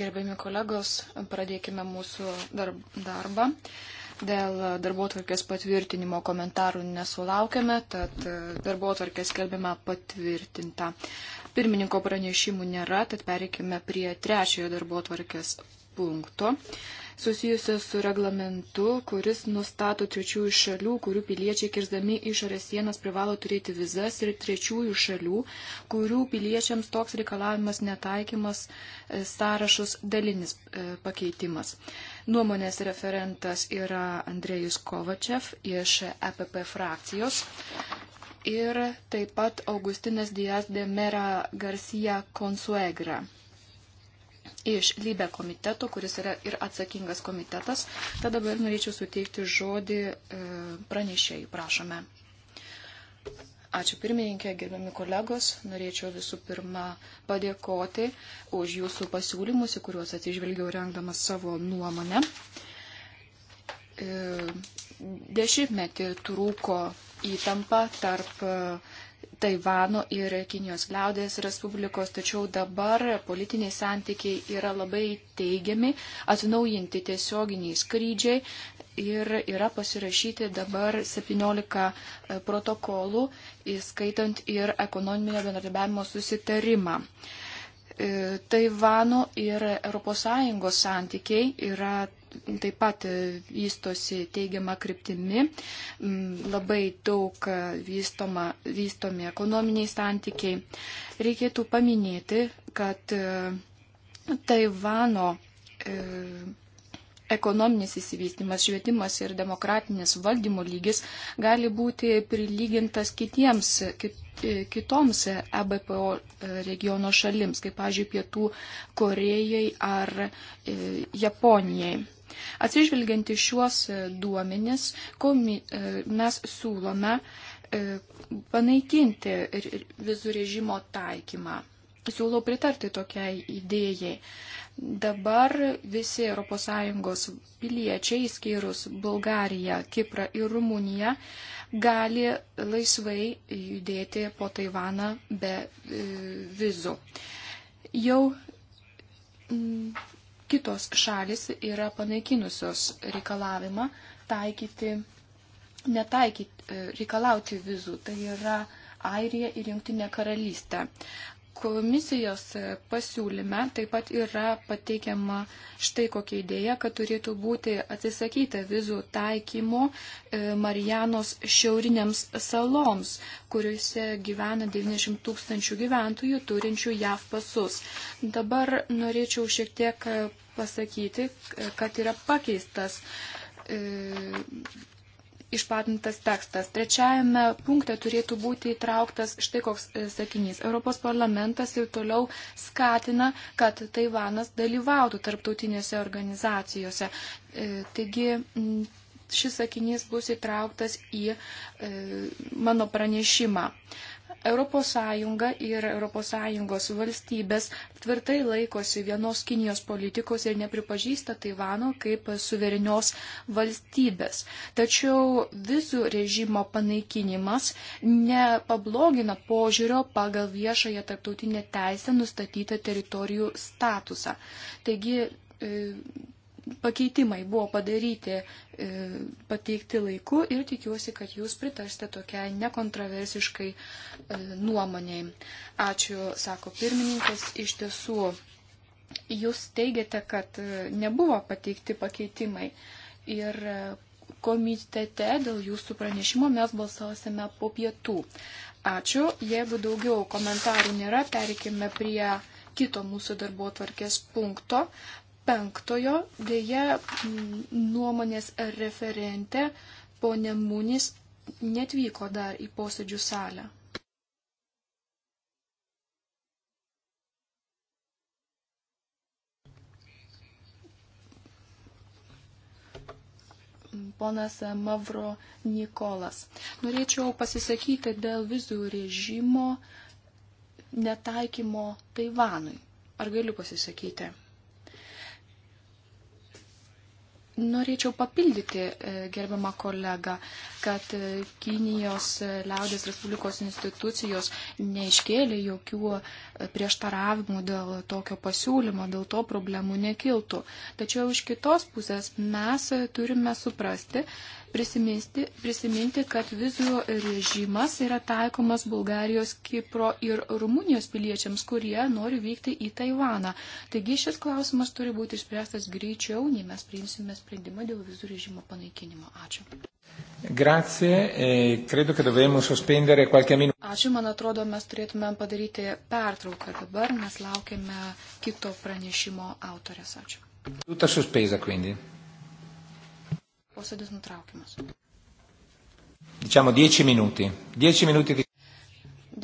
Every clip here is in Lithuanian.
Gerbiami kolegos, pradėkime mūsų darbą. Dėl darbotvarkės patvirtinimo komentarų nesulaukėme, tad darbotvarkės skelbiama patvirtinta. Pirmininko pranešimų nėra, tad pereikime prie trečiojo darbotvarkės punkto susijusios su reglamentu, kuris nustato trečiųjų šalių, kurių piliečiai kirzdami išorės sienas privalo turėti vizas ir trečiųjų šalių, kurių piliečiams toks reikalavimas netaikymas e, sąrašus dalinis e, pakeitimas. Nuomonės referentas yra Andrėjus Kovačev iš EPP frakcijos ir taip pat Augustinas Dijas de Mera Garcia Consuegra iš lybę komiteto, kuris yra ir atsakingas komitetas. Tad dabar norėčiau suteikti žodį e, pranešėjai, prašome. Ačiū pirmininkė, gerbiami kolegos. Norėčiau visų pirma padėkoti už jūsų pasiūlymus, į kuriuos atsižvelgiau rengdamas savo nuomonę. E, dešimtmetį trūko įtampa tarp Taivano ir Kinijos liaudės Respublikos, tačiau dabar politiniai santykiai yra labai teigiami, atnaujinti tiesioginiai skrydžiai ir yra pasirašyti dabar 17 e, protokolų, įskaitant ir ekonominio bendradarbiavimo susitarimą. E, Taivano ir ES santykiai yra taip pat vystosi teigiama kryptimi. Mm, labai daug vystoma, vystomi ekonominiai santykiai. Reikėtų paminėti, kad e, Taivano e, ekonominis įsivystimas, švietimas ir demokratinis valdymo lygis gali būti prilygintas kitiems, kit, E, kitoms EBPO e e, regiono šalims, kaip, pavyzdžiui, Pietų Korejai ar Japonijai. Atsižvelgiant į šiuos duomenis, komi, mes siūlome panaikinti vizų režimo taikymą. Siūlau pritarti tokiai idėjai. Dabar visi ES piliečiai, įskyrus Bulgariją, Kiprą ir Rumuniją, gali laisvai judėti po Taivaną be e, vizų. Jau kitos šalis yra panaikinusios reikalavimą taikyti, netaikyti, e, reikalauti vizų. Tai yra Airija ir Junktinė karalystė. Komisijos pasiūlyme taip pat yra pateikiama štai kokia idėja, kad turėtų būti atsisakyta vizų taikymo e, Marijanos šiaurinėms saloms, kuriuose gyvena 90 tūkstančių gyventojų turinčių JAV pasus. Dabar norėčiau šiek tiek pasakyti, kad yra pakeistas e, išplatintas tekstas. Trečiajame punkte turėtų būti įtrauktas štai koks e, sakinys. Europos parlamentas ir toliau skatina, kad Taivanas dalyvautų tarptautinėse organizacijose. E, taigi šis sakinys bus įtrauktas į e, mano pranešimą. ES ir ES valstybės tvirtai laikosi vienos Kinijos politikos ir nepripažįsta Taivano kaip suverenios valstybės. Tačiau vizų režimo panaikinimas nepablogina požiūrio pagal viešąją tarptautinę teisę nustatytą teritorijų statusą. Taigi, e, pakeitimai buvo padaryti, e, pateikti laiku ir tikiuosi, kad jūs pritarsite tokiai nekontroversiškai e, nuomonėjai. Ačiū, sako pirmininkas, iš tiesų jūs teigiate, kad e, nebuvo pateikti pakeitimai ir komitete dėl jūsų pranešimo mes balsuosime po pietų. Ačiū. Jeigu daugiau komentarų nėra, perikime prie kito mūsų darbo tvarkės punkto penktojo dėja nuomonės referente ponė Munis netvyko dar į posėdžių salę. Ponas Mavro Nikolas. Norėčiau pasisakyti dėl vizų režimo netaikymo Taivanui. Ar galiu pasisakyti? Norėčiau papildyti e, gerbiamą kolegą, kad e, Kinijos e, liaudės Respublikos institucijos neiškėlė jokių prieštaravimų dėl tokio pasiūlymo, dėl to problemų nekiltų. Tačiau iš kitos pusės mes turime suprasti, prisiminti, prisiminti, kad vizų režimas yra taikomas Bulgarijos, Kipro ir Rumunijos piliečiams, kurie nori vykti į Taivaną. Taigi šis klausimas turi būti išspręstas greičiau, nei mes priimsime sprendimą dėl vizų režimo panaikinimo. Ačiū. Grazie, e credo che dovremmo sospendere qualche minuto. Ačiū, man atrodo, mes turėtume padaryti pertrauką dabar, mes laukiame kito pranešimo autorės. Ačiū. Tutta sospesa, quindi. Posėdis nutraukiamas. Diciamo 10 minuti. 10 minuti.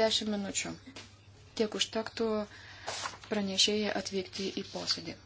10 minučių. Tiek užtektų pranešėjai atvykti į posėdį.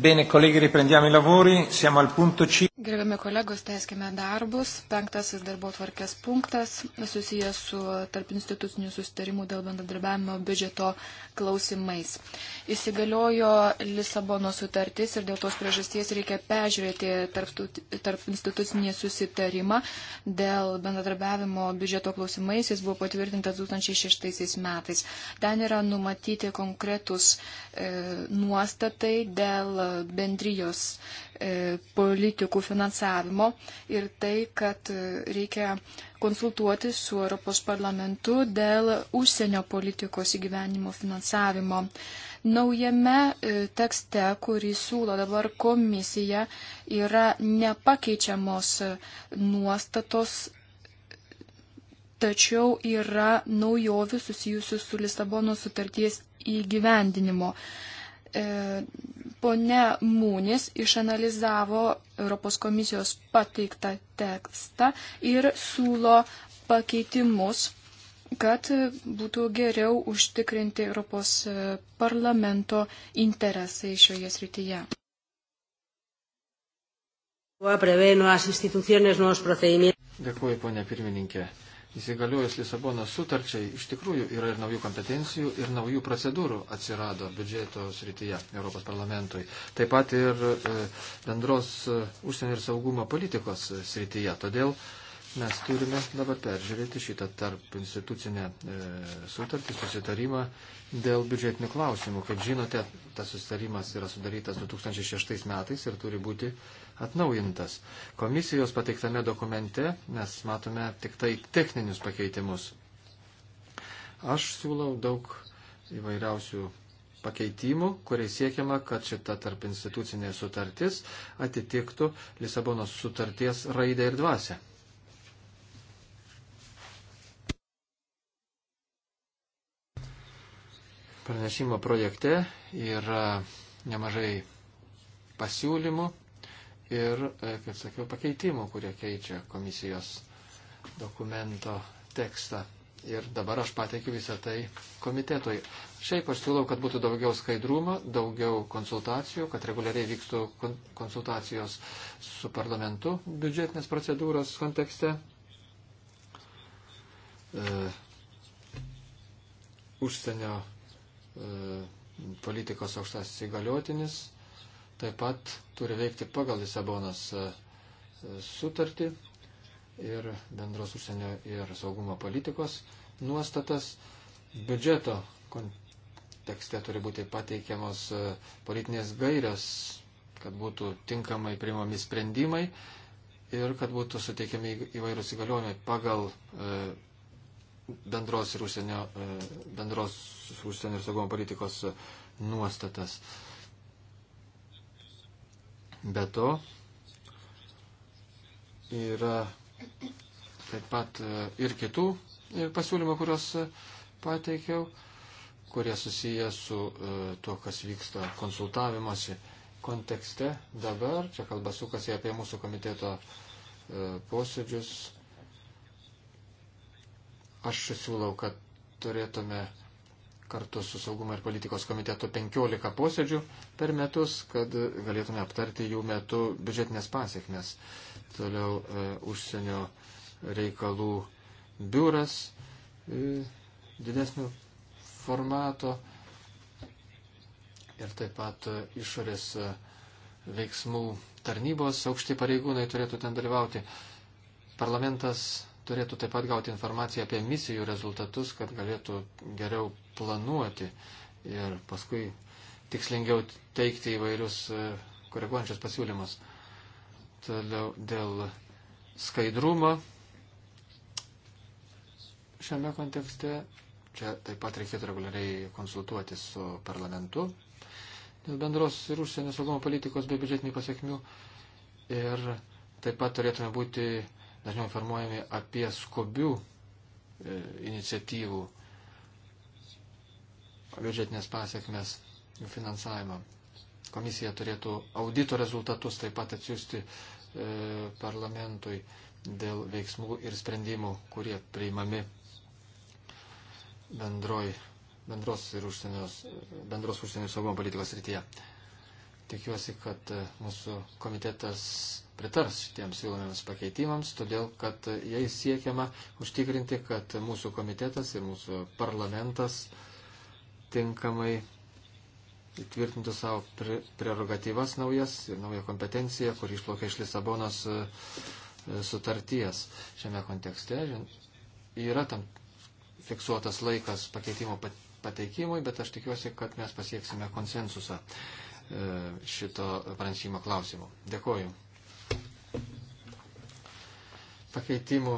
Bene, colleghi, riprendiamo i lavori. Siamo al punto 5. Gerbiami kolegos, tęskime darbus. Penktasis darbo tvarkės punktas susijęs su tarp institucinių sustarimų dėl bendradarbiavimo biudžeto klausimais. Uh, įsigaliojo Lisabono sutartis ir dėl tos priežasties reikia peržiūrėti tarp, tarp institucinį susitarimą dėl bendradarbiavimo biudžeto klausimais. Jis buvo patvirtintas 2006 metais. Ten yra numatyti konkretus e, nuostatai dėl bendrijos e, politikų finansavimo ir tai, kad e, reikia konsultuoti su Europos parlamentu dėl užsienio politikos įgyvenimo finansavimo. Naujame e, tekste, kurį siūlo dabar komisija, yra nepakeičiamos e, nuostatos, tačiau yra naujovių susijusių su Lisabono sutarties įgyvendinimo. E, Pone Mūnis išanalizavo Europos komisijos pateiktą tekstą ir siūlo pakeitimus, kad būtų geriau užtikrinti Europos e, parlamento interesai šioje srityje. Dėkuoju, ponia pirmininkė įsigaliojus Lisabonos sutarčiai iš tikrųjų yra ir naujų kompetencijų, ir naujų procedūrų atsirado biudžeto srityje Europos parlamentui. Taip pat ir e, bendros e, užsienio ir saugumo politikos srityje. Todėl mes turime dabar peržiūrėti šitą tarp institucinę e, sutartį, susitarimą dėl biudžetinių klausimų. Kaip žinote, tas susitarimas yra sudarytas 2006 metais ir turi būti atnaujintas. Komisijos pateiktame dokumente mes matome tik tai techninius pakeitimus. Aš siūlau daug įvairiausių pakeitimų, kuriais siekiama, kad šita tarp institucinė sutartis atitiktų Lisabonos sutarties raidę ir dvasę. Pranešimo projekte yra nemažai pasiūlymų, ir, e, kaip sakiau, pakeitimų, kurie keičia komisijos dokumento tekstą. Ir dabar aš pateikiu visą tai komitetui. Šiaip aš siūlau, kad būtų daugiau skaidrumo, daugiau konsultacijų, kad reguliariai vyktų konsultacijos su parlamentu biudžetinės procedūros kontekste. E, užsienio e, politikos aukštas įgaliotinis taip pat turi veikti pagal Lisabonos e, sutartį ir bendros užsienio ir saugumo politikos nuostatas. Biudžeto kontekste turi būti pateikiamos e, politinės gairios, kad būtų tinkamai priimami sprendimai ir kad būtų suteikiami įvairūs įgaliojimai pagal e, bendros ir užsienio, bendros užsienio ir saugumo politikos nuostatas. Be to yra taip pat e, ir kitų e, pasiūlymų, kuriuos e, pateikiau, kurie susiję su tuo, kas vyksta konsultavimuose kontekste dabar. Čia kalba sukasi apie mūsų komiteto posėdžius. Aš siūlau, kad turėtume kartu su saugumo ir politikos komitetu 15 posėdžių per metus, kad galėtume aptarti jų metu biudžetinės pasiekmes. Toliau e, užsienio reikalų biuras e, didesnio formato ir taip pat e, išorės e, veiksmų tarnybos aukšti pareigūnai turėtų ten dalyvauti. Parlamentas turėtų taip pat gauti informaciją apie misijų rezultatus, kad galėtų geriau planuoti ir paskui tikslingiau teikti įvairius e, koreguojančius pasiūlymus. Toliau dėl skaidrumo šiame kontekste. Čia taip pat reikėtų reguliariai konsultuoti su parlamentu dėl bendros ir užsienio saugumo politikos bei biudžetinių pasiekmių. Ir taip pat turėtume būti dažniau informuojami apie skubių e, iniciatyvų biudžetinės pasiekmes jų finansavimą. Komisija turėtų audito rezultatus taip pat atsiųsti e, parlamentui dėl veiksmų ir sprendimų, kurie priimami bendroj, bendros ir užsienios, bendros užsienio saugumo politikos rytyje. Tikiuosi, kad e, mūsų komitetas pritars šitiems siūlomiems pakeitimams, todėl kad jais siekiama užtikrinti, kad mūsų komitetas ir mūsų parlamentas tinkamai įtvirtintų savo prerogatyvas naujas ir naują kompetenciją, kuri išplaukia iš Lisabonos e, sutarties. Šiame kontekste yra tam fiksuotas laikas pakeitimo pateikimui, bet aš tikiuosi, kad mes pasieksime konsensusą e, šito pranešimo klausimu. Dėkoju. Pakeitimų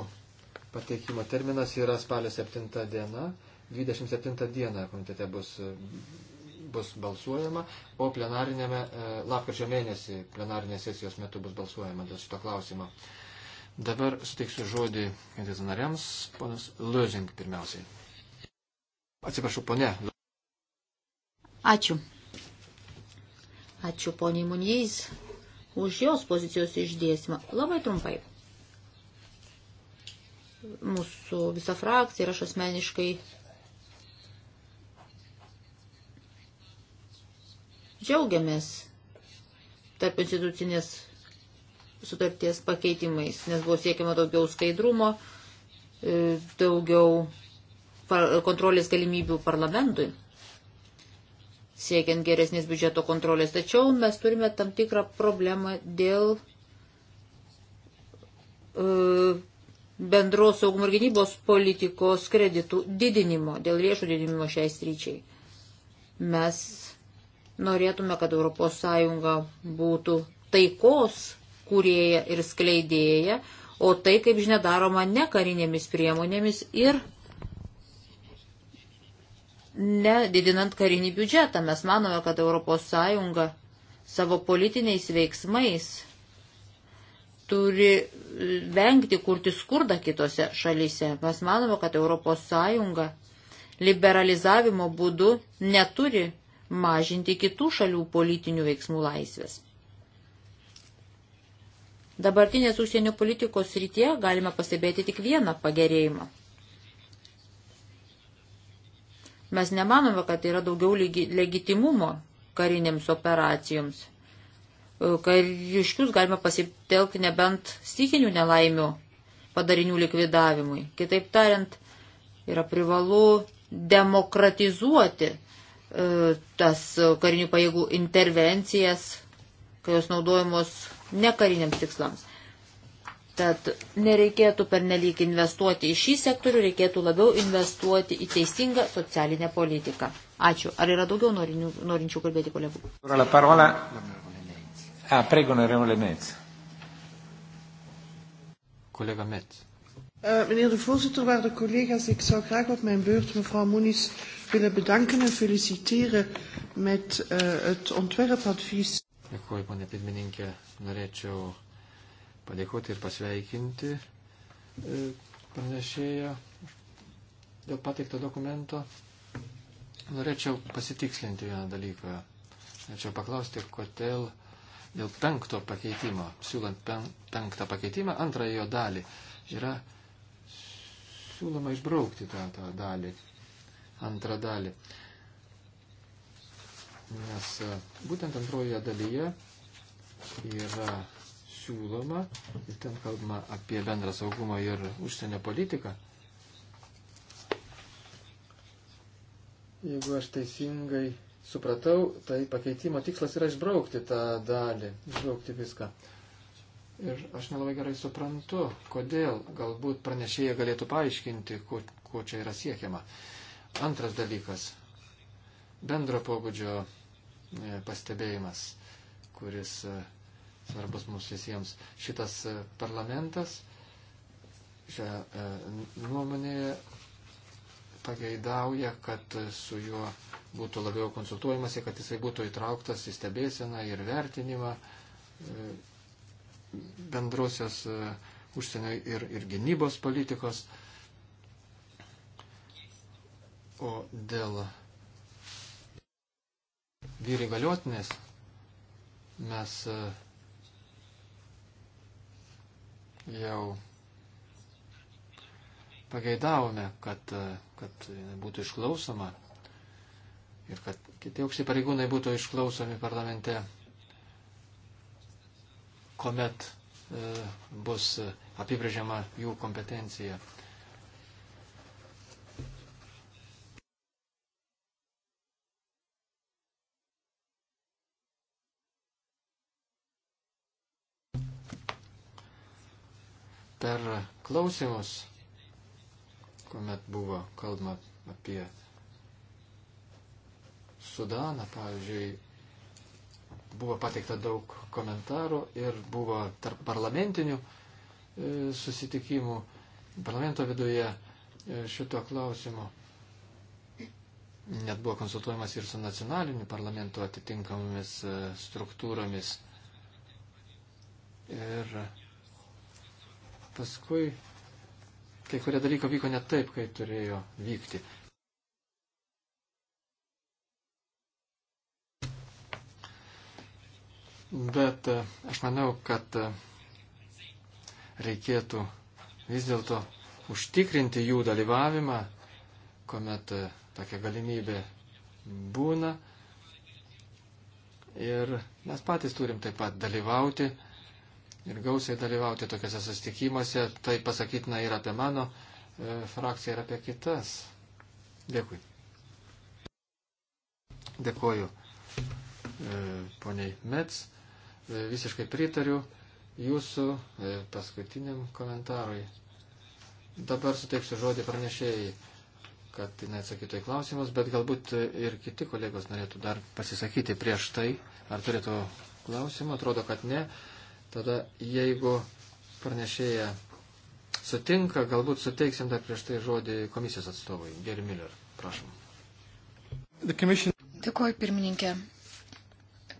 pateikimo terminas yra spalio 7 diena. 27 dieną komitete bus, bus balsuojama, o plenarinėme, e, lapkričio mėnesį plenarinės sesijos metu bus balsuojama dėl šito klausimo. Dabar suteiksiu žodį kandidatų nariams, ponas Lozing pirmiausiai. Atsiprašau, ponė. Ačiū. Ačiū poniai Munijais už jos pozicijos išdėstymą. Labai trumpai mūsų visa frakcija ir aš asmeniškai džiaugiamės tarp institucinės sutarties pakeitimais, nes buvo siekiama daugiau skaidrumo, e, daugiau kontrolės galimybių parlamentui, siekiant geresnės biudžeto kontrolės. Tačiau mes turime tam tikrą problemą dėl e, bendros saugumo ir gynybos politikos kreditų didinimo, dėl lėšų didinimo šiai stryčiai. Mes norėtume, kad ES būtų taikos kūrėja ir skleidėja, o tai, kaip žinia, daroma ne karinėmis priemonėmis ir nedidinant karinį biudžetą. Mes manome, kad ES savo politiniais veiksmais turi e, vengti kurti skurdą kitose šalyse. Mes manome, kad ES liberalizavimo būdu neturi mažinti kitų šalių politinių veiksmų laisvės. Dabartinės užsienio politikos rytie galime pastebėti tik vieną pagerėjimą. Mes nemanome, kad yra daugiau legitimumo karinėms operacijoms kariškius galima pasitelkti nebent stikinių nelaimių padarinių likvidavimui. Kitaip tariant, yra privalu demokratizuoti e, tas karinių pajėgų intervencijas, kai jos naudojamos nekariniams tikslams. Tad nereikėtų pernelyg investuoti į šį sektorių, reikėtų labiau investuoti į teisingą socialinę politiką. Ačiū. Ar yra daugiau norinių, norinčių kalbėti kolegų? Ah, prego, onorevole Metz. Collega Metz. Uh, meneer de voorzitter, waarde collega's, ik zou graag op mijn beurt mevrouw Moenis willen bedanken en feliciteren met uh, het ontwerpadvies. Dėkuoju, ponė pirmininkė, norėčiau padėkoti ir pasveikinti eh, pranešėją dėl pateikto dokumento. Norėčiau pasitikslinti vieną dalyką. Norėčiau paklausti, kodėl dėl penkto pakeitimo, siūlant pen, penktą pakeitimą, antrąją jo dalį, yra siūloma išbraukti tą, tą dalį, antrą dalį. Nes e, būtent antrojoje dalyje yra siūloma, ir ten kalbama apie bendrą saugumą ir užsienio politiką. Jeigu aš teisingai supratau, tai pakeitimo tikslas yra išbraukti tą dalį, išbraukti viską. Ir aš nelabai gerai suprantu, kodėl galbūt pranešėja galėtų paaiškinti, ko, ko čia yra siekiama. Antras dalykas - bendro pobūdžio e, pastebėjimas, kuris e, svarbus mums visiems. Šitas e, parlamentas šią nuomonėje pageidauja, kad su juo būtų labiau konsultuojamasi, kad jisai būtų įtrauktas į stebėseną ir vertinimą e, bendrosios e, užsienio ir, ir gynybos politikos. O dėl vyri galiotinės mes e, jau pageidavome, kad, kad būtų išklausoma ir kad kiti aukšti pareigūnai būtų išklausomi parlamente, kuomet e, bus apibrėžiama jų kompetencija. Per klausimus, kuomet buvo kalbama apie Sudaną, pavyzdžiui, buvo pateikta daug komentarų ir buvo tarp parlamentinių e, susitikimų parlamento viduje e, šito klausimo. Net buvo konsultuojamas ir su nacionaliniu parlamentu atitinkamomis e, struktūromis. Ir paskui kai kurie dalykai vyko ne taip, kaip turėjo vykti. Bet e, aš manau, kad e, reikėtų vis dėlto užtikrinti jų dalyvavimą, kuomet e, tokia galimybė būna. Ir mes patys turim taip pat dalyvauti ir gausiai dalyvauti tokiuose susitikimuose. Tai pasakytina ir apie mano e, frakciją, ir apie kitas. Dėkui. Dėkuoju e, poniai Mets visiškai pritariu jūsų e, paskutiniam komentarui. Dabar suteiksiu žodį pranešėjai, kad neatsakytų į klausimus, bet galbūt ir kiti kolegos norėtų dar pasisakyti prieš tai, ar turėtų klausimų, atrodo, kad ne. Tada jeigu pranešėja sutinka, galbūt suteiksim dar prieš tai žodį komisijos atstovui, Geri Miller, prašom. Commission... Dėkuoju, pirmininkė.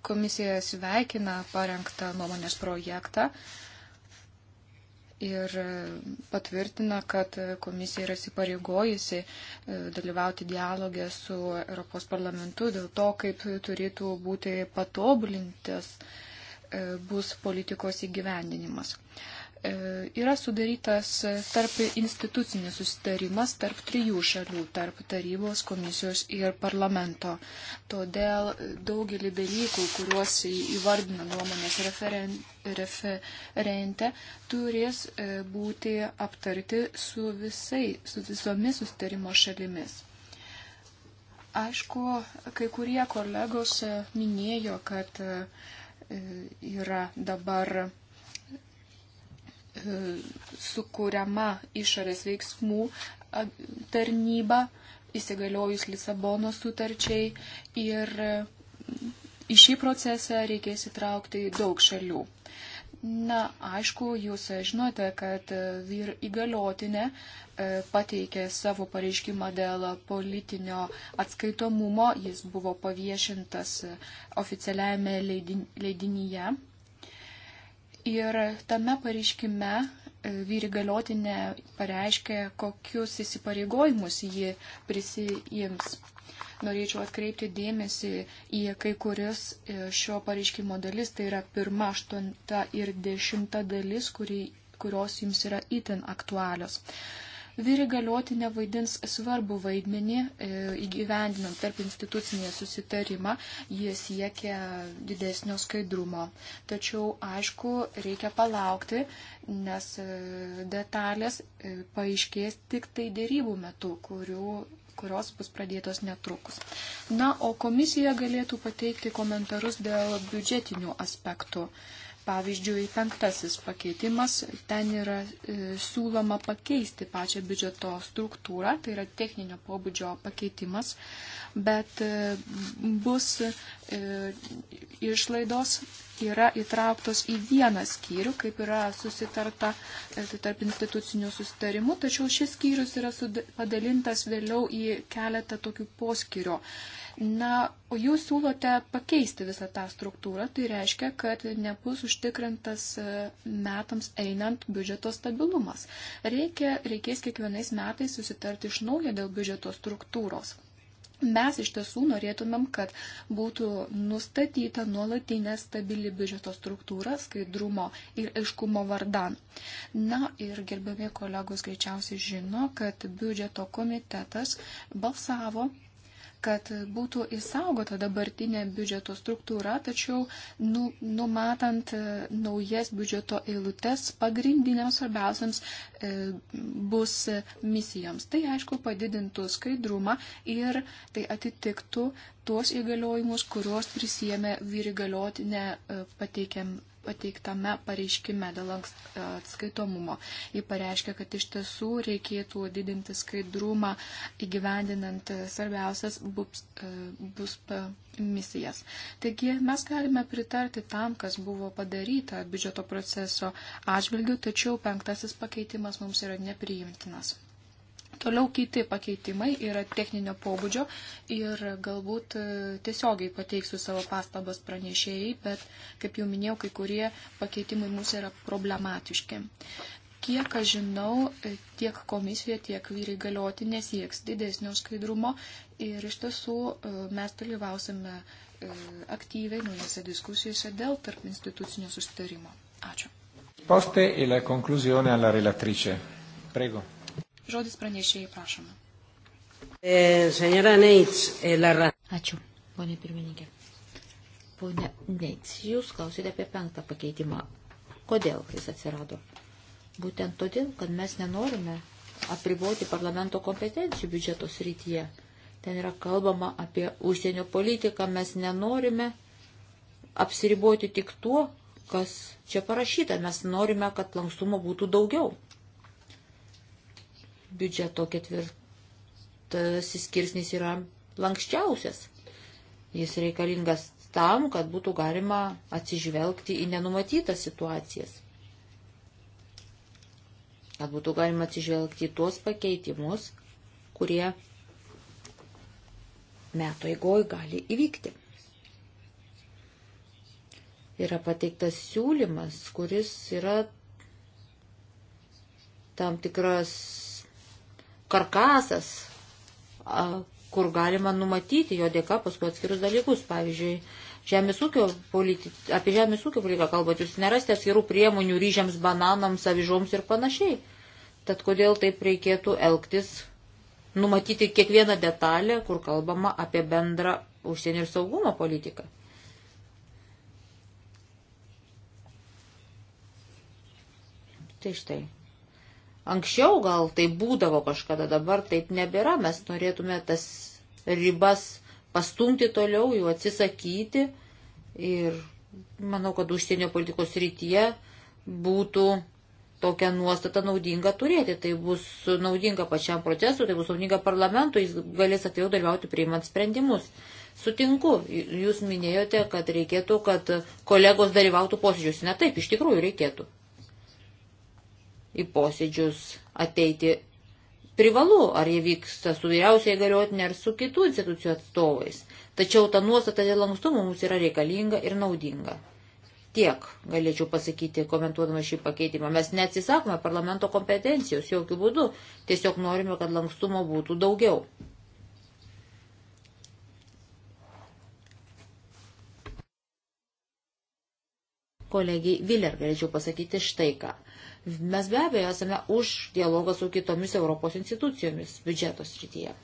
Komisija sveikina parengtą nuomonės projektą ir patvirtina, kad komisija yra įsipareigojusi e, dalyvauti dialogę su Europos parlamentu dėl to, kaip turėtų būti patobulintas e, bus politikos įgyvendinimas. E, yra sudarytas tarp institucinis susitarimas tarp trijų šalių - tarp tarybos, komisijos ir parlamento. Todėl daugelį dalykų, kuriuos įvardina nuomonės referen, referente, turės e, būti aptarti su, visai, su visomis susitarimo šalimis. Aišku, kai kurie kolegos minėjo, kad e, yra dabar sukūriama išorės veiksmų tarnyba įsigaliojus Lisabono sutarčiai ir mm, į šį procesą reikės įtraukti daug šalių. Na, aišku, jūs žinote, kad vyr įgaliotinė e, pateikė savo pareiškimą dėl politinio atskaitomumo, jis buvo paviešintas oficialiame leidin, leidinyje. Ir tame pareiškime e, vyrigaliotinė pareiškė, kokius įsipareigojimus ji prisijims. Norėčiau atkreipti dėmesį į kai kuris e, šio pareiškimo dalis, tai yra pirma, aštunta ir dešimta dalis, kuri, kurios jums yra itin aktualios. Vyri galiotinė vaidins svarbu vaidmenį e, įgyvendinant tarp institucinį susitarimą, jie siekia didesnio skaidrumo. Tačiau, aišku, reikia palaukti, nes e, detalės e, paaiškės tik tai dėrybų metu, kurių kurios bus pradėtos netrukus. Na, o komisija galėtų pateikti komentarus dėl biudžetinių aspektų. Uh, Pavyzdžiui, penktasis pakeitimas, ten yra e, siūloma pakeisti pačią biudžeto struktūrą, tai yra techninio pobūdžio pakeitimas, bet e, bus e, išlaidos yra įtrauktos į vieną skyrių, kaip yra susitarta e, tai tarp institucinių susitarimų, tačiau šis skyrius yra padalintas vėliau į keletą tokių poskyrio. E, Na, o jūs siūlote pakeisti visą tą struktūrą, tai reiškia, kad nebus užtikrintas e, metams einant biudžeto stabilumas. Reikia, reikės kiekvienais metais susitarti iš naujo dėl biudžeto struktūros. Mes iš tiesų norėtumėm, kad būtų nustatyta nuolatinė stabili biudžeto struktūra skaidrumo ir aiškumo vardan. Na ir gerbiami kolegos greičiausiai žino, kad biudžeto komitetas balsavo kad būtų įsaugota dabartinė biudžeto struktūra, tačiau nu, numatant e, naujas biudžeto eilutes pagrindiniams svarbiausiams e, bus e, misijoms. Tai aišku padidintų skaidrumą ir tai atitiktų tuos įgaliojimus, kuriuos prisijėmė vyrigaliotinę e, pateikiam pateiktame pareiškime dėl e, atskaitomumo. Ji pareiškia, kad iš tiesų reikėtų didinti skaidrumą įgyvendinant e, svarbiausias BUPS, e, BUSP misijas. Taigi mes galime pritarti tam, kas buvo padaryta biudžeto proceso atžvilgių, tačiau penktasis pakeitimas mums yra nepriimtinas. Toliau kiti pakeitimai yra techninio pobūdžio ir galbūt e, tiesiogiai pateiksiu savo pastabas pranešėjai, bet, kaip jau minėjau, kai kurie pakeitimai mūsų yra problematiški. Kiek aš žinau, e, tiek komisija, tiek vyrai galioti nesieks didesnio skaidrumo ir iš tiesų e, mes dalyvausime aktyviai naujose diskusijose dėl tarp institucinio sustarimo. Ačiū. Poste e la conclusione alla relatrice. Prego. Žodis pranešėjai, prašoma. E, e, Ačiū, ponė pirmininkė. Pone Neits, jūs klausite apie penktą pakeitimą. Kodėl jis atsirado? Būtent todėl, kad mes nenorime apriboti parlamento kompetencijų biudžeto srityje. Ten yra kalbama apie užsienio politiką, mes nenorime apsiriboti tik tuo, kas čia parašyta. Mes norime, kad lankstumo būtų daugiau biudžeto ketvirtasis skirsnis yra lankščiausias. Jis reikalingas tam, kad būtų galima atsižvelgti į nenumatytas situacijas. Kad būtų galima atsižvelgti į tuos pakeitimus, kurie metų eigoj gali įvykti. Yra pateiktas siūlymas, kuris yra tam tikras karkasas, kur galima numatyti jo dėka paskui atskirus dalykus. Pavyzdžiui, žemės ūkio politi... apie žemės ūkio politiką kalbant, jūs nerasite atskirų priemonių ryžiams, bananams, avižoms ir panašiai. Tad kodėl taip reikėtų elgtis, numatyti kiekvieną detalę, kur kalbama apie bendrą užsienio ir saugumo politiką. Tai štai. Anksčiau gal tai būdavo kažkada, dabar taip nebėra, mes norėtume tas ribas pastumti toliau, jų atsisakyti ir manau, kad užsienio politikos rytyje būtų tokią nuostatą naudinga turėti. Tai bus naudinga pačiam procesui, tai bus naudinga parlamentui, jis galės atėjau dalyvauti priimant sprendimus. Sutinku, jūs minėjote, kad reikėtų, kad kolegos dalyvautų posėdžiuose. Ne taip, iš tikrųjų reikėtų į posėdžius ateiti privalu, ar jie vyksta su vyriausiai galiotinė ar su kitų institucijų atstovais. Tačiau ta nuostata dėl lankstumo mums yra reikalinga ir naudinga. Tiek galėčiau pasakyti, komentuodama šį pakeitimą. Mes neatsisakome parlamento kompetencijos jokių būdų, tiesiog norime, kad lankstumo būtų daugiau. Kolegiai Viller galėčiau pasakyti štai ką. Mes be abejo esame už dialogą su kitomis Europos institucijomis biudžeto srityje.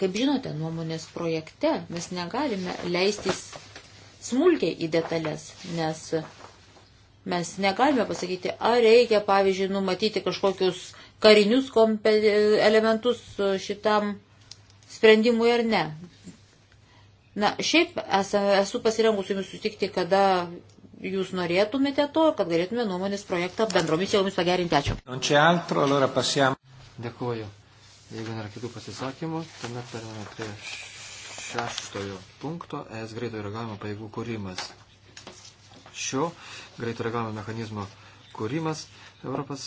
Kaip žinote, nuomonės projekte mes negalime leistis smulkiai į detalės, nes mes negalime pasakyti, ar reikia, pavyzdžiui, numatyti kažkokius karinius elementus šitam sprendimui ar ne. Na, šiaip esu pasirengusi jums sutikti, kada jūs norėtumėte to, kad galėtume nuomonės projektą bendromis jėgomis pagerinti. Ačiū. Dėkuoju. Jeigu nėra kitų pasisakymų, tuomet perėmame prie šeštojo punkto ES greito reagavimo pajėgų kūrimas. Šio greito reagavimo mechanizmo kūrimas ES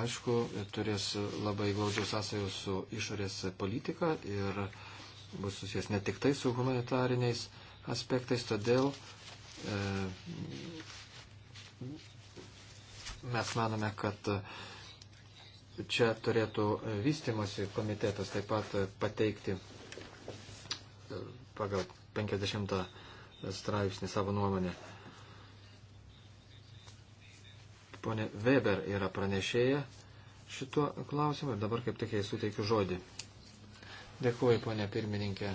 aišku, turės labai glaudžių sąsajų su išorės politika ir bus susijęs ne tik tai su humanitariniais aspektais, todėl E, mes manome, kad čia turėtų vystimosi komitetas taip pat pateikti e, pagal 50 straipsnį savo nuomonę. Pone Weber yra pranešėja šituo klausimu ir dabar kaip tik jai suteikiu žodį. Dėkuoju, ponė pirmininkė.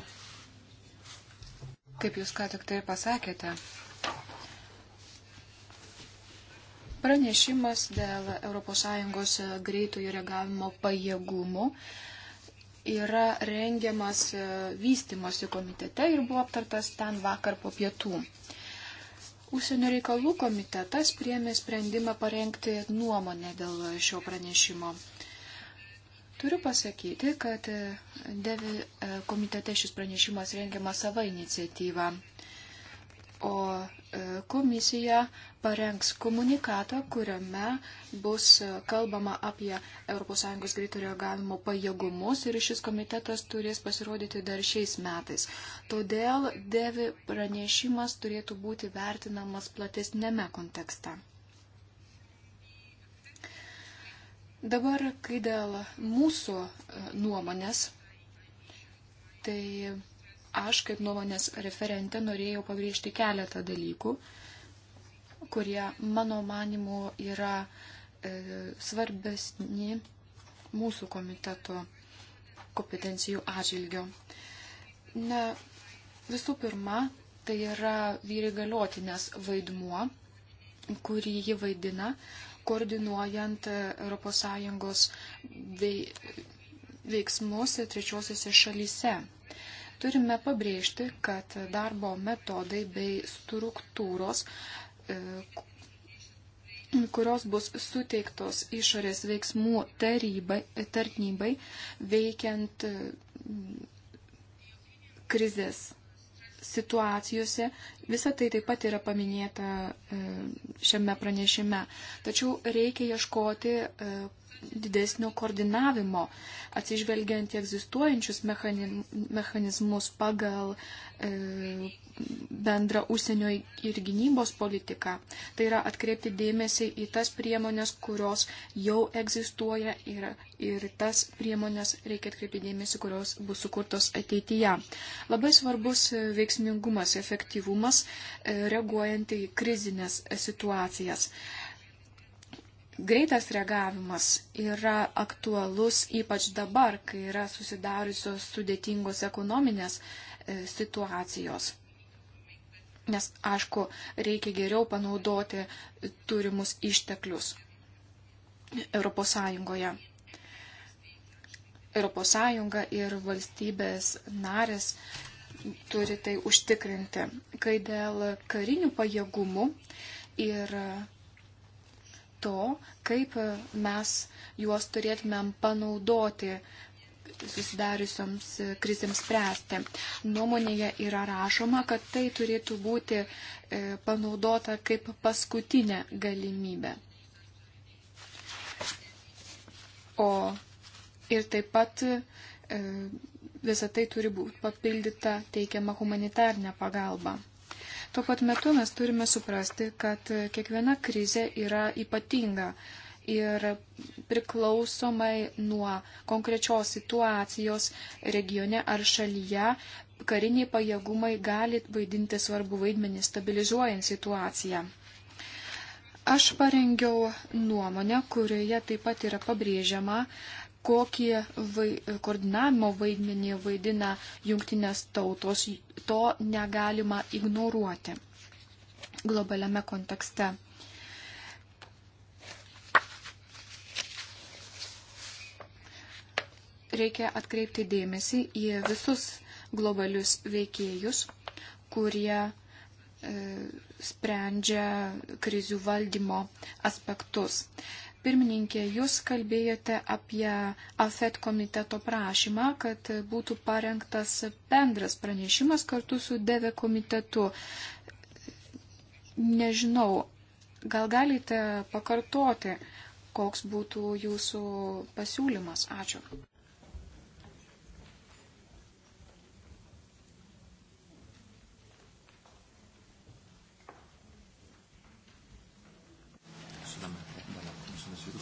Kaip jūs ką tik tai pasakėte, Pranešimas dėl ES e, greitojo reagavimo pajėgumo yra rengiamas e, vystimosi komitete ir buvo aptartas ten vakar po pietų. Užsienio reikalų komitetas priemė sprendimą parengti nuomonę dėl šio pranešimo. Turiu pasakyti, kad e, devi komitete šis pranešimas rengiama savo iniciatyvą, o komisija parengs komunikatą, kuriame bus kalbama apie ES greito reagavimo pajėgumus ir šis komitetas turės pasirodyti dar šiais metais. Todėl devi pranešimas turėtų būti vertinamas platesnėme kontekste. Dabar, kai dėl mūsų e, nuomonės, tai aš kaip nuomonės referente norėjau pagrįžti keletą dalykų kurie mano manimu yra e, svarbesni mūsų komiteto kompetencijų atžvilgio. Ne, visų pirma, tai yra vyri galiotinės vaidmuo, kurį ji vaidina, koordinuojant e, ES veiksmus trečiosiuose šalyse. Turime pabrėžti, kad darbo metodai bei struktūros E, kurios bus suteiktos išorės veiksmų tarybai, tarnybai veikiant e, krizės situacijose. Visa tai taip pat yra paminėta e, šiame pranešime. Tačiau reikia ieškoti didesnio koordinavimo, atsižvelgiant į egzistuojančius mechanizmus pagal e, bendrą užsienio ir gynybos politiką. Tai yra atkreipti dėmesį į tas priemonės, kurios jau egzistuoja ir, ir tas priemonės reikia atkreipti dėmesį, kurios bus sukurtos ateityje. Labai svarbus veiksmingumas, efektyvumas, e, reaguojant į krizinės situacijas. E, Greitas reagavimas yra aktualus ypač dabar, kai yra susidariusios sudėtingos ekonominės e, situacijos. Nes, aišku, reikia geriau panaudoti turimus išteklius Europos Sąjungoje. Europos Sąjunga ir valstybės narės turi tai užtikrinti. Kai dėl karinių pajėgumų ir to, kaip mes juos turėtumėm panaudoti susidariusioms krizėms spręsti. Nuomonėje yra rašoma, kad tai turėtų būti e, panaudota kaip paskutinė galimybė. O ir taip pat e, visą tai turi būti papildyta teikiama humanitarnė pagalba. Tuo pat metu mes turime suprasti, kad kiekviena krizė yra ypatinga ir priklausomai nuo konkrečios situacijos regione ar šalyje kariniai pajėgumai gali vaidinti svarbu vaidmenį stabilizuojant situaciją. Aš parengiau nuomonę, kurioje taip pat yra pabrėžiama, kokį vai, koordinavimo vaidmenį vaidina jungtinės tautos, to negalima ignoruoti globaliame kontekste. Reikia atkreipti dėmesį į visus globalius veikėjus, kurie e, sprendžia krizių valdymo aspektus. E, Pirmininkė, jūs kalbėjote apie AFET komiteto prašymą, kad būtų parengtas bendras pranešimas kartu su DEVE komitetu. Nežinau, gal galite pakartoti, koks būtų jūsų pasiūlymas. Ačiū.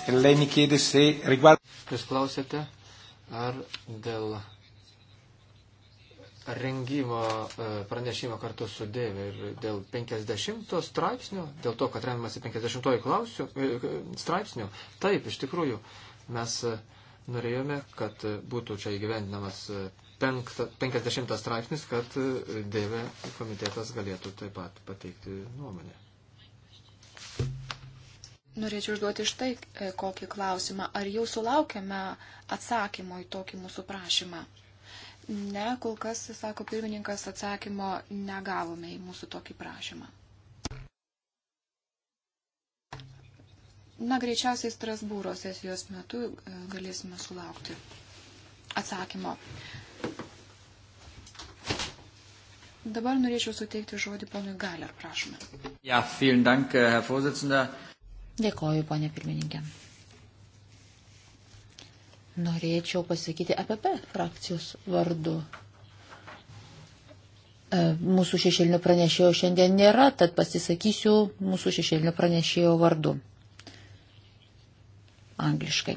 ir lei mi chiede se riguarda. Jūs klausėte, ar dėl rengimo e, pranešimo kartu su Dėvė ir dėl 50 straipsnių, dėl to, kad remiamasi 50 klausiu, e, e, straipsnių. Taip, iš tikrųjų, mes norėjome, kad būtų čia įgyvendinamas 50 straipsnis, kad Dėvė komitetas galėtų taip pat pateikti nuomonę. Norėčiau užduoti štai e, kokį klausimą. Ar jau sulaukėme atsakymo į tokį mūsų prašymą? Ne, kol kas, sako pirmininkas, atsakymo negavome į mūsų tokį prašymą. Na, greičiausiai Strasbūro sesijos metu e, galėsime sulaukti atsakymo. Dabar norėčiau suteikti žodį ponui Galer, prašome. Ja, vielen Dank, äh, Herr Vorsitzender. Dėkoju, ponė pirmininkė. Norėčiau pasakyti APP frakcijos vardu. E, mūsų šešėlinio pranešėjo šiandien nėra, tad pasisakysiu mūsų šešėlinio pranešėjo vardu. Angliškai.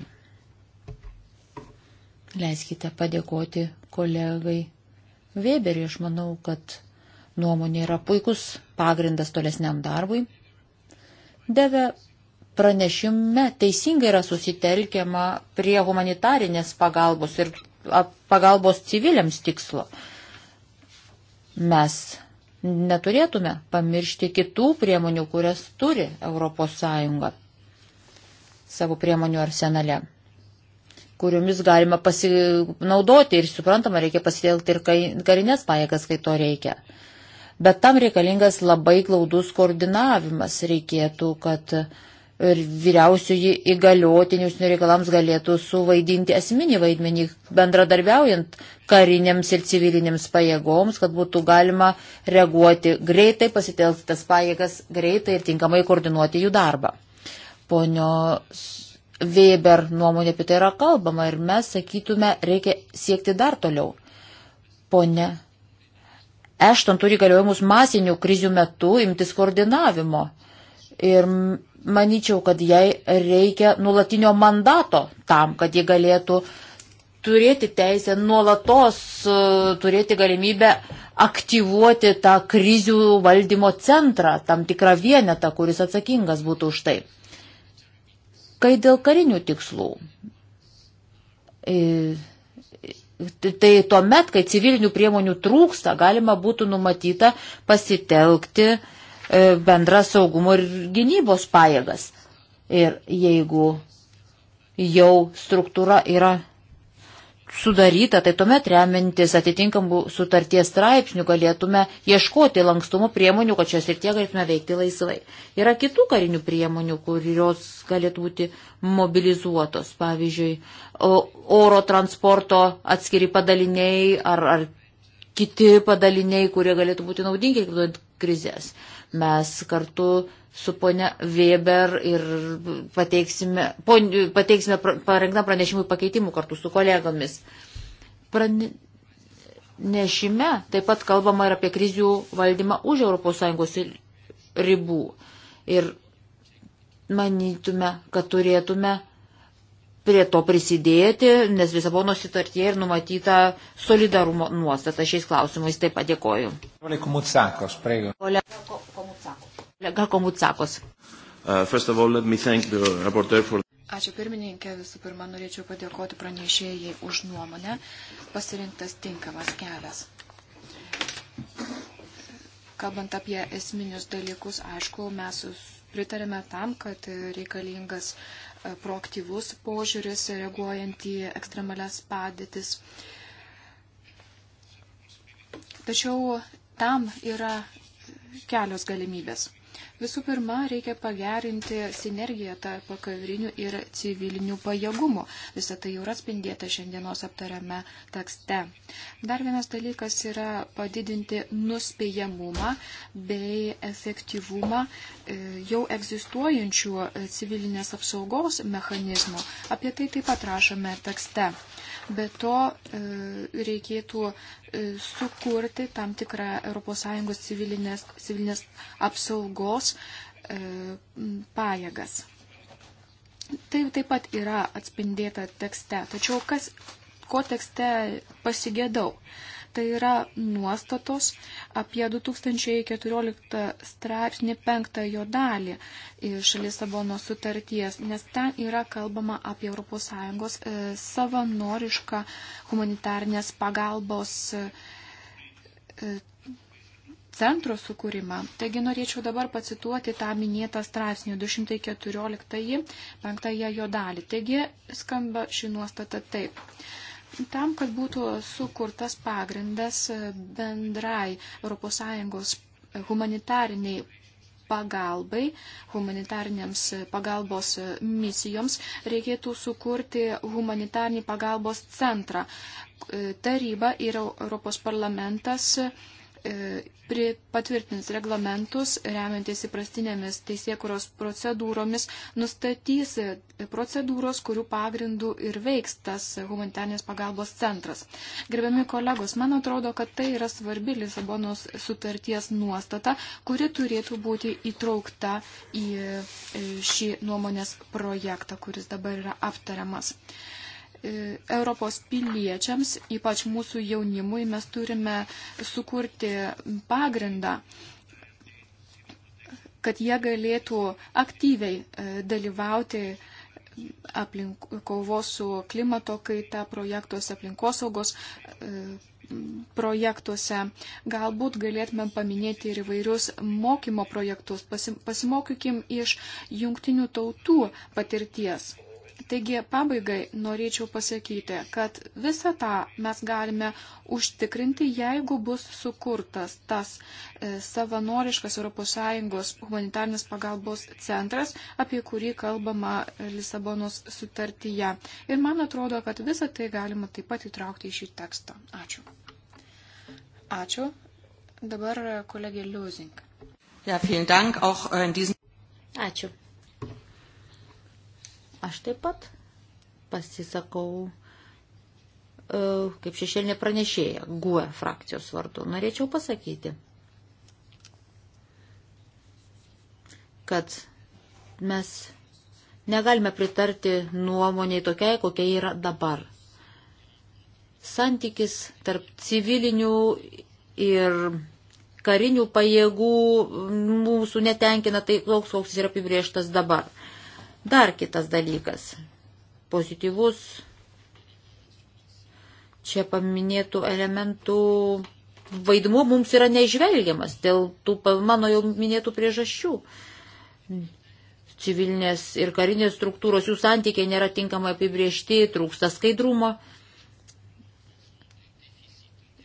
Leiskite padėkoti kolegai Weberiui. Aš manau, kad nuomonė yra puikus pagrindas tolesniam darbui. Deve pranešime teisingai yra susitelkiama prie humanitarinės pagalbos ir pagalbos civiliams tikslo. Mes neturėtume pamiršti kitų priemonių, kurias turi ES savo priemonių arsenale, kuriomis galima pasinaudoti ir suprantama, reikia pasitelkti ir karinės pajėgas, kai to reikia. Bet tam reikalingas labai glaudus koordinavimas. Reikėtų, kad uh, vyriausioji įgaliotinius nereikalams galėtų suvaidinti esminį vaidmenį, bendradarbiaujant karinėms ir civilinėms pajėgoms, kad būtų galima reaguoti greitai, pasitelkti tas pajėgas greitai ir tinkamai koordinuoti jų darbą. Ponio Weber nuomonė apie tai yra kalbama ir mes sakytume, reikia siekti dar toliau. Pone Ešton turi galiojimus masinių krizių metu imtis koordinavimo. Ir manyčiau, kad jai reikia nulatinio mandato tam, kad ji galėtų turėti teisę nuolatos e, turėti galimybę aktyvuoti tą krizių valdymo centrą, tam tikrą vienetą, kuris atsakingas būtų už tai. Kai dėl karinių tikslų, e, tai tuomet, kai civilinių priemonių trūksta, galima būtų numatyta pasitelkti uh, E, bendras saugumo ir gynybos pajėgas. Ir jeigu jau struktūra yra sudaryta, tai tuomet remintis atitinkamų sutarties straipsnių galėtume ieškoti lankstumo priemonių, kad šios ir tie galėtume veikti laisvai. Yra kitų karinių priemonių, kurios galėtų būti mobilizuotos, pavyzdžiui, oro transporto atskiri padaliniai ar, ar kiti padaliniai, kurie galėtų būti naudingi, krizės. Mes kartu su ponia Weber ir pateiksime, pon, pateiksime parengtą pranešimų pakeitimų kartu su kolegomis. Pranešime taip pat kalbama ir apie krizių valdymą už ES ribų. Ir manytume, kad turėtume prie to prisidėti, nes Lisabono sutartyje ir numatyta solidarumo nuostata šiais klausimais. Taip pat dėkoju. Kolega Komutsakos. Uh, Ačiū pirmininkė, visų pirma, norėčiau padėkoti pranešėjai už nuomonę. Pasirinktas tinkamas kelias. Kalbant apie esminius dalykus, aišku, mes pritarėme tam, kad reikalingas E, proaktyvus požiūris reaguojant į ekstremalias padėtis. Tačiau tam yra kelios galimybės. Visų pirma, reikia pagerinti sinergiją tarp karinių ir civilinių pajėgumų. Visą tai jau yra spindėta šiandienos aptariame tekste. Dar vienas dalykas yra padidinti nuspėjamumą bei efektyvumą e, jau egzistuojančių civilinės apsaugos mechanizmų. Apie tai taip pat rašome tekste. Be to e, reikėtų e, sukurti tam tikrą ES civilinės, civilinės apsaugos e, pajėgas. Tai taip pat yra atspindėta tekste. Tačiau kas, ko tekste pasigėdau? E, Tai yra nuostatos apie 2014 straipsnį penktą jo dalį iš Lisabono sutarties, nes ten yra kalbama apie ES e, savanorišką humanitarnės pagalbos e, e, centro sukūrimą. Taigi norėčiau dabar pacituoti tą minėtą straipsnį 214 penktąją jo dalį. Taigi skamba ši nuostata taip tam, kad būtų sukurtas pagrindas bendrai ES humanitariniai pagalbai, humanitariniams pagalbos misijoms reikėtų sukurti humanitarinį pagalbos centrą. Taryba ir Europos parlamentas E, patvirtins reglamentus, remiantis įprastinėmis teisėkuros procedūromis, nustatys e, procedūros, kurių pagrindų ir veiks tas humanitarnės pagalbos centras. Gerbiami kolegos, man atrodo, kad tai yra svarbi Lisabonos sutarties nuostata, kuri turėtų būti įtraukta į e, šį nuomonės projektą, kuris dabar yra aptariamas. Thank you. E, Europos piliečiams, ypač mūsų jaunimui, mes turime sukurti pagrindą, kad jie galėtų aktyviai e, dalyvauti aplink, kovos su klimato kaita projektuose, aplinkosaugos e, projektuose. Galbūt galėtumėm paminėti ir įvairius mokymo projektus. Pasimokykim iš jungtinių tautų patirties Taigi pabaigai norėčiau pasakyti, kad visą tą mes galime užtikrinti, jeigu bus sukurtas tas e, savanoriškas ES humanitarnės pagalbos centras, apie kurį kalbama Lisabonos sutartyje. Ir man atrodo, kad visą tai galima taip pat įtraukti į šį tekstą. Ačiū. Ačiū. Dabar kolegė Liuzink. Ja, vielen Dank auch äh, in diesem. Ačiū. Aš taip pat pasisakau e, kaip šešėlinė pranešėja GUE frakcijos vardu. Norėčiau pasakyti, kad mes negalime pritarti nuomoniai tokiai, kokia yra dabar. Santykis tarp civilinių ir karinių pajėgų mūsų netenkina tai, koks koks yra apibrieštas dabar. Dar kitas dalykas. Pozityvus čia paminėtų elementų vaidmuo mums yra nežvelgiamas dėl tų mano jau minėtų priežasčių. Civilinės ir karinės struktūros, jų santykiai nėra tinkamai apibriežti, trūksta skaidrumo.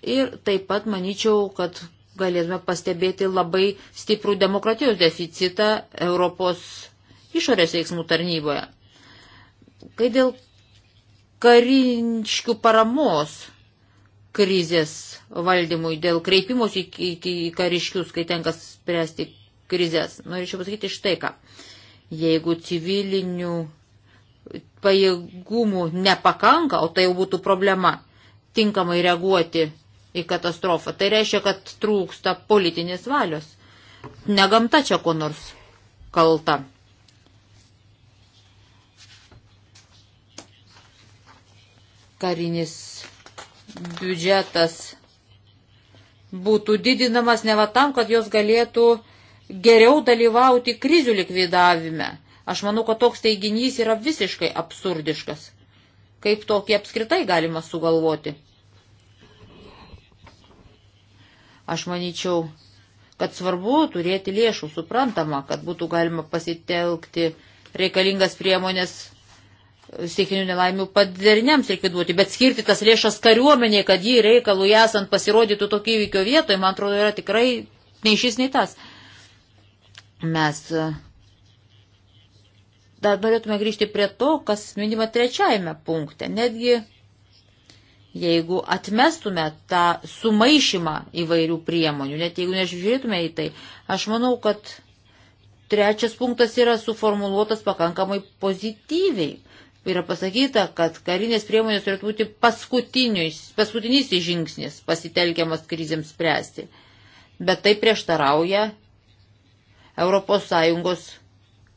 Ir taip pat manyčiau, kad galėtume pastebėti labai stiprų demokratijos deficitą Europos išorės veiksmų tarnyboje. Kai dėl karinškių paramos krizės valdymui, dėl kreipimus į, į, į kariškius, kai tenka spręsti krizės, norėčiau pasakyti štai ką. Jeigu civilinių pajėgumų nepakanka, o tai jau būtų problema, tinkamai reaguoti į katastrofą. Tai reiškia, kad trūksta politinės valios. Negamta čia ko nors kalta. karinis biudžetas būtų didinamas ne va tam, kad jos galėtų geriau dalyvauti krizių likvidavime. Aš manau, kad toks teiginys yra visiškai absurdiškas. Kaip tokį apskritai galima sugalvoti? Aš manyčiau, kad svarbu turėti lėšų, suprantama, kad būtų galima pasitelkti reikalingas priemonės stichinių nelaimių padariniams likviduoti, bet skirti tas lėšas kariuomenėje, kad jį reikalų esant pasirodytų tokio įvykio vietoje, man atrodo, yra tikrai nei šis, nei tas. Mes e, dar norėtume grįžti prie to, kas minima trečiajame punkte. Netgi jeigu atmestume tą sumaišymą įvairių priemonių, net jeigu nežiūrėtume į tai, aš manau, kad trečias punktas yra suformuluotas pakankamai pozityviai yra pasakyta, kad karinės priemonės turėtų būti paskutinis žingsnis pasitelkiamas krizėms spręsti. Bet tai prieštarauja ES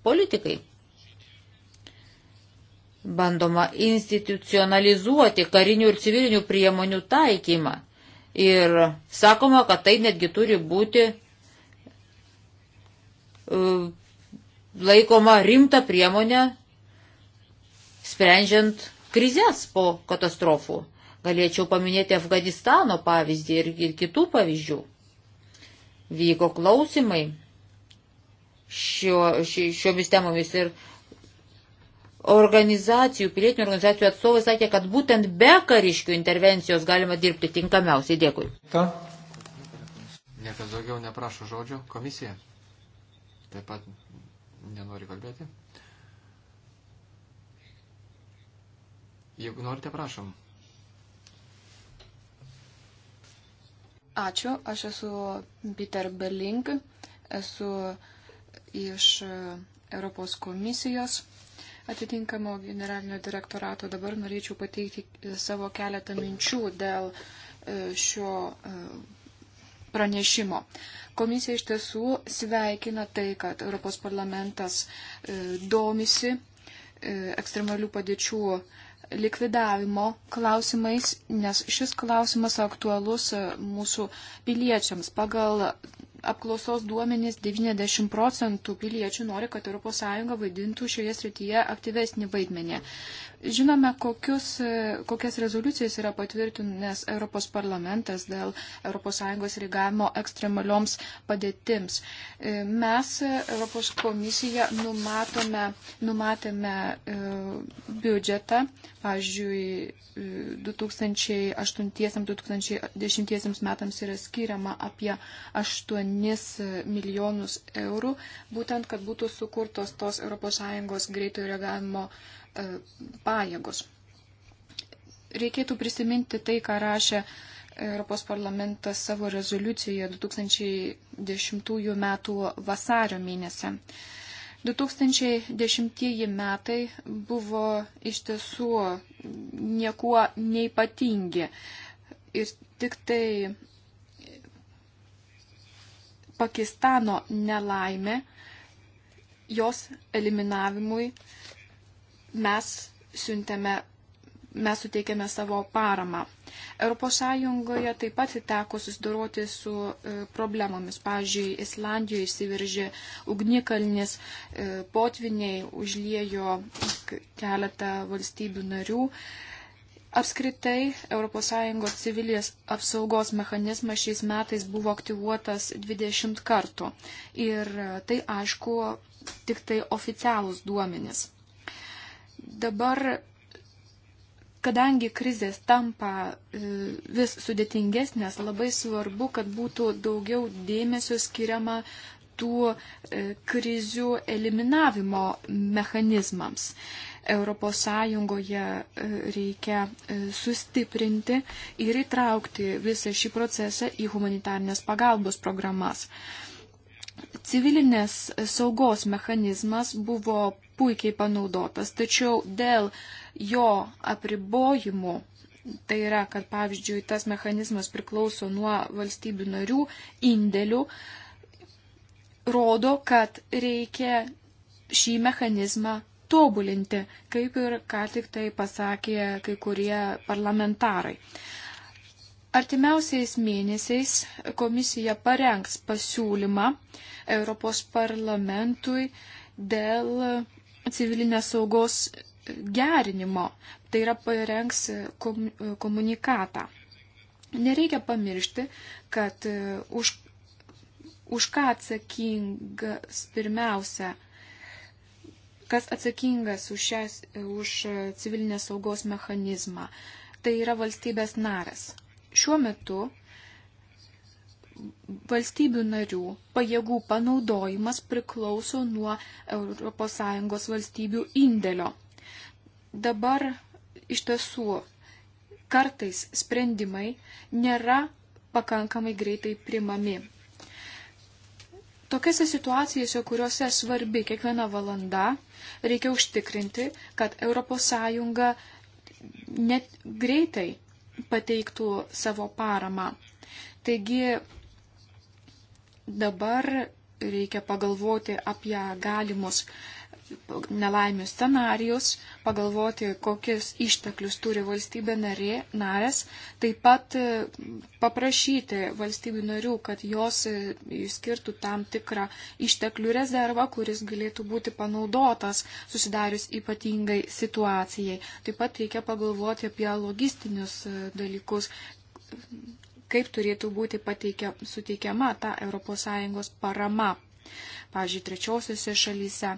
politikai. Bandoma institucionalizuoti karinių ir civilinių priemonių taikymą. Ir sakoma, kad tai netgi turi būti uh, laikoma rimta priemonė sprendžiant krizės po katastrofų. Galėčiau paminėti Afganistano pavyzdį ir, ir kitų pavyzdžių. Vyko klausimai šio, ši, šiomis temomis ir organizacijų, pilietinių organizacijų atstovai sakė, kad būtent be kariškių intervencijos galima dirbti tinkamiausiai. Dėkui. Ta. Niekas daugiau neprašo žodžio. Komisija taip pat nenori kalbėti. Jeigu norite, prašom. Ačiū, aš esu Peter Belink, esu iš Europos komisijos atitinkamo generalinio direktorato. Dabar norėčiau pateikti savo keletą minčių dėl e, šio e, pranešimo. Komisija iš tiesų sveikina tai, kad Europos parlamentas e, domisi ekstremalių padėčių likvidavimo klausimais, nes šis klausimas aktualus e, mūsų piliečiams. Pagal apklausos duomenys 90 procentų piliečių nori, kad ES vaidintų šioje srityje aktyvesnį vaidmenį. Žinome, kokius, kokias rezoliucijas yra patvirtinęs Europos parlamentas dėl ES reagavimo ekstremalioms padėtims. Mes Europos komisiją numatome, numatėme e, biudžetą, pavyzdžiui, 2008-2010 metams yra skiriama apie 8 milijonus eurų, būtent kad būtų sukurtos tos ES greito reagavimo e, pajėgos. Reikėtų prisiminti tai, ką rašė Europos parlamentas savo rezoliucijoje 2010 m. vasario mėnesį. 2010 metai buvo iš tiesų niekuo neipatingi ir tik tai Pakistano nelaimė, jos eliminavimui mes siuntėme, mes suteikėme savo paramą. ES taip pat teko susidoroti su e, problemomis. Pavyzdžiui, Islandijoje įsiveržė ugnikalnis, e, potviniai užliejo keletą valstybių narių. E, Apskritai, ES civilės apsaugos mechanizmas šiais metais buvo aktyvuotas 20 kartų ir tai aišku tik tai oficialūs duomenys. Dabar, kadangi krizės tampa e, vis sudėtingesnės, labai svarbu, kad būtų daugiau dėmesio skiriama tų e, krizių eliminavimo mechanizmams. ES e, reikia e, sustiprinti ir įtraukti visą šį procesą į humanitarnės pagalbos programas. Civilinės saugos mechanizmas buvo puikiai panaudotas, tačiau dėl jo apribojimų Tai yra, kad pavyzdžiui, tas mechanizmas priklauso nuo valstybių narių indėlių, rodo, kad reikia šį mechanizmą tobulinti, kaip ir ką tik tai pasakė kai kurie parlamentarai. Artimiausiais mėnesiais komisija parengs pasiūlymą Europos parlamentui dėl civilinės saugos gerinimo. Tai yra parengs komunikatą. Nereikia pamiršti, kad e, už, už ką atsakingas pirmiausia kas atsakingas už, šias, už e, civilinės saugos mechanizmą. Tai yra valstybės naras. Šiuo metu valstybių narių pajėgų panaudojimas priklauso nuo ES valstybių indėlio. Dabar iš tiesų kartais sprendimai nėra pakankamai greitai primami. Tokiose situacijose, kuriuose svarbi kiekviena valanda, reikia užtikrinti, kad ES net greitai pateiktų savo paramą. Taigi dabar reikia pagalvoti apie galimus nelaimių scenarius, pagalvoti, kokius išteklius turi valstybė narė, narės, taip pat e, paprašyti valstybių narių, kad jos e, skirtų tam tikrą išteklių rezervą, kuris galėtų būti panaudotas susidarius ypatingai situacijai. Taip pat reikia pagalvoti apie logistinius e, dalykus kaip turėtų būti pateikia, suteikiama ta ES parama pažiūrėjau, trečiosiuose šalyse.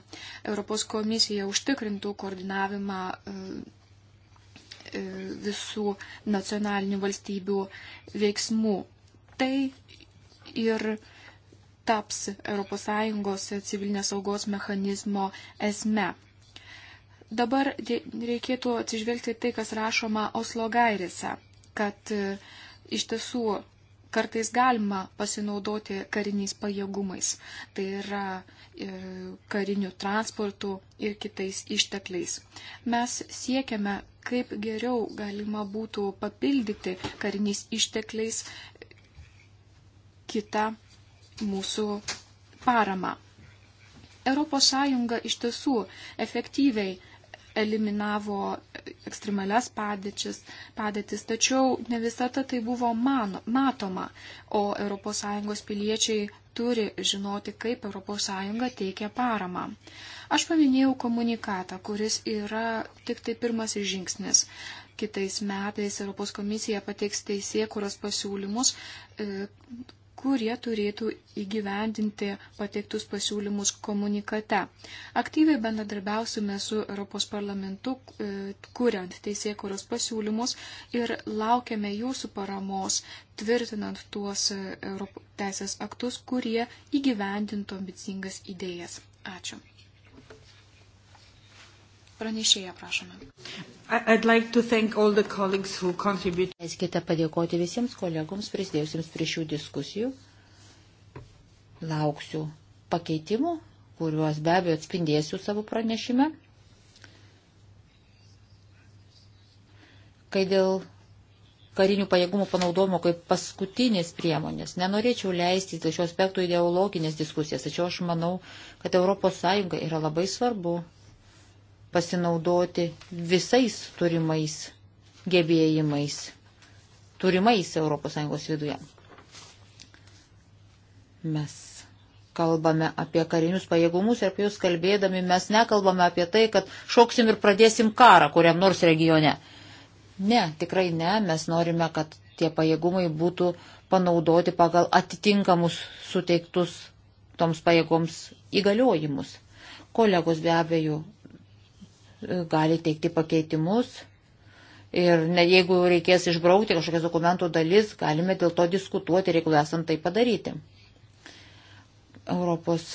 Europos komisija užtikrintų koordinavimą e, e, visų nacionalinių valstybių veiksmų. Tai ir taps ES civilinės saugos mechanizmo esme. Dabar reikėtų atsižvelgti tai, kas rašoma Oslo gairėse, kad e, iš tiesų kartais galima pasinaudoti kariniais pajėgumais, tai yra e, kariniu transportu ir kitais ištekliais. Mes siekiame, kaip geriau galima būtų papildyti kariniais ištekliais kitą mūsų paramą. ES iš tiesų efektyviai eliminavo ekstremalias padėčias, padėtis, tačiau ne visada tai buvo mano, matoma, o ES piliečiai turi žinoti, kaip ES teikia paramą. Aš paminėjau komunikatą, kuris yra tik tai pirmasis žingsnis. Kitais metais Europos komisija pateiks teisėkuros pasiūlymus, e, kurie turėtų įgyvendinti pateiktus pasiūlymus komunikate. Aktyviai bendradarbiausime su Europos parlamentu, e, kuriant teisėkuros pasiūlymus ir laukiame jūsų paramos, tvirtinant tuos e, Europos teisės aktus, kurie įgyvendintų ambicingas idėjas. Ačiū. Pranešėja, prašome. I'd like to thank all the colleagues who contribute. Leiskite padėkoti visiems kolegoms prisidėjusiems prie šių diskusijų. Lauksiu pakeitimų, kuriuos be abejo atspindėsiu savo pranešime. Kai dėl karinių pajėgumų panaudojimo kaip paskutinės priemonės. Nenorėčiau leisti dėl šio aspektų ideologinės diskusijas, tačiau aš manau, kad ES yra labai svarbu pasinaudoti visais turimais gebėjimais, turimais ES viduje. Mes kalbame apie karinius pajėgumus ir apie jūs kalbėdami mes nekalbame apie tai, kad šoksim ir pradėsim karą kuriam nors regione. Ne, tikrai ne, mes norime, kad tie pajėgumai būtų panaudoti pagal atitinkamus suteiktus toms pajėgoms įgaliojimus. Kolegos be abejo gali teikti pakeitimus ir ne, jeigu reikės išbraukti kažkokias dokumentų dalis, galime dėl to diskutuoti ir jeigu esam tai padaryti. Europos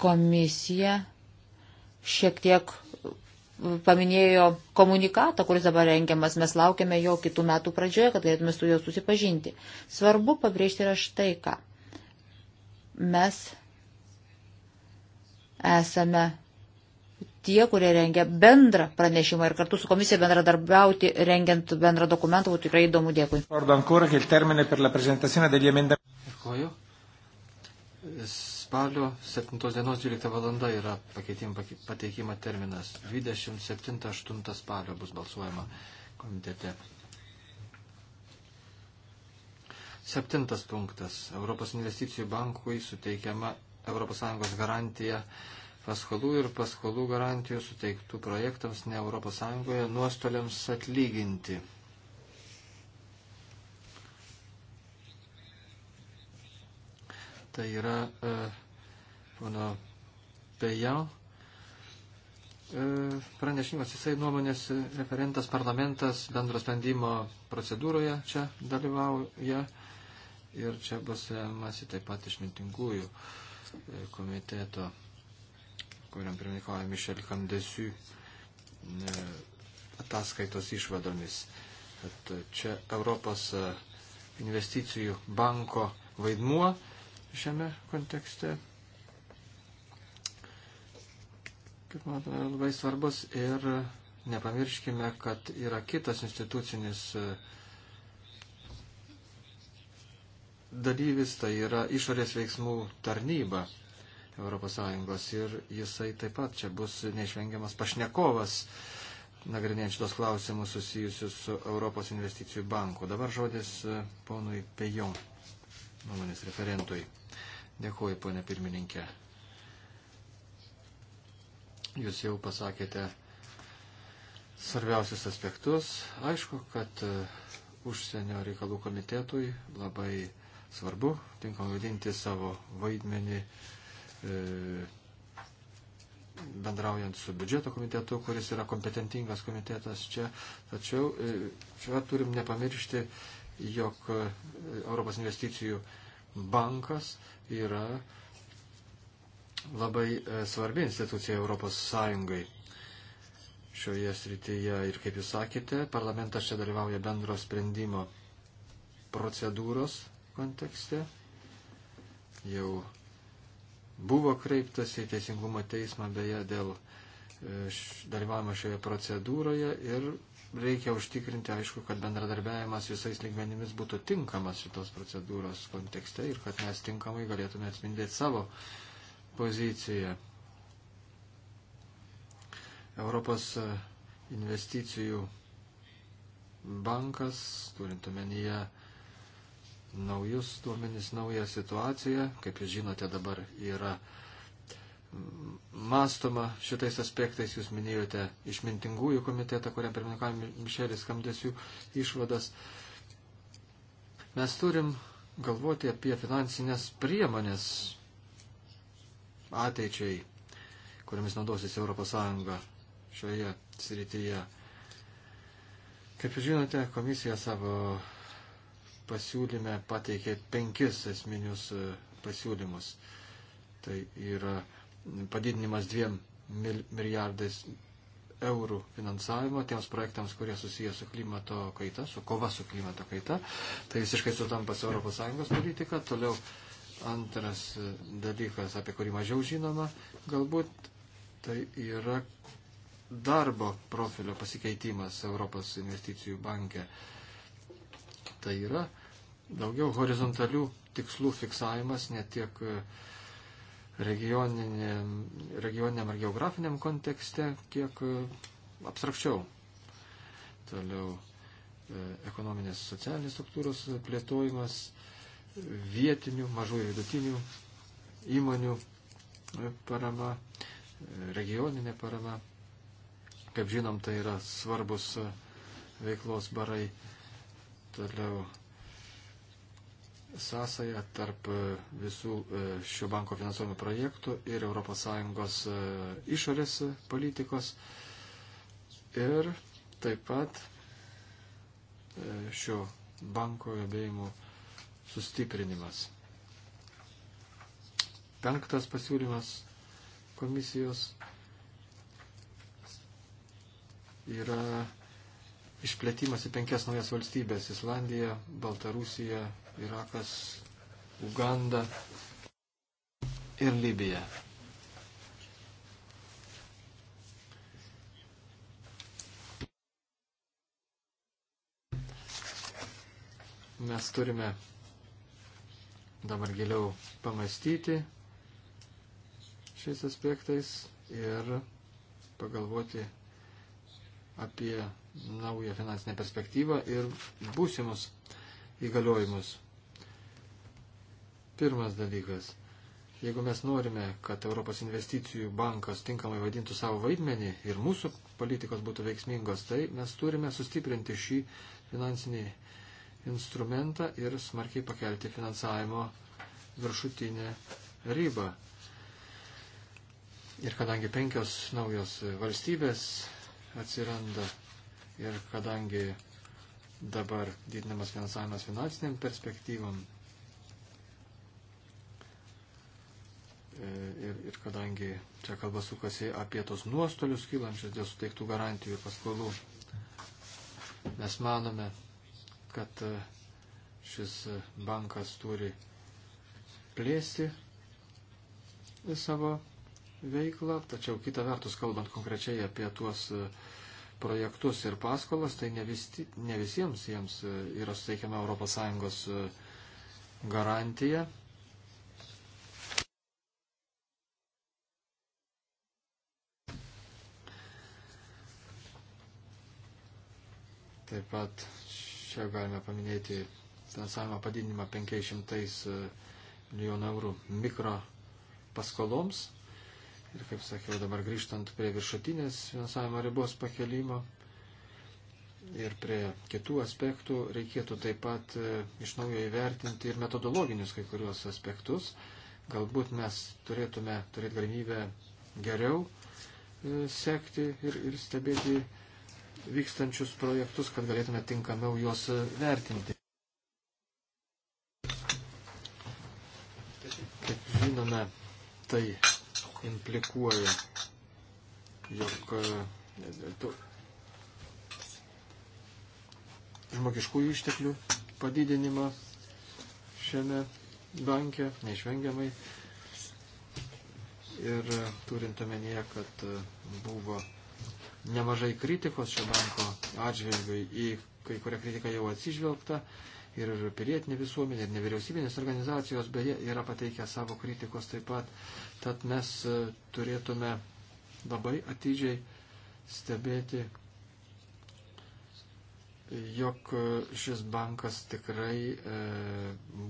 komisija šiek tiek paminėjo komunikatą, kuris dabar rengiamas, mes laukiame jo kitų metų pradžioje, kad galėtume su juo susipažinti. Svarbu pabrėžti yra štai ką. Mes esame tie, kurie rengia bendrą pranešimą ir kartu su komisija bendradarbiauti, rengiant bendrą dokumentą, būtų tikrai įdomu. Dėkui. Dėkuoju. Spalio 7 dienos 12 valanda yra pakeitimų pateikimo terminas. 27-8 spalio bus balsuojama komitete. Septintas punktas. Europos investicijų bankui suteikiama ES garantija paskolų ir paskolų garantijų suteiktų projektams ne ES nuostoliams atlyginti. Tai yra e, pono Pejan e, pranešimas, jisai nuomonės referentas parlamentas bendro sprendimo procedūroje čia dalyvauja ir čia bus remasi taip pat išmintingųjų e, komiteto kuriam pirmininkauja Mišel Kandesiu e, ataskaitos išvadomis. Kad čia Europos e, investicijų banko vaidmuo šiame kontekste, kaip matome, labai svarbus ir nepamirškime, kad yra kitas institucinis e, dalyvis, tai yra išorės veiksmų tarnyba ES ir jisai taip pat čia bus neišvengiamas pašnekovas, nagrinėjant šitos klausimus susijusius su Europos investicijų banku. Dabar žodis e, ponui Pejon, nuomonės referentui. Dėkuoju, ponė pirmininkė. Jūs jau pasakėte svarbiausius aspektus. Aišku, kad e, užsienio reikalų komitetui labai svarbu tinkamai vadinti savo vaidmenį E, bendraujant su biudžeto komitetu, kuris yra kompetentingas komitetas čia. Tačiau e, čia turim nepamiršti, jog e, Europos investicijų bankas yra labai svarbi institucija Europos Sąjungai šioje srityje. Ir kaip jūs sakėte, parlamentas čia dalyvauja bendro sprendimo procedūros kontekste. Jau Buvo kreiptas į Teisingumo teismą beje dėl e, dalyvavimo šioje procedūroje ir reikia užtikrinti, aišku, kad bendradarbiavimas visais lygmenimis būtų tinkamas šitos procedūros kontekste ir kad mes tinkamai galėtume atspindėti savo poziciją. Europos e, investicijų bankas, turint omenyje naujus duomenys, naują situaciją. Kaip jūs žinote, dabar yra mąstoma šitais aspektais. Jūs minėjote išmintingųjų komitetą, kuriam pirmininkavim Mišelis Kamdėsių išvadas. Mes turim galvoti apie finansinės priemonės ateičiai, kuriamis naudosis ES šioje srityje. Kaip jūs žinote, komisija savo pasiūlyme pateikė penkis esminius e, pasiūlymus. Tai yra padidinimas dviem milijardais eurų finansavimo tiems projektams, kurie susiję su klimato kaita, su kova su klimato kaita. Tai visiškai sutampa su ES politika. Toliau antras e, dalykas, apie kurį mažiau žinoma, galbūt tai yra darbo profilio pasikeitimas Europos investicijų banke. Tai yra daugiau horizontalių tikslų fiksavimas ne tiek e, regioniniam, regioniniam ar geografiniam kontekste, kiek e, abstrakčiau. Toliau e, ekonominės socialinės struktūros plėtojimas vietinių, mažų ir vidutinių įmonių parama, regioninė parama. Kaip žinom, tai yra svarbus veiklos barai. Toliau sąsaja tarp e, visų e, šio banko finansuojamų projektų ir ES e, išorės politikos. Ir taip pat šio banko gebėjimų sustiprinimas. Penktas pasiūlymas komisijos yra išplėtimas į penkias naujas valstybės - Islandiją, Baltarusiją, Irakas, Uganda ir Libija. Mes turime dabar giliau pamastyti šiais aspektais ir pagalvoti apie naują finansinę perspektyvą ir būsimus įgaliojimus. Pirmas dalykas. Jeigu mes norime, kad Europos investicijų bankas tinkamai vadintų savo vaidmenį ir mūsų politikos būtų veiksmingos, tai mes turime sustiprinti šį finansinį instrumentą ir smarkiai pakelti finansavimo viršutinę ribą. Ir kadangi penkios naujos valstybės atsiranda ir kadangi dabar didinamas finansavimas finansiniam perspektyvam, E, ir, ir kadangi čia kalba sukasi apie tos nuostolius kylančius dėl suteiktų garantijų ir paskolų, mes manome, kad e, šis e, bankas turi plėsti savo veiklą, tačiau kita vertus, kalbant konkrečiai apie tuos projektus ir paskolas, tai ne, vis, ne visiems jiems yra suteikiama ES garantija Taip pat čia galime paminėti finansavimo padidinimą 500 e, milijonų eurų mikro paskoloms. Ir kaip sakiau, dabar grįžtant prie viršutinės finansavimo ribos pakelimo ir prie kitų aspektų, reikėtų taip pat e, iš naujo įvertinti ir metodologinius kai kuriuos aspektus. Galbūt mes turėtume turėti galimybę geriau e, sekti ir, ir stebėti vykstančius projektus, kad galėtume tinkamiau juos vertinti. Kaip žinome, tai implikuoja, jog e, e, žmogiškųjų išteklių padidinimą šiame banke neišvengiamai. Ir e, turint omenyje, kad buvo nemažai kritikos šio banko atžvilgiu, į kai kurią kritiką jau atsižvelgta ir pilietinė visuomenė, ir nevyriausybinės organizacijos beje yra pateikę savo kritikos taip pat, tad mes e, turėtume labai atidžiai stebėti, jog e, šis bankas tikrai e,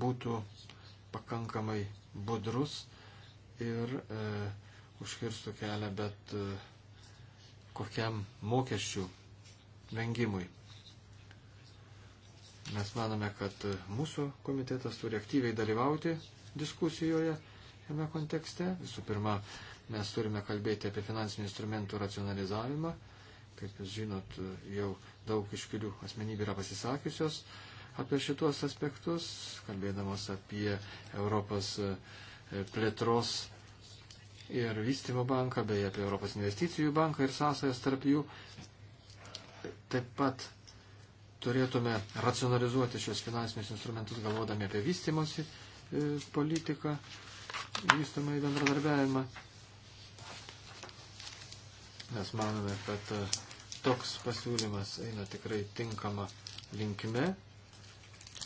būtų pakankamai budrus ir e, užkirstų kelią, bet e, kokiam mokesčių vengimui. Mes manome, kad mūsų komitetas turi aktyviai dalyvauti diskusijoje šiame kontekste. Visų pirma, mes turime kalbėti apie finansinių instrumentų racionalizavimą. Kaip jūs žinot, jau daug iškilių asmenybių yra pasisakiusios apie šituos aspektus, kalbėdamos apie Europos e, plėtros ir Vystimo banką, bei apie Europos investicijų banką ir sąsajas tarp jų. Taip pat turėtume racionalizuoti šios finansinius instrumentus, galvodami apie vystimosi e, politiką, vystamą į bendradarbiavimą. Mes manome, kad e, toks pasiūlymas eina tikrai tinkama linkme,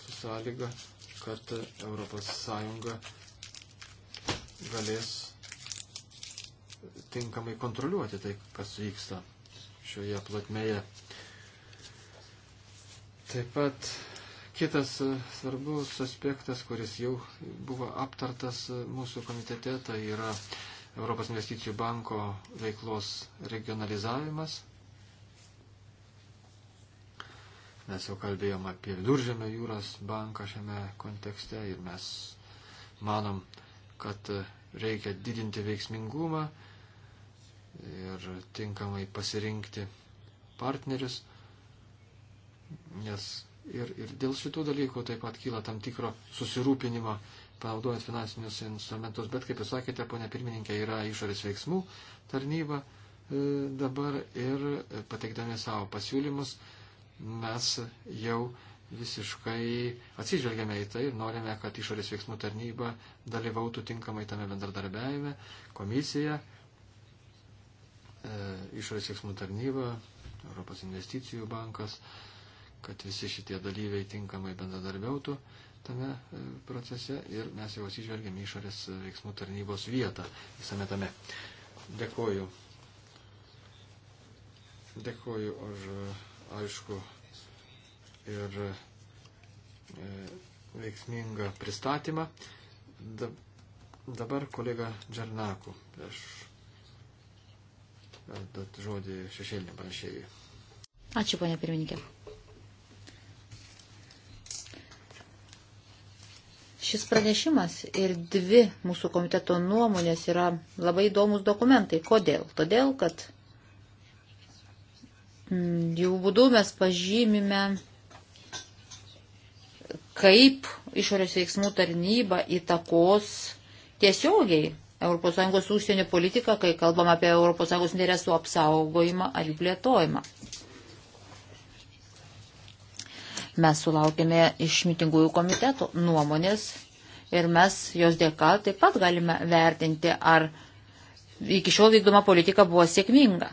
su sąlyga, kad ES galės tinkamai kontroliuoti tai, kas vyksta šioje platmeje. Taip pat kitas svarbus aspektas, kuris jau buvo aptartas mūsų komitete, tai yra Europos investicijų banko veiklos regionalizavimas. Mes jau kalbėjom apie Viduržėmio jūros banką šiame kontekste ir mes manom, kad reikia didinti veiksmingumą, ir tinkamai pasirinkti partnerius, nes ir, ir dėl šitų dalykų taip pat kyla tam tikro susirūpinimo panaudojant finansinius instrumentus, bet kaip jūs sakėte, ponė pirmininkė, yra išorės veiksmų tarnyba e, dabar ir pateikdami savo pasiūlymus mes jau visiškai atsižvelgiame į tai ir norime, kad išorės veiksmų tarnyba dalyvautų tinkamai tame bendradarbiavime, komisija išorės veiksmų tarnyba, Europos investicijų bankas, kad visi šitie dalyviai tinkamai bendradarbiautų tame e, procese ir mes jau atsižvelgėme išorės veiksmų tarnybos vietą visame tame. Dėkoju. Dėkoju už e, aišku ir e, veiksmingą pristatymą. Dabar kolega Džernaku prieš duoti žodį šešėlinį pranešėjui. Ačiū, ponia pirmininkė. Šis pranešimas ir dvi mūsų komiteto nuomonės yra labai įdomus dokumentai. Kodėl? Todėl, kad mm, jų būdu mes pažymime, kaip išorės veiksmų tarnyba įtakos tiesiogiai ES užsienio politiką, kai kalbam apie ES interesų apsaugojimą ar plėtojimą. Mes sulaukėme iš mitingųjų komiteto nuomonės ir mes jos dėka taip pat galime vertinti, ar iki šiol vykdoma politika buvo sėkminga.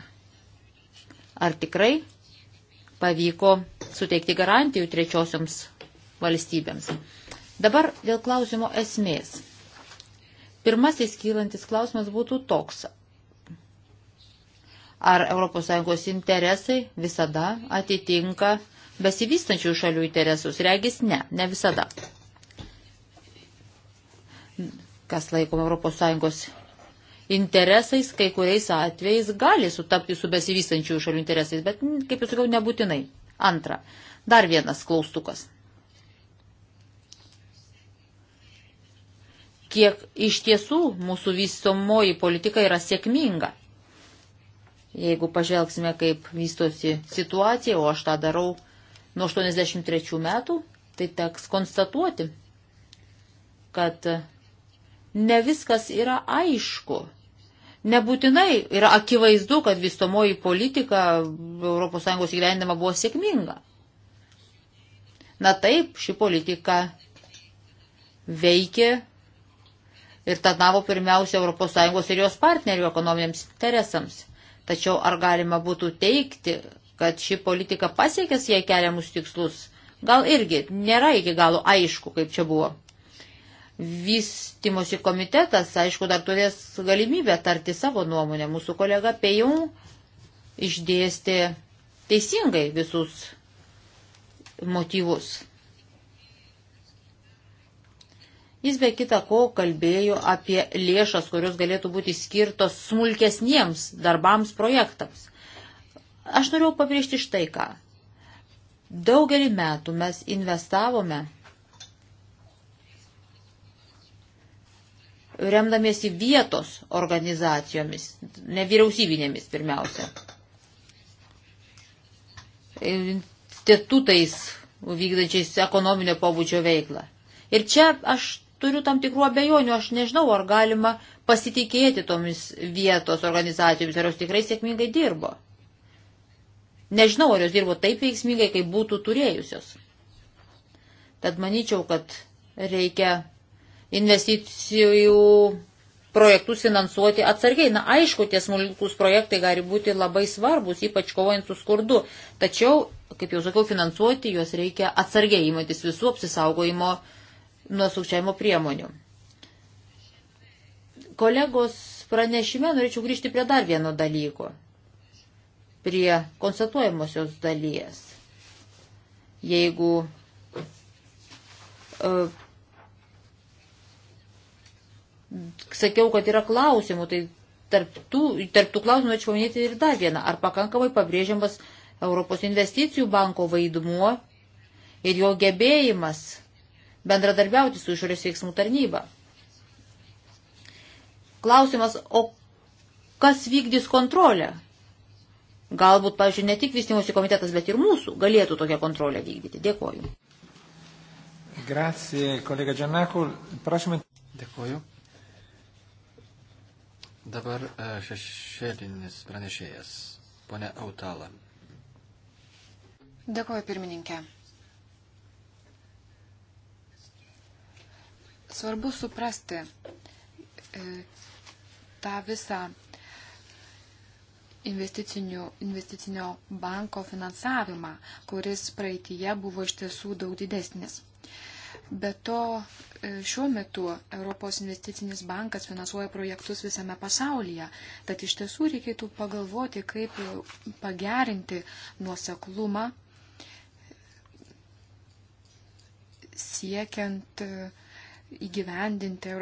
Ar tikrai pavyko suteikti garantijų trečiosioms valstybėms. Dabar dėl klausimo esmės. Pirmasis kylantis klausimas būtų toks. Ar ES interesai visada atitinka besivystančių šalių interesus? Regis ne, ne visada. Kas laikoma ES interesais, kai kuriais atvejais gali sutapti su besivystančių šalių interesais, bet, kaip jūs sakiau, nebūtinai. Antra, dar vienas klaustukas. kiek iš tiesų mūsų vystomoji politika yra sėkminga. Jeigu pažvelgsime, kaip vystosi situacija, o aš tą darau nuo 83 metų, tai teks konstatuoti, kad ne viskas yra aišku. Nebūtinai yra akivaizdu, kad vystomoji politika ES įgyvendama buvo sėkminga. Na taip, ši politika veikė ir tarnavo pirmiausia ES ir jos partnerių ekonominiams interesams. Tačiau ar galima būtų teikti, kad ši politika pasiekęs jai keliamus tikslus? Gal irgi nėra iki galo aišku, kaip čia buvo. Vystimosi komitetas, aišku, dar turės galimybę tarti savo nuomonę. Mūsų kolega Pejum išdėstė teisingai visus motyvus. Jis be kita ko kalbėjo apie lėšas, kurios galėtų būti skirtos smulkesniems darbams projektams. Aš norėjau pabrėžti štai ką. Daugelį metų mes investavome, remdamiesi vietos organizacijomis, nevyriausybinėmis pirmiausia, institutais vykdančiais ekonominio pobūdžio veiklą. Ir čia aš turiu tam tikrų abejonių, aš nežinau, ar galima pasitikėti tomis vietos organizacijomis, ar jos tikrai sėkmingai dirbo. Nežinau, ar jos dirbo taip veiksmingai, kaip būtų turėjusios. Tad manyčiau, kad reikia investicijų projektus finansuoti atsargiai. Na, aišku, tie smulkus projektai gali būti labai svarbus, ypač kovojant su skurdu. Tačiau, kaip jau sakiau, finansuoti juos reikia atsargiai, įmantis visų apsisaugojimo uh, nuo sukčiavimo priemonių. Kolegos pranešime norėčiau grįžti prie dar vieno dalyko, prie konstatuojamosios dalies. Jeigu uh, sakiau, kad yra klausimų, tai tarp tų, tarp tų klausimų norėčiau paminėti ir dar vieną. Ar pakankamai pabrėžiamas Europos investicijų banko vaidmuo ir jo gebėjimas bendradarbiauti su išorės veiksmų tarnyba. Klausimas, o kas vykdys kontrolę? Galbūt, pavyzdžiui, ne tik vystimosi komitetas, bet ir mūsų galėtų tokią kontrolę vykdyti. Dėkoju. Grazie, kolega Džanakul. Prašome. Dėkoju. Dabar e, šešėlinis pranešėjas, ponė Autala. Dėkoju, pirmininkė. Svarbu suprasti e, tą visą investicinio banko finansavimą, kuris praeitie buvo iš tiesų daug didesnis. Be to, e, šiuo metu Europos investicinis bankas finansuoja projektus visame pasaulyje, tad iš tiesų reikėtų pagalvoti, kaip pagerinti nuoseklumą siekiant uh, įgyvendinti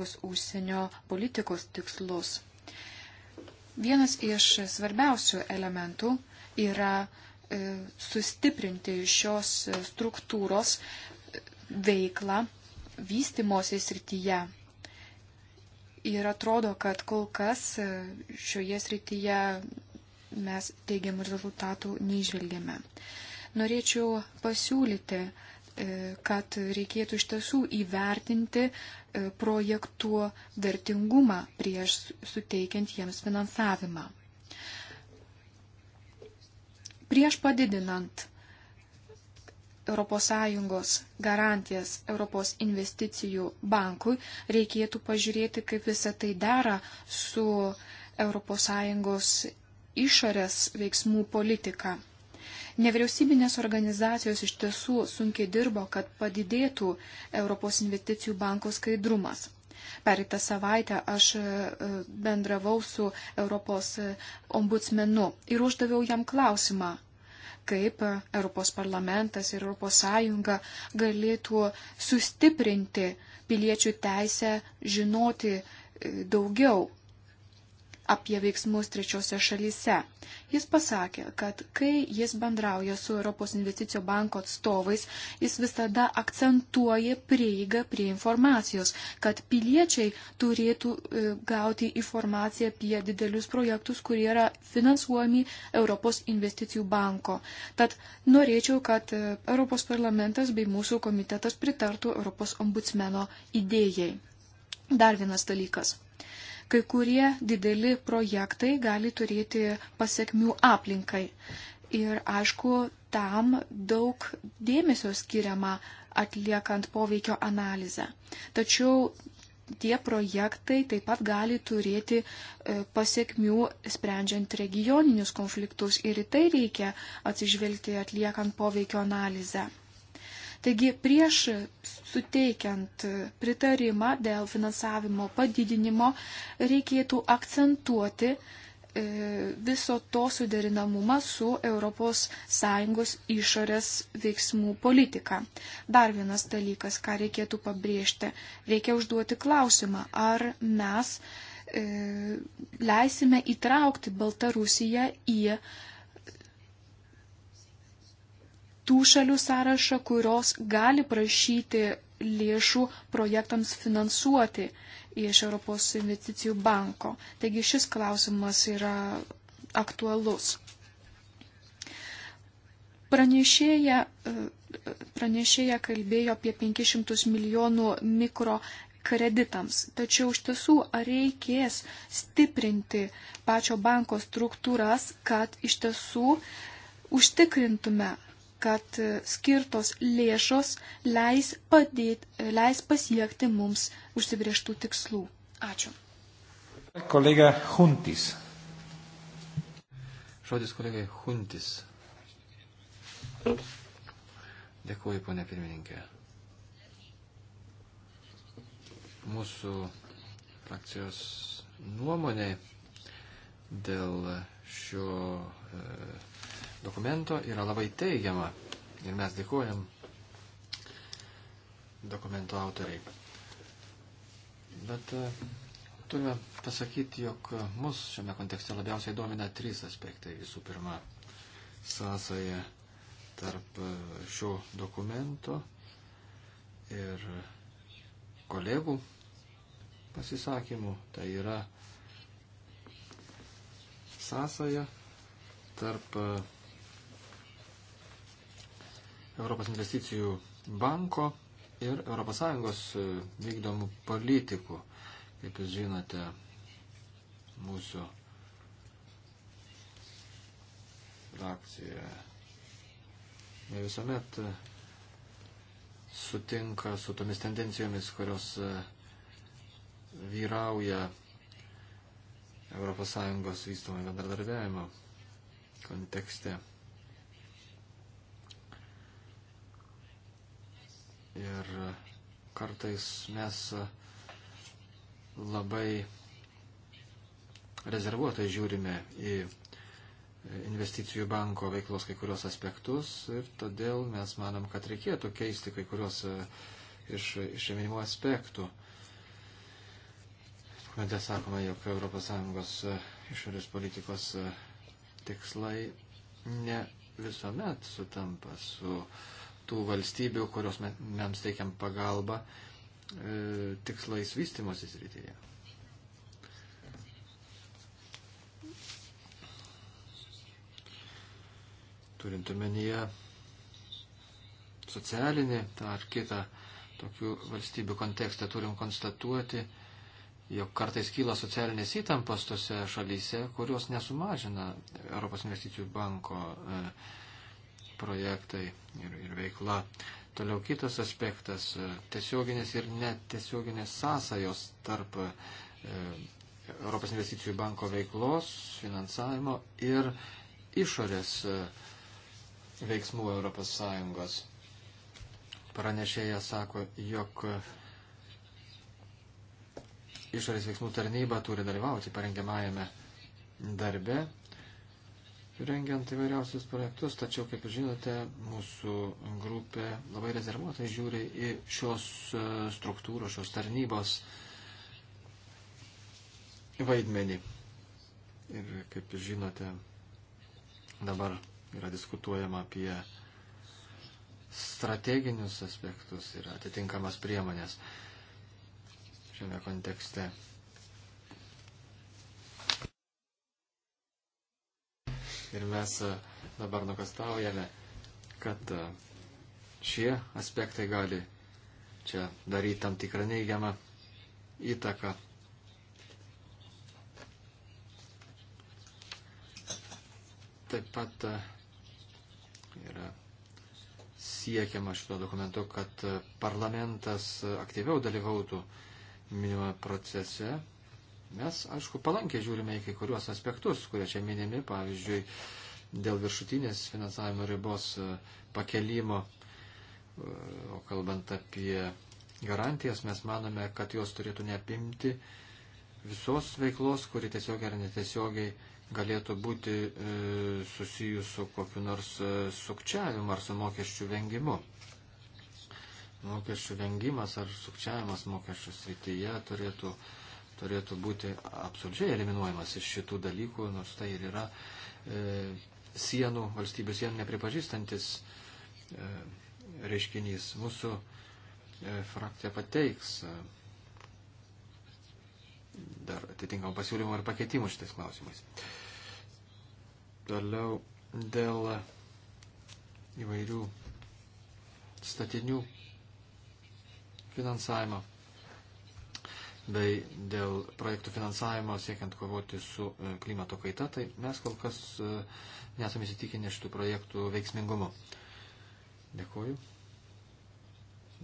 ES užsienio politikos tikslus. Vienas iš svarbiausių elementų yra e, sustiprinti šios struktūros e, veiklą vystimosi srityje. Ir atrodo, kad kol kas e, šioje srityje mes teigiamų rezultatų neižvelgėme. Norėčiau pasiūlyti E, kad reikėtų iš tiesų įvertinti e, projektų vertingumą prieš suteikiant jiems finansavimą. Prieš padidinant ES garantijas Europos investicijų bankui reikėtų pažiūrėti, kaip visa tai dera su ES išorės veiksmų politika. Nevyriausybinės organizacijos iš tiesų sunkiai dirbo, kad padidėtų Europos investicijų banko skaidrumas. Pereitą savaitę aš e, e, bendravau su Europos e, ombudsmenu ir uždaviau jam klausimą, kaip Europos parlamentas ir Europos Sąjunga galėtų sustiprinti piliečių teisę žinoti daugiau apie veiksmus trečiose šalyse. Jis pasakė, kad kai jis bendrauja su Europos investicijų banko atstovais, jis visada akcentuoja prieigą prie informacijos, kad piliečiai turėtų e, gauti informaciją apie didelius projektus, kurie yra finansuojami Europos investicijų banko. Tad norėčiau, kad e, Europos parlamentas bei mūsų komitetas pritartų Europos ombudsmeno idėjai. Dar vienas dalykas. Kai kurie dideli projektai gali turėti pasiekmių aplinkai. Ir aišku, tam daug dėmesio skiriama atliekant poveikio analizę. Tačiau tie projektai taip pat gali turėti e, pasiekmių sprendžiant regioninius konfliktus ir į tai reikia atsižvelgti atliekant poveikio analizę. Taigi prieš suteikiant pritarimą dėl finansavimo padidinimo reikėtų akcentuoti e, viso to suderinamumą su ES išorės veiksmų politika. Dar vienas dalykas, ką reikėtų pabrėžti, reikia užduoti klausimą, ar mes e, leisime įtraukti Baltarusiją į tų šalių sąrašą, kurios gali prašyti lėšų projektams finansuoti iš Europos investicijų banko. Taigi šis klausimas yra aktualus. Pranešėja, pranešėja kalbėjo apie 500 milijonų mikro kreditams. Tačiau iš tiesų reikės stiprinti pačio banko struktūras, kad iš tiesų užtikrintume, kad e, skirtos lėšos leis, padėti, e, leis pasiekti mums užsibrieštų tikslų. Ačiū. Kolega Huntis. Žodis kolegai Huntis. Dėkuoju, ponė pirmininkė. Mūsų frakcijos nuomonė dėl šio e, dokumento yra labai teigiama ir mes dėkojam dokumento autoriai. Bet e, turime pasakyti, jog mus šiame kontekste labiausiai domina trys aspektai. Visų pirma, sąsaja tarp e, šio dokumento ir kolegų pasisakymų. Tai yra sąsaja tarp e, Europos investicijų banko ir ES e, vykdomų politikų. Kaip jūs žinote, mūsų frakcija ne visuomet e, sutinka su tomis tendencijomis, kurios e, vyrauja ES vystomai bendradarbiavimo kontekste. Ir kartais mes labai rezervuotai žiūrime į investicijų banko veiklos kai kurios aspektus ir todėl mes manom, kad reikėtų keisti kai kurios e, iš, iš minimų aspektų. Dokumente sakoma, jog ES e, išorės politikos e, tikslai ne visuomet sutampa su uh, tų valstybių, kurios mes teikiam pagalbą e, tikslais vystimosi srityje. Turint omenyje socialinį ar kitą tokių valstybių kontekstą, turim konstatuoti, jog kartais kyla socialinės įtampos tose šalyse, kurios nesumažina Europos investicijų banko e, projektai ir, ir veikla. Toliau kitas aspektas e, - tiesioginės ir netiesioginės sąsajos tarp e, Europos investicijų banko veiklos, finansavimo ir išorės e, veiksmų ES. Pranešėja sako, jog išorės veiksmų tarnyba turi dalyvauti parengiamajame darbe rengiant įvairiausius projektus, tačiau, kaip žinote, mūsų grupė labai rezervuotai žiūri į šios e, struktūros, šios tarnybos vaidmenį. Ir, kaip žinote, dabar yra diskutuojama apie strateginius aspektus ir atitinkamas priemonės šiame kontekste. Ir mes e, dabar nukastaujame, kad e, šie aspektai gali čia daryti tam tikrą neigiamą įtaką. Taip pat e, yra siekiama šito dokumentu, kad parlamentas aktyviau dalyvautų minimame procese Mes, aišku, palankiai žiūrime į kai kuriuos aspektus, kurie čia minimi, pavyzdžiui, dėl viršutinės finansavimo ribos e, pakelimo, e, o kalbant apie garantijas, mes manome, kad jos turėtų neapimti visos veiklos, kuri tiesiogiai ar netiesiogiai galėtų būti e, susijus su kokiu nors e, sukčiavimu ar su mokesčių vengimu. Mokesčių vengimas ar sukčiavimas mokesčių srityje turėtų e, turėtų būti absoliučiai eliminuojamas iš šitų dalykų, nors tai ir yra e, sienų, valstybių sienų nepripažįstantis e, reiškinys. Mūsų e, frakcija pateiks e, dar atitinkamų pasiūlymų ir pakeitimų šitais klausimais. Toliau dėl įvairių statinių finansavimo bei dėl projektų finansavimo siekiant kovoti su e, klimato kaita, tai mes kol kas e, nesame įsitikinę šitų projektų veiksmingumu. Dėkuoju.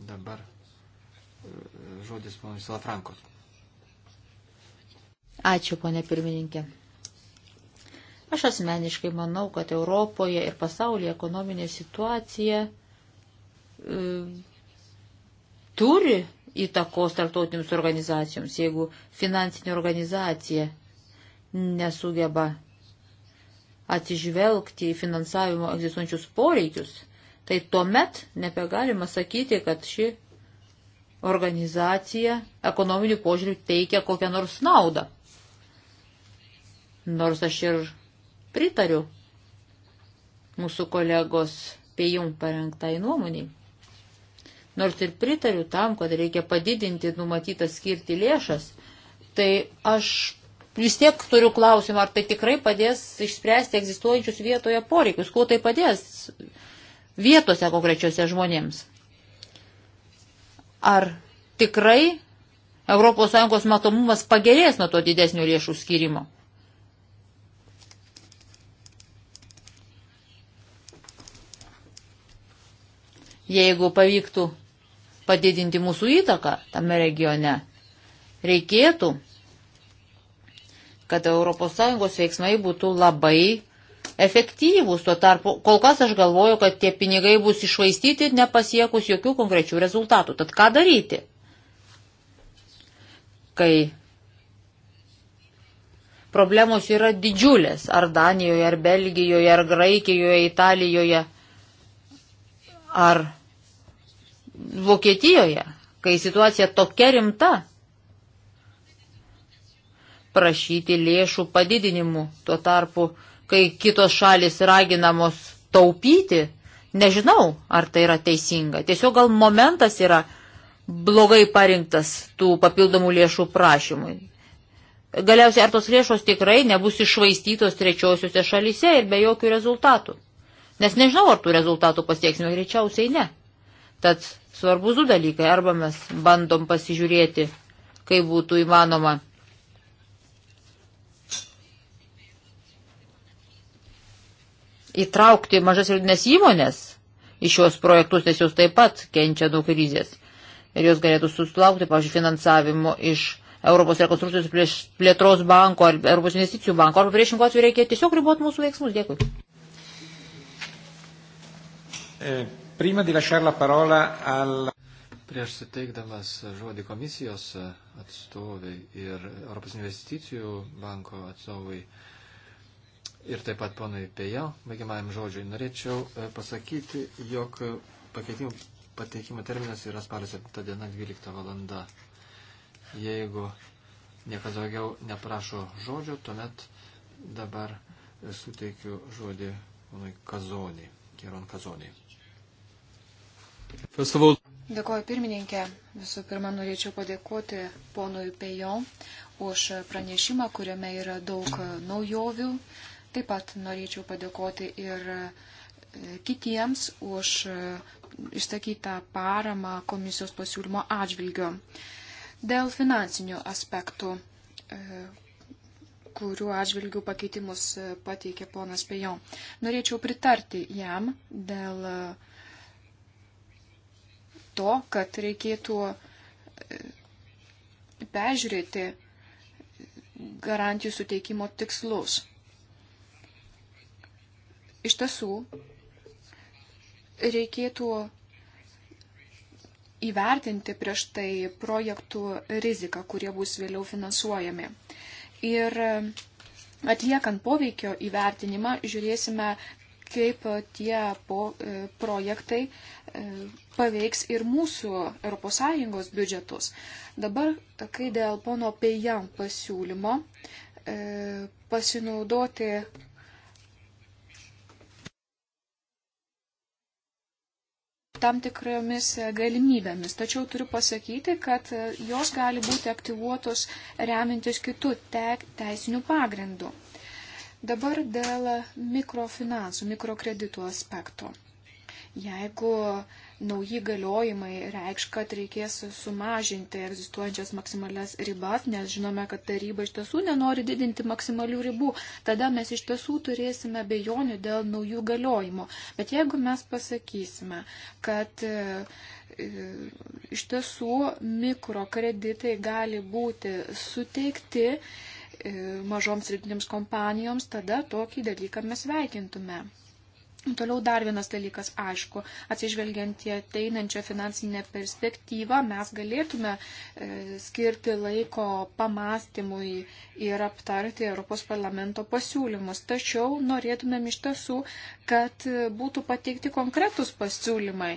Dabar e, žodis ponui Salafrankos. Ačiū, ponė pirmininkė. Aš asmeniškai manau, kad Europoje ir pasaulyje ekonominė situacija e, turi įtakos tarptautinėms organizacijoms. Jeigu finansinė organizacija nesugeba atsižvelgti į finansavimo egzistuojančius poreikius, tai tuomet nebegalima sakyti, kad ši organizacija ekonominių požiūrių teikia kokią nors naudą. Nors aš ir pritariu mūsų kolegos Pėjum parengtai nuomoniai nors ir pritariu tam, kad reikia padidinti numatytą skirti lėšas, tai aš vis tiek turiu klausimą, ar tai tikrai padės išspręsti egzistuojančius vietoje poreikius, kuo tai padės vietose konkrečiose žmonėms. Ar tikrai ES matomumas pagerės nuo to didesnio lėšų skirimo? Jeigu pavyktų padidinti mūsų įtaką tame regione. Reikėtų, kad ES veiksmai būtų labai efektyvūs. Tuo tarpu kol kas aš galvoju, kad tie pinigai bus išvaistyti, nepasiekus jokių konkrečių rezultatų. Tad ką daryti? Kai problemos yra didžiulės, ar Danijoje, ar Belgijoje, ar Graikijoje, Italijoje, ar Vokietijoje, kai situacija tokia rimta, prašyti lėšų padidinimų. Tuo tarpu, kai kitos šalis raginamos taupyti, nežinau, ar tai yra teisinga. Tiesiog gal momentas yra blogai parinktas tų papildomų lėšų prašymui. Galiausiai, ar tos lėšos tikrai nebus išvaistytos trečiosiuose šalyse ir be jokių rezultatų. Nes nežinau, ar tų rezultatų pasieksime, greičiausiai ne. Tad svarbus du dalykai. Arba mes bandom pasižiūrėti, kaip būtų įmanoma. Įtraukti mažas ir dines įmonės į šios projektus, nes jos taip pat kenčia daug krizės. Ir jos galėtų susilaukti, pavyzdžiui, finansavimo iš Europos rekonstrukcijos plėtros banko ar Europos investicijų banko. Arba priešingų atveju reikia tiesiog riboti mūsų veiksmus. Dėkui. E. Prima di lasciare la parola al... Prieš suteikdamas žodį komisijos atstovai ir Europos investicijų banko atstovai ir taip pat ponui Pejo, baigiamajam žodžiui, norėčiau e, pasakyti, jog pakeitimų pateikimo terminas yra spalio 7 diena 12 valanda. Jeigu niekas daugiau neprašo žodžio, tuomet dabar suteikiu žodį ponui Kazonį, Kieron Kazonį. All... Dėkuoju pirmininkė. Visų pirma, norėčiau padėkoti ponui Pejon už pranešimą, kuriame yra daug naujovių. Taip pat norėčiau padėkoti ir e, kitiems už e, išsakytą paramą komisijos pasiūlymo atžvilgio. Dėl finansinių aspektų, e, kurių atžvilgių pakeitimus pateikė ponas Pejon, norėčiau pritarti jam dėl to, kad reikėtų e, peržiūrėti garantijų suteikimo tikslus. Iš tiesų, reikėtų įvertinti prieš tai projektų riziką, kurie bus vėliau finansuojami. Ir e, atliekant poveikio įvertinimą, žiūrėsime, kaip e, tie po, e, projektai e, paveiks ir mūsų ES biudžetus. Dabar, kai dėl pono Pejam pasiūlymo pasinaudoti tam tikromis galimybėmis. Tačiau turiu pasakyti, kad jos gali būti aktyvuotos remintis kitų te teisinių pagrindų. Dabar dėl mikrofinansų, mikrokreditų aspekto. Jeigu nauji galiojimai reikš, kad reikės sumažinti egzistuojančias maksimalias ribas, nes žinome, kad taryba iš tiesų nenori didinti maksimalių ribų, tada mes iš tiesų turėsime bejonių dėl naujų galiojimų. Bet jeigu mes pasakysime, kad e, e, iš tiesų mikrokreditai gali būti suteikti, E, mažoms rytinėms kompanijoms, tada tokį dalyką mes veikintume. Toliau dar vienas dalykas, aišku, atsižvelgiant į ateinančią finansinę perspektyvą, mes galėtume e, skirti laiko pamastymui ir aptarti Europos parlamento pasiūlymus. Tačiau norėtumėm iš tiesų, kad būtų pateikti konkretus pasiūlymai.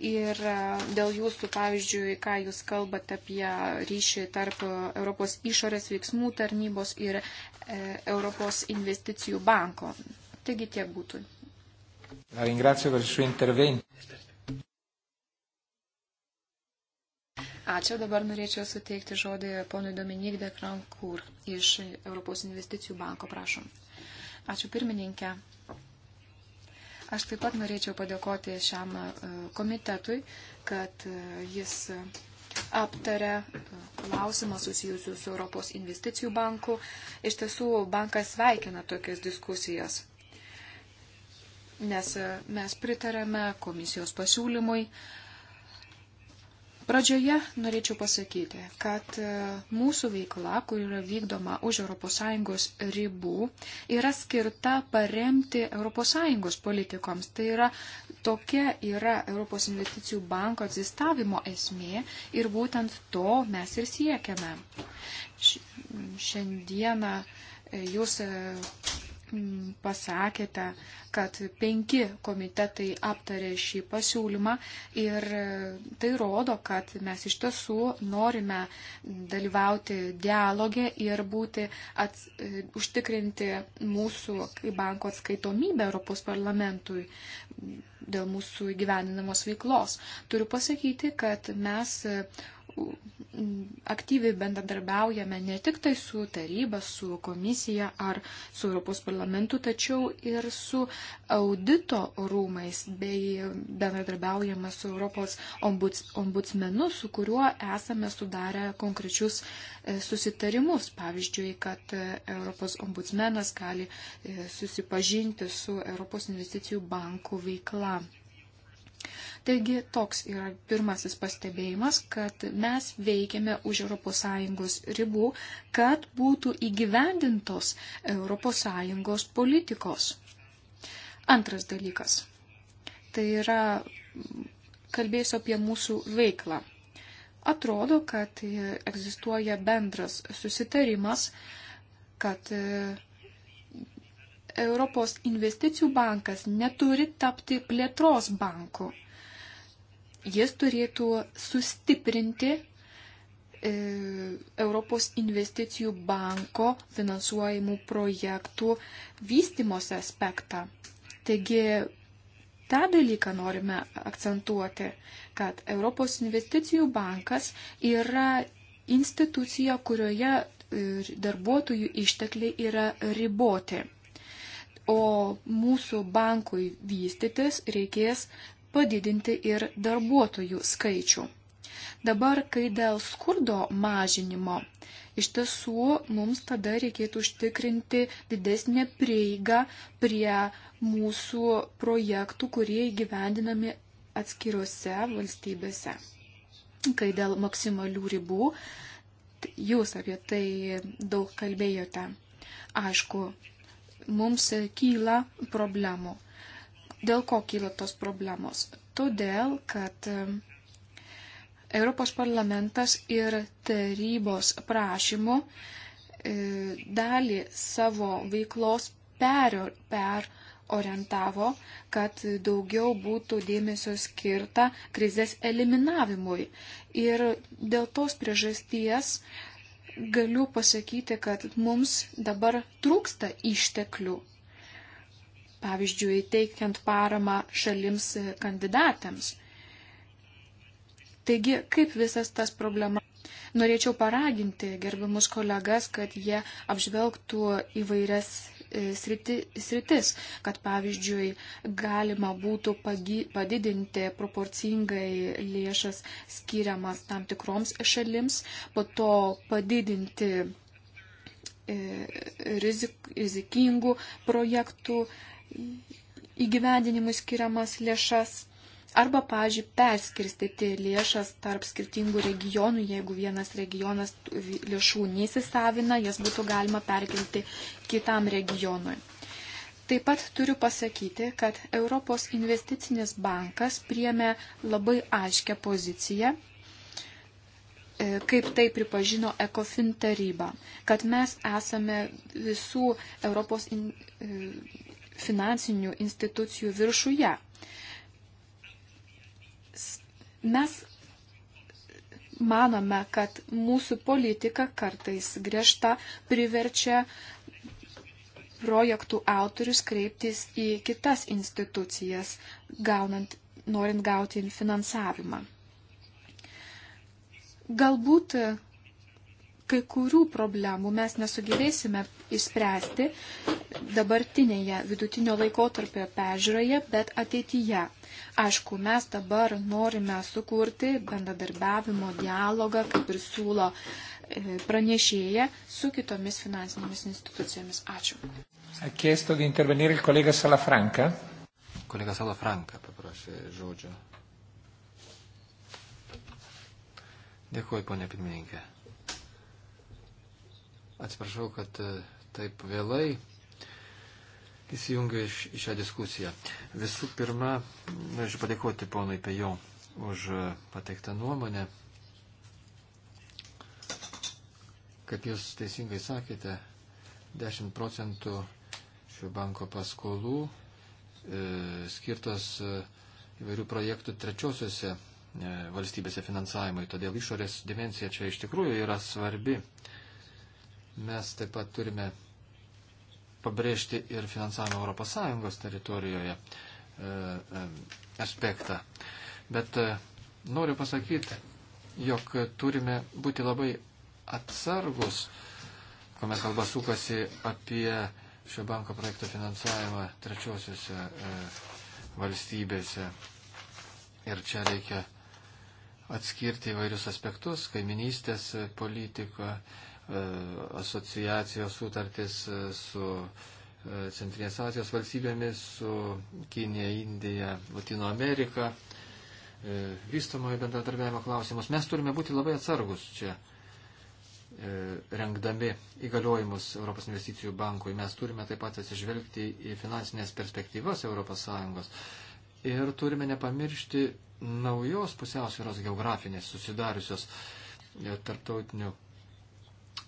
Ir e, dėl jūsų, pavyzdžiui, ką jūs kalbate apie ryšį tarp Europos išorės veiksmų tarnybos ir e, Europos investicijų banko. Taigi tiek būtų. Ačiū, dabar norėčiau suteikti žodį ponui Dominik de Krankur iš Europos investicijų banko, prašom. Ačiū pirmininkė. Aš taip pat norėčiau padėkoti šiam e, komitetui, kad e, jis aptarė e, klausimą susijusiu su Europos investicijų banku. Iš tiesų, bankas sveikina tokias diskusijas, nes mes pritarėme komisijos pasiūlymui Pradžioje norėčiau pasakyti, kad e, mūsų veikla, kur yra vykdoma už ES ribų, yra skirta paremti ES politikoms. Tai yra tokia yra Europos investicijų banko egzistavimo esmė ir būtent to mes ir siekiame. Šiandieną e, jūs e, pasakėte, kad penki komitetai aptarė šį pasiūlymą ir e, tai rodo, kad mes iš tiesų norime dalyvauti dialogė ir būti ats, e, užtikrinti mūsų banko atskaitomybę Europos parlamentui dėl mūsų gyveninamos veiklos. Turiu pasakyti, kad mes aktyviai bendradarbiaujame ne tik tai su taryba, su komisija ar su Europos parlamentu, tačiau ir su audito rūmais bei bendradarbiaujame su Europos ombuds, ombudsmenu, su kuriuo esame sudarę konkrečius e, susitarimus. Pavyzdžiui, kad e, Europos ombudsmenas gali e, susipažinti su Europos investicijų bankų veikla. Taigi toks yra pirmasis pastebėjimas, kad mes veikiame už ES ribų, kad būtų įgyvendintos ES politikos. Antras dalykas. Tai yra, kalbėsiu apie mūsų veiklą. Atrodo, kad egzistuoja bendras susitarimas, kad e, Europos investicijų bankas neturi tapti plėtros banku jis turėtų sustiprinti e, Europos investicijų banko finansuojamų projektų vystimos aspektą. Taigi tą dalyką norime akcentuoti, kad Europos investicijų bankas yra institucija, kurioje e, darbuotojų ištekliai yra riboti. O mūsų bankui vystytis reikės padidinti ir darbuotojų skaičių. Dabar, kai dėl skurdo mažinimo, iš tiesų mums tada reikėtų užtikrinti didesnę prieigą prie mūsų projektų, kurie įgyvendinami atskirose valstybėse. Kai dėl maksimalių ribų, jūs apie tai daug kalbėjote. Aišku, mums kyla problemų. Dėl ko kyla tos problemos? Todėl, kad Europos parlamentas ir tarybos prašymu e, dalį savo veiklos per, per orientavo, kad daugiau būtų dėmesio skirta krizės eliminavimui. Ir dėl tos priežasties galiu pasakyti, kad mums dabar trūksta išteklių pavyzdžiui, teikiant paramą šalims kandidatams. Taigi, kaip visas tas problema. Norėčiau paraginti gerbiamus kolegas, kad jie apžvelgtų įvairias e, sriti, sritis, kad pavyzdžiui galima būtų pagi, padidinti proporcingai lėšas skiriamas tam tikroms šalims, po to padidinti e, rizik, rizikingų projektų įgyvendinimui skiriamas lėšas arba, pažiūrėjau, perskirstyti lėšas tarp skirtingų regionų, jeigu vienas regionas lėšų neįsisavina, jas būtų galima perkelti kitam regionui. Taip pat turiu pasakyti, kad Europos investicinis bankas priemė labai aiškę poziciją, e, kaip tai pripažino ECOFIN taryba, kad mes esame visų Europos in, e, finansinių institucijų viršuje. Mes manome, kad mūsų politika kartais griežta priverčia projektų autorius kreiptis į kitas institucijas, gaunant, norint gauti finansavimą. Galbūt kai kurių problemų mes nesugebėsime išspręsti dabartinėje vidutinio laikotarpio pežiūroje, bet ateityje. Aišku, mes dabar norime sukurti bendradarbiavimo dialogą, kaip ir siūlo e, pranešėja su kitomis finansinėmis institucijomis. Ačiū. Ha chiesto di intervenire il collega Salafranca. Kolega Salafranca paprašė žodžio. Dėkuoju, ponė pirmininkė. Atsiprašau, kad e, taip vėlai įsijungiu iš, į šią diskusiją. Visų pirma, norėčiau padėkoti ponui Pejo už e, pateiktą nuomonę. Kaip jūs teisingai sakėte, 10 procentų šio banko paskolų e, skirtos e, įvairių projektų trečiosiuose e, valstybėse finansavimui. Todėl išorės dimencija čia iš tikrųjų yra svarbi. E, Mes taip pat turime pabrėžti ir finansavimo ES teritorijoje e, e, aspektą. Bet e, noriu pasakyti, jog turime būti labai atsargus, kuomet kalba sukasi apie šio banko projekto finansavimą trečiosiuose valstybėse. Ir čia reikia atskirti įvairius aspektus - kaiminystės politiką, E, asociacijos sutartis e, su e, Centrinės Azijos valstybėmis, su Kinija, Indija, Latino Amerika, vystamojo bendradarbiavimo klausimus. Mes turime būti labai atsargus čia, rengdami įgaliojimus Europos investicijų bankui. Mes turime taip pat atsižvelgti į finansinės perspektyvas ES. Ir turime nepamiršti naujos pusiausvėros geografinės susidariusios tarptautinių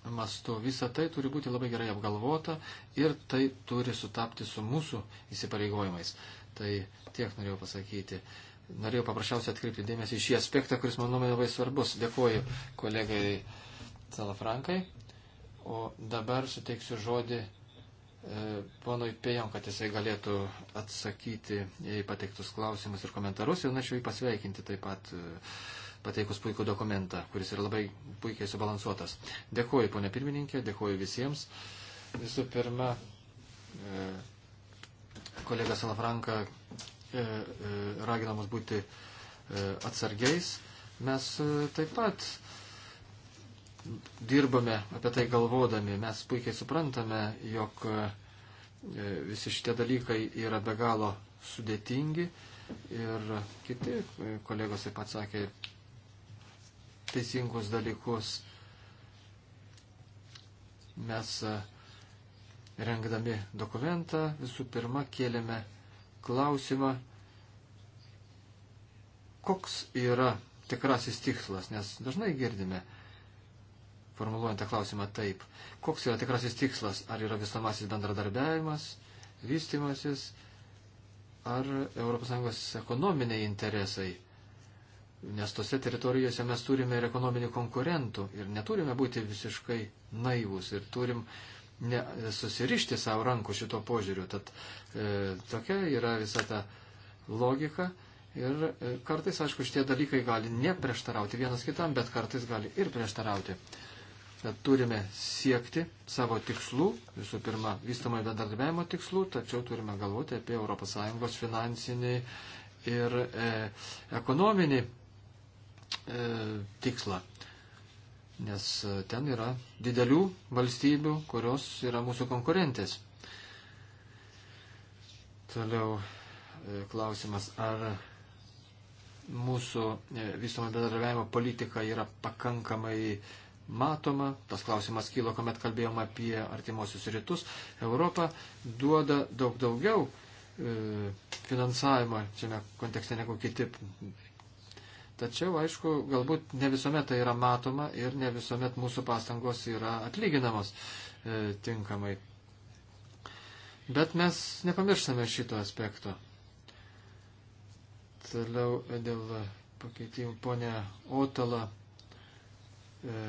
mastu. Visa tai turi būti labai gerai apgalvota ir tai turi sutapti su mūsų įsipareigojimais. Tai tiek norėjau pasakyti. Norėjau paprasčiausiai atkreipti dėmesį į šį aspektą, kuris man nuomonė labai svarbus. Dėkuoju kolegai Salafrankai. O dabar suteiksiu žodį e, ponui Pėjom, kad jisai galėtų atsakyti į pateiktus klausimus ir komentarus. Ir norėčiau jį pasveikinti taip pat. E, pateikus puikų dokumentą, kuris yra labai puikiai subalansuotas. Dėkuoju, ponė pirmininkė, dėkuoju visiems. Visų pirma, e, kolega Salafranka e, e, raginamas būti atsargiais. Mes taip pat dirbame apie tai galvodami. Mes puikiai suprantame, jog visi šitie dalykai yra be galo sudėtingi. Ir kiti kolegos taip pat sakė, teisingus dalykus. Mes e, rengdami dokumentą visų pirma kėlėme klausimą, koks yra tikrasis tikslas, nes dažnai girdime, formuluojant tą klausimą taip, koks yra tikrasis tikslas, ar yra visamasis bendradarbiavimas, vystimasis, ar ES ekonominiai interesai nes tose teritorijose mes turime ir ekonominių konkurentų ir neturime būti visiškai naivus ir turim ne, susirišti savo rankų šito požiūriu. Tad e, tokia yra visa ta logika ir e, kartais, aišku, šitie dalykai gali neprieštarauti vienas kitam, bet kartais gali ir prieštarauti. Tad turime siekti savo tikslų, visų pirma, vystamojo bendradarbiavimo tikslų, tačiau turime galvoti apie ES finansinį ir e, ekonominį e, tikslą. Nes ten yra didelių valstybių, kurios yra mūsų konkurentės. Toliau e, klausimas, ar mūsų e, visuomenio bendradarbiavimo politika yra pakankamai matoma. Tas klausimas kilo, kuomet kalbėjom apie artimuosius rytus. Europa duoda daug daugiau e, finansavimo šiame kontekste negu kiti Tačiau, aišku, galbūt ne visuomet tai yra matoma ir ne visuomet mūsų pastangos yra atlyginamos e, tinkamai. Bet mes nepamirštame šito aspekto. Toliau e, dėl pakeitimų ponė Otala. E,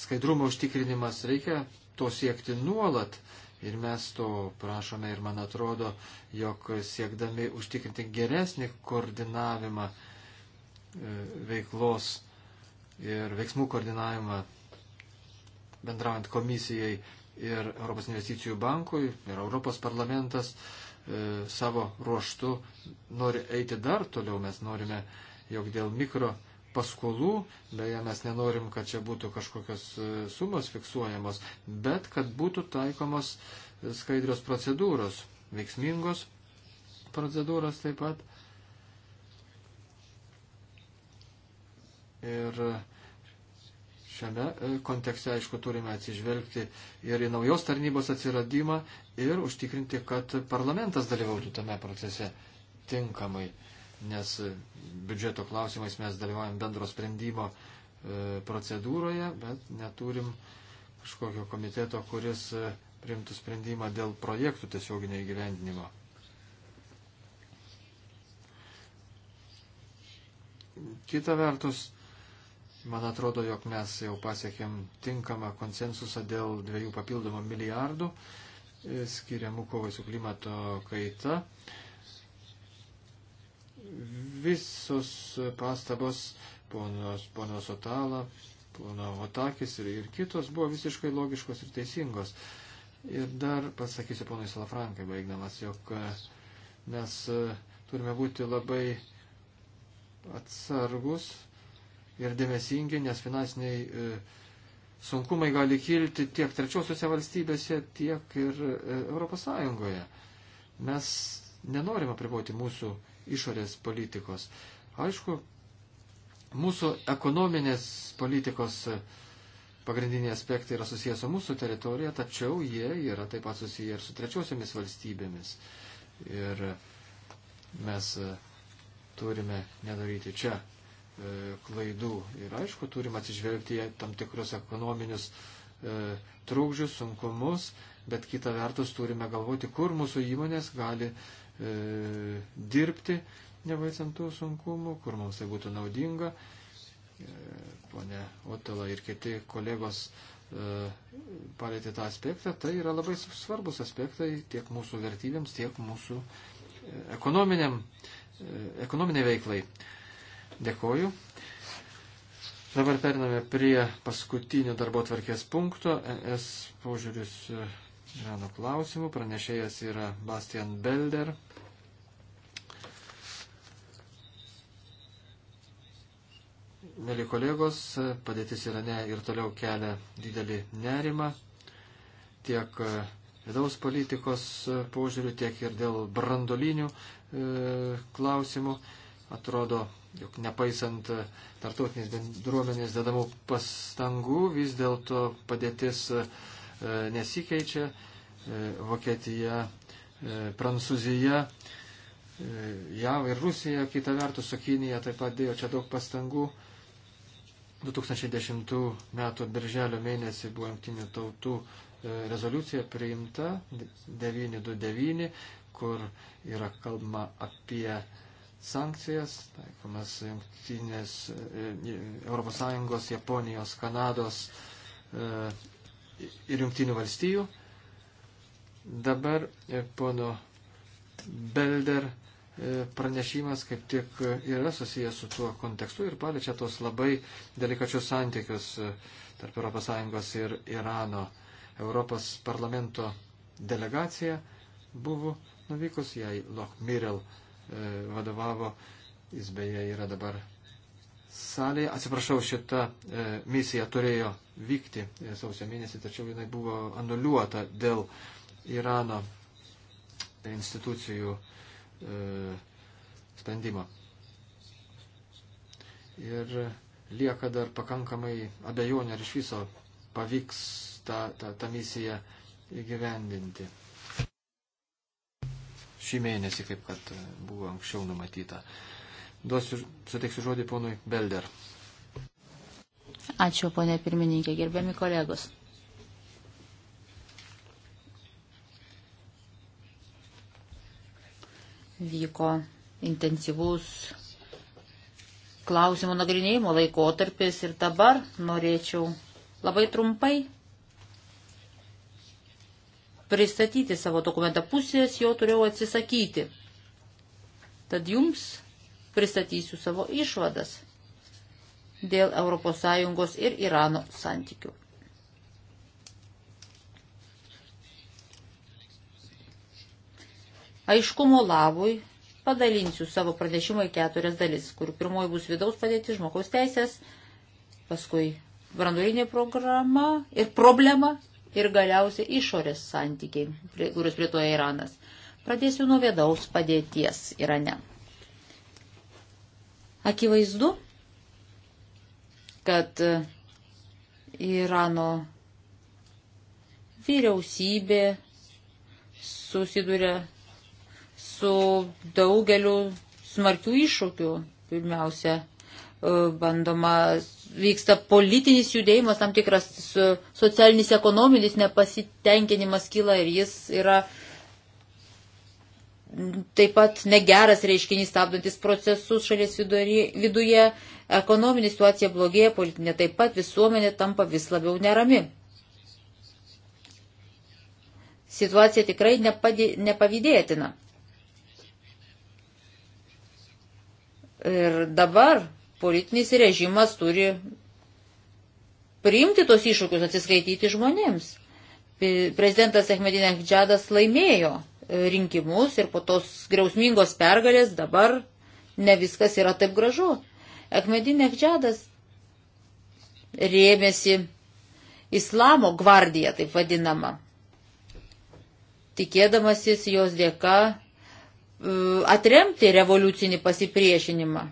skaidrumo užtikrinimas reikia to siekti nuolat. Ir mes to prašome ir man atrodo, jog siekdami užtikrinti geresnį koordinavimą, e, E, veiklos ir veiksmų koordinavimą bendraujant komisijai ir Europos investicijų bankui ir Europos parlamentas e, savo ruoštų nori eiti dar toliau. Mes norime, jog dėl mikro paskolų, beje, mes nenorim, kad čia būtų kažkokios e, sumos fiksuojamos, bet kad būtų taikomos skaidrios procedūros, veiksmingos procedūros taip pat. Ir šiame e, kontekste, aišku, turime atsižvelgti ir į naujos tarnybos atsiradimą ir užtikrinti, kad parlamentas dalyvautų tame procese tinkamai, nes biudžeto klausimais mes dalyvaujam bendro sprendimo e, procedūroje, bet neturim kažkokio komiteto, kuris e, priimtų sprendimą dėl projektų tiesioginio įgyvendinimo. Kita vertus, Man atrodo, jog mes jau pasiekėm tinkamą konsensusą dėl dviejų papildomų milijardų e, skiriamų kovai su klimato kaita. Visos pastabos ponos, ponos Otala, pono Otakis ir, ir kitos buvo visiškai logiškos ir teisingos. Ir dar pasakysiu ponui Salafrankai baigdamas, jog e, mes e, turime būti labai atsargus ir dėmesingi, nes finansiniai e, sunkumai gali kilti tiek trečiosiuose valstybėse, tiek ir e, Europos Sąjungoje. Mes nenorime priboti mūsų išorės politikos. Aišku, mūsų ekonominės politikos e, pagrindiniai aspektai yra susijęs su mūsų teritorija, tačiau jie yra taip pat susiję ir su trečiosiomis valstybėmis. Ir mes turime nedaryti čia E, klaidų. Ir aišku, turim atsižvelgti į tam tikrus ekonominius e, trūkdžius, sunkumus, bet kita vertus turime galvoti, kur mūsų įmonės gali e, dirbti, nevaisant tų sunkumų, kur mums tai būtų naudinga. E, pone Otela ir kiti kolegos e, palėtė tą aspektą. Tai yra labai svarbus aspektai tiek mūsų vertybėms, tiek mūsų e, e, ekonominiai veiklai. Dėkoju. Dabar pername prie paskutinio darbo tvarkės punkto. ES požiūris Irano e, klausimų. Pranešėjas yra Bastian Belder. Mėly kolegos, e, padėtis Irane ir toliau kelia didelį nerimą tiek e, vidaus politikos požiūrių, tiek ir dėl brandolinių e, klausimų. Atrodo, jog nepaisant e, tartautinės bendruomenės dedamų pastangų, vis dėlto padėtis e, nesikeičia. E, Vokietija, Prancūzija, JAV ir Rusija, kita vertus, su Kinija taip pat dėjo čia daug pastangų. 2010 m. birželio mėnesį buvo jungtinių tautų rezoliucija priimta 929, kur yra kalbama apie sankcijas, taikomas jungtinės ES, e, Japonijos, Kanados e, ir jungtinių valstijų. Dabar e, pono Belder pranešimas kaip tik yra susijęs su tuo kontekstu ir paliečia tos labai delikačius santykius tarp ES ir Irano. Europos parlamento delegacija buvo nuvykus jai Loch Mirel uh, E, vadovavo. Jis beje yra dabar salėje. Atsiprašau, šita e, misija turėjo vykti e, sausio mėnesį, tačiau jinai buvo anuliuota dėl Irano institucijų e, sprendimo. Ir lieka dar pakankamai abejonė, ar iš viso pavyks tą, tą, tą misiją įgyvendinti šį mėnesį, kaip kad e, buvo anksčiau numatyta. Duosiu, suteiksiu žodį ponui Belder. Ačiū, ponė pirmininkė, gerbiami kolegos. Vyko intensyvus klausimų nagrinėjimo laikotarpis ir dabar norėčiau labai trumpai pristatyti savo dokumentą, pusės jo turėjau atsisakyti. Tad jums pristatysiu savo išvadas dėl ES ir Irano santykių. Aiškumo labui padalinsiu savo pranešimą į keturias dalis, kur pirmoji bus vidaus padėti žmogaus teisės, paskui branduolinė programa ir problema, ir galiausiai išorės santykiai, kuriuos plėtoja Iranas. Pradėsiu nuo vėdaus padėties Irane. Akivaizdu, kad Irano vyriausybė susiduria su daugeliu smarkių iššūkių. Pirmiausia, E, bandoma, vyksta politinis judėjimas, tam tikras socialinis, ekonominis nepasitenkinimas kyla ir jis yra taip pat negeras reiškinys stabdantis procesus šalies viduje, ekonominė situacija blogėja, politinė taip pat visuomenė tampa vis labiau nerami. Situacija tikrai nepadė, nepavydėtina. Ir dabar politinis režimas turi priimti tos iššūkius, atsiskaityti žmonėms. Prezidentas Ahmedinė Džadas laimėjo e, rinkimus ir po tos grausmingos pergalės dabar ne viskas yra taip gražu. Ahmedinė Džadas rėmėsi islamo gvardiją, taip vadinama, tikėdamasis jos dėka e, atremti revoliucinį pasipriešinimą.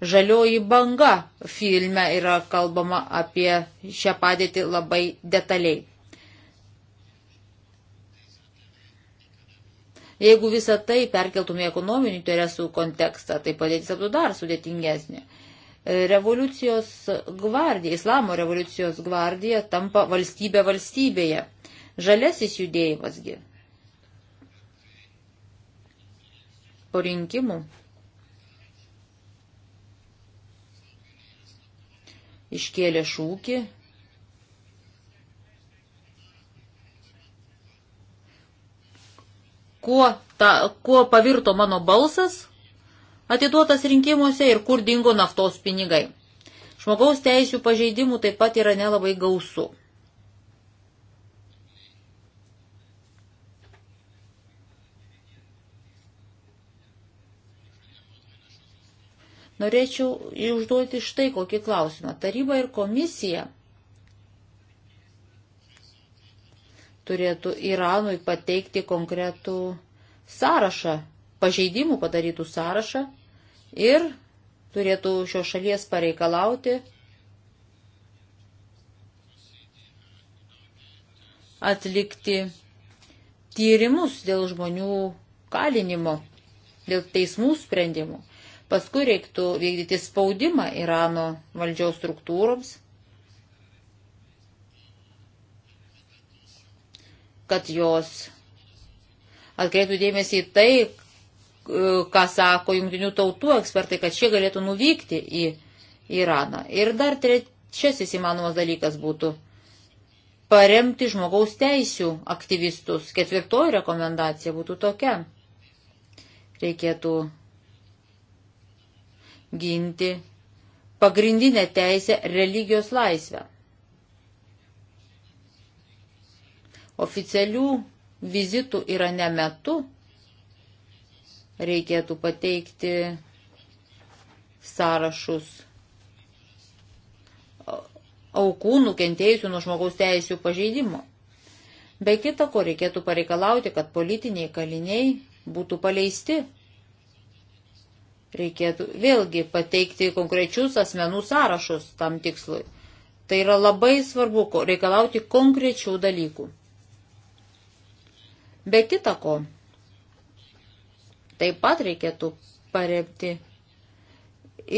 Žalioji banga filme yra kalbama apie šią padėtį labai detaliai. Jeigu visą tai perkeltume į ekonominių interesų kontekstą, tai padėtis būtų dar sudėtingesnė. Revoliucijos gvardija, islamo revoliucijos gvardija tampa valstybė valstybėje. Žalesis judėjimasgi. Po rinkimų iškėlė šūkį. Kuo, ta, kuo pavirto mano balsas atiduotas rinkimuose ir kur dingo naftos pinigai. Žmogaus teisų pažeidimų taip pat yra nelabai gausu. Norėčiau užduoti štai kokį klausimą. Taryba ir komisija turėtų Iranui pateikti konkretų sąrašą, pažeidimų padarytų sąrašą ir turėtų šios šalies pareikalauti atlikti tyrimus dėl žmonių kalinimo, dėl teismų sprendimų. Paskui reiktų vykdyti spaudimą Irano valdžiaus struktūroms, kad jos atkreiptų dėmesį į tai, ką sako jungtinių tautų ekspertai, kad šie galėtų nuvykti į Iraną. Ir dar trečiasis įmanomas dalykas būtų paremti žmogaus teisių aktyvistus. Ketvirtoji rekomendacija būtų tokia. Reikėtų ginti pagrindinę teisę religijos laisvę. Oficialių vizitų yra ne metu, reikėtų pateikti sąrašus aukų nukentėjusių nuo žmogaus teisų pažeidimo. Be kita ko reikėtų pareikalauti, kad politiniai kaliniai būtų paleisti Reikėtų vėlgi pateikti konkrečius asmenų sąrašus tam tikslui. Tai yra labai svarbu reikalauti konkrečių dalykų. Be kita ko, taip pat reikėtų paremti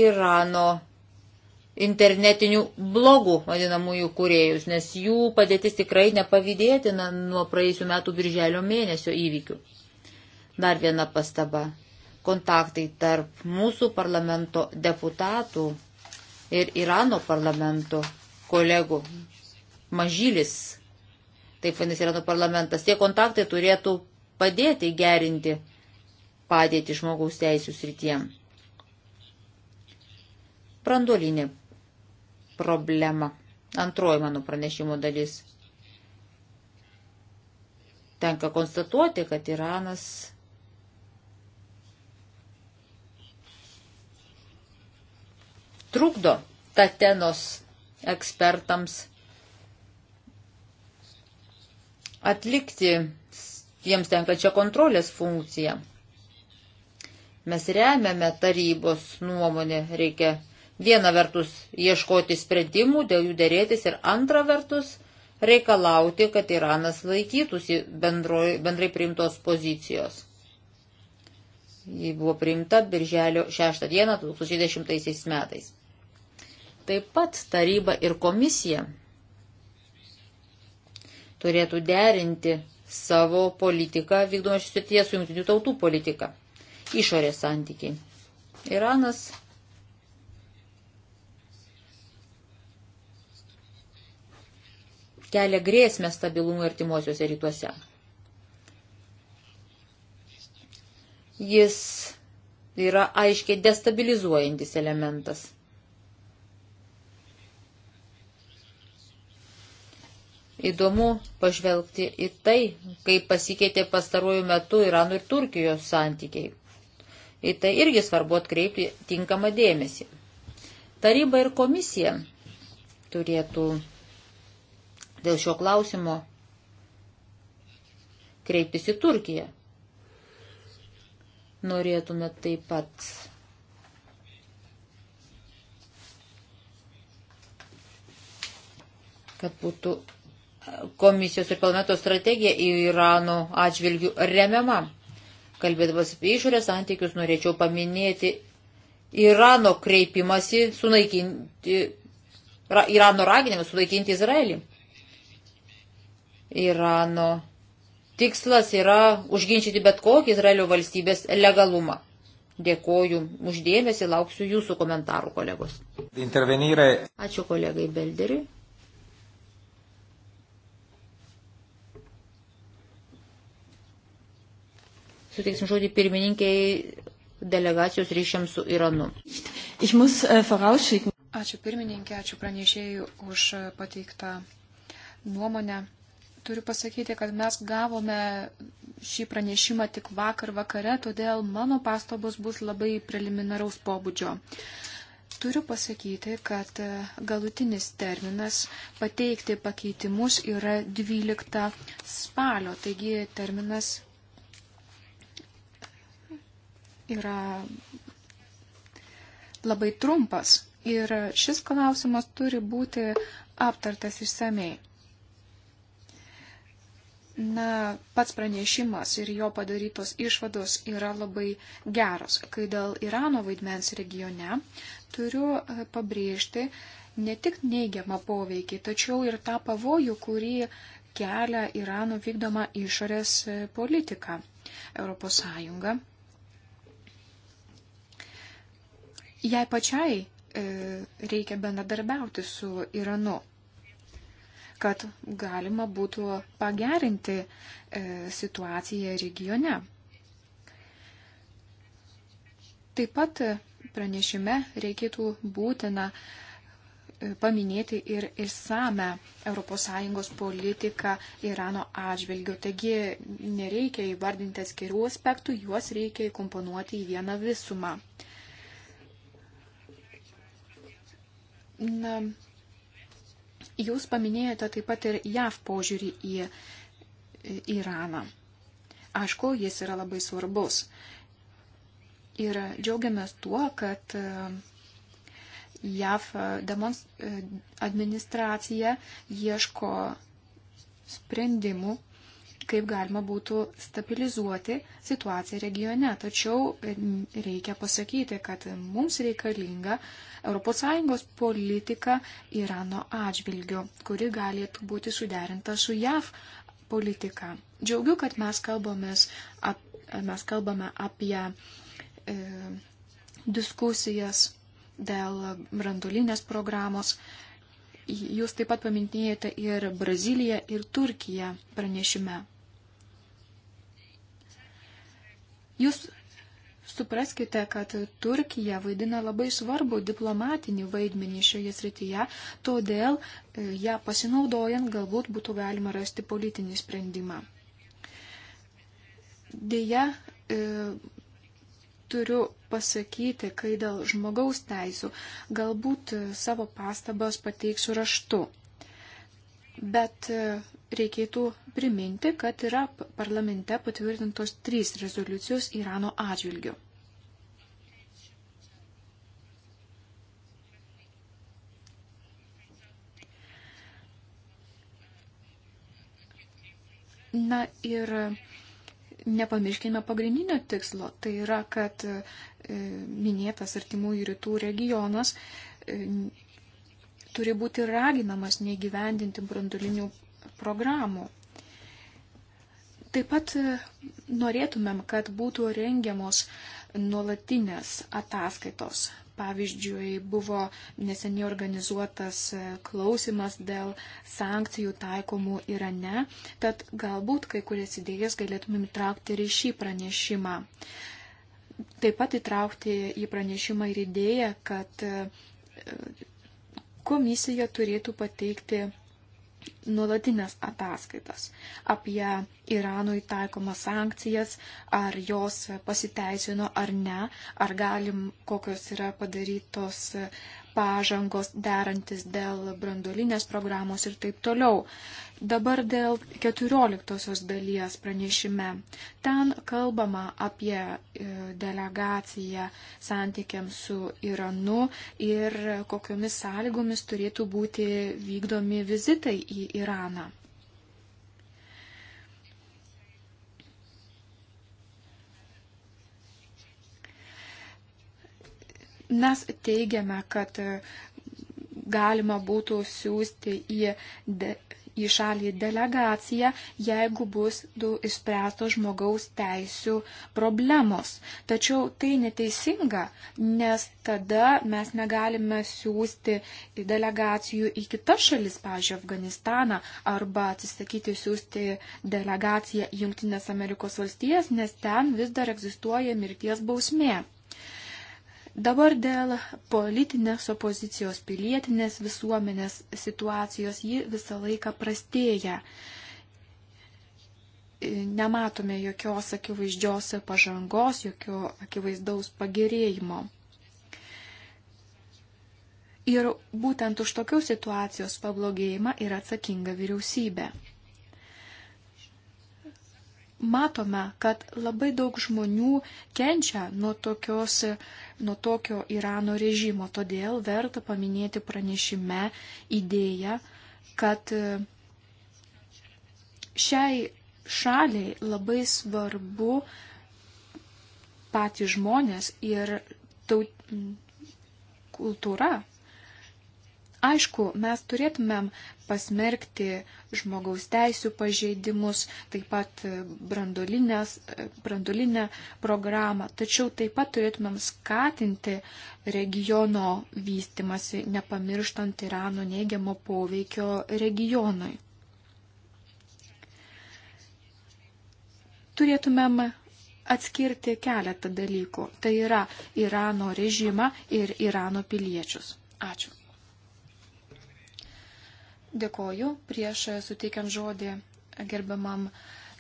Irano internetinių blogų vadinamųjų kuriejus, nes jų padėtis tikrai nepavydėtina nuo praėjusių metų birželio mėnesio įvykių. Dar viena pastaba kontaktai tarp mūsų parlamento deputatų ir Irano parlamento kolegų. Mažylis, taip vadinasi, Irano parlamentas. Tie kontaktai turėtų padėti gerinti padėti žmogaus teisų srityje. Brandolinė problema. Antroji mano pranešimo dalis. Tenka konstatuoti, kad Iranas trukdo Tatenos ekspertams atlikti jiems tenkačią kontrolės funkciją. Mes remiame tarybos nuomonę, reikia viena vertus ieškoti sprendimų, dėl jų dėrėtis ir antra vertus reikalauti, kad Iranas laikytųsi bendroj, bendrai priimtos pozicijos. Ji buvo priimta birželio 6 dieną 2010 metais. Taip pat taryba ir komisija turėtų derinti savo politiką vykdomą šis srityje su jungtinių tautų politika. Išorės santykiai. Iranas kelia grėsmę stabilumui artimuosiuose rytuose. Jis yra aiškiai destabilizuojantis elementas. Įdomu pažvelgti į tai, kaip pasikeitė pastaruoju metu Irano ir Turkijos santykiai. Į tai irgi svarbu atkreipti tinkamą dėmesį. Taryba ir komisija turėtų dėl šio klausimo kreiptis į Turkiją. Norėtume taip pat kad būtų komisijos ir parlamento strategija Irano atžvilgių remiama. Kalbėdamas apie išorės santykius, norėčiau paminėti Irano kreipimasi sunaikinti, Irano raginimą sunaikinti Izraelį. Irano tikslas yra užginčyti bet kokį Izraelio valstybės legalumą. Dėkoju uždėmesi, lauksiu jūsų komentarų, kolegos. Intervenire. Ačiū kolegai Belderiui. suteiksim žodį pirmininkiai delegacijos ryšiams su Iranu. Äh, ačiū pirmininkė, ačiū pranešėjų už pateiktą nuomonę. Turiu pasakyti, kad mes gavome šį pranešimą tik vakar vakare, todėl mano pastabos bus labai preliminaraus pobūdžio. Turiu pasakyti, kad e, galutinis terminas pateikti pakeitimus yra 12 spalio, taigi terminas yra labai trumpas ir šis klausimas turi būti aptartas išsamei. Na, pats pranešimas ir jo padarytos išvados yra labai geros. Kai dėl Irano vaidmens regione turiu e, pabrėžti ne tik neigiamą poveikį, tačiau ir tą pavojų, kurį kelia Irano vykdoma išorės e, politika. ES jai pačiai e, reikia bendradarbiauti su Iranu, kad galima būtų pagerinti e, situaciją regione. Taip pat pranešime reikėtų būtina e, paminėti ir išsame ES politiką Irano atžvilgiu. Taigi nereikia įvardinti atskirų aspektų, juos reikia įkomponuoti į vieną visumą. Na, jūs paminėjote taip pat ir JAV požiūrį į Iraną. Aišku, jis yra labai svarbus. Ir džiaugiamės tuo, kad e, JAV e, e, administracija ieško sprendimų kaip galima būtų stabilizuoti situaciją regione. Tačiau mm, reikia pasakyti, kad mums reikalinga ES politika Irano atžvilgiu, kuri galėtų būti suderinta su JAV politika. Džiaugiu, kad mes, ap, mes kalbame apie e, diskusijas dėl brandulinės programos. Jūs taip pat paminėjote ir Braziliją, ir Turkiją pranešime. Jūs supraskite, kad Turkija vaidina labai svarbu diplomatinį vaidmenį šioje srityje, todėl e, ją pasinaudojant galbūt būtų galima rasti politinį sprendimą. Deja, e, turiu pasakyti, kai dėl žmogaus teisų, galbūt e, savo pastabas pateiksiu raštu. Bet reikėtų priminti, kad yra parlamente patvirtintos trys rezoliucijos Irano atžvilgių. Na ir nepamirškime pagrindinio tikslo, tai yra, kad e, minėtas artimųjų rytų regionas e, turi būti raginamas negyvendinti brandulinių programų. Taip pat e, norėtumėm, kad būtų rengiamos nuolatinės ataskaitos. Pavyzdžiui, buvo neseniai organizuotas e, klausimas dėl sankcijų taikomų Irane, tad galbūt kai kurias idėjas galėtumėm įtraukti ir į šį pranešimą. Taip pat įtraukti į pranešimą ir idėją, kad e, komisija turėtų pateikti nuolatinės ataskaitas apie Iranui taikomas sankcijas, ar jos pasiteisino ar ne, ar galim, kokios yra padarytos pažangos derantis dėl brandolinės programos ir taip toliau. Dabar dėl 14 dalies pranešime. Ten kalbama apie e, delegaciją santykiams su Iranu ir kokiomis sąlygomis turėtų būti vykdomi vizitai į Iraną. Mes teigiame, kad galima būtų siūsti į, de, į šalį delegaciją, jeigu bus du išspręstos žmogaus teisų problemos. Tačiau tai neteisinga, nes tada mes negalime siūsti delegacijų į kitas šalis, pažiūrėjau, Afganistaną, arba atsisakyti siūsti delegaciją į Junktinės Amerikos valstijas, nes ten vis dar egzistuoja mirties bausmė. Dabar dėl politinės opozicijos pilietinės visuomenės situacijos ji visą laiką prastėja. Nematome jokios akivaizdžios pažangos, jokio akivaizdaus pagerėjimo. Ir būtent už tokių situacijos pablogėjimą yra atsakinga vyriausybė matome, kad labai daug žmonių kenčia nuo, tokios, nuo tokio Irano režimo. Todėl verta paminėti pranešime idėją, kad e, šiai šaliai labai svarbu patys žmonės ir taut, kultūra, Aišku, mes turėtumėm pasmerkti žmogaus teisų pažeidimus, taip pat e, e, brandolinę programą, tačiau taip pat turėtumėm skatinti regiono vystimasi, nepamirštant Irano neigiamo poveikio regionui. Turėtumėm atskirti keletą dalykų. Tai yra Irano režimą ir Irano piliečius. Ačiū. Dėkoju. Prieš suteikiant žodį gerbiamam,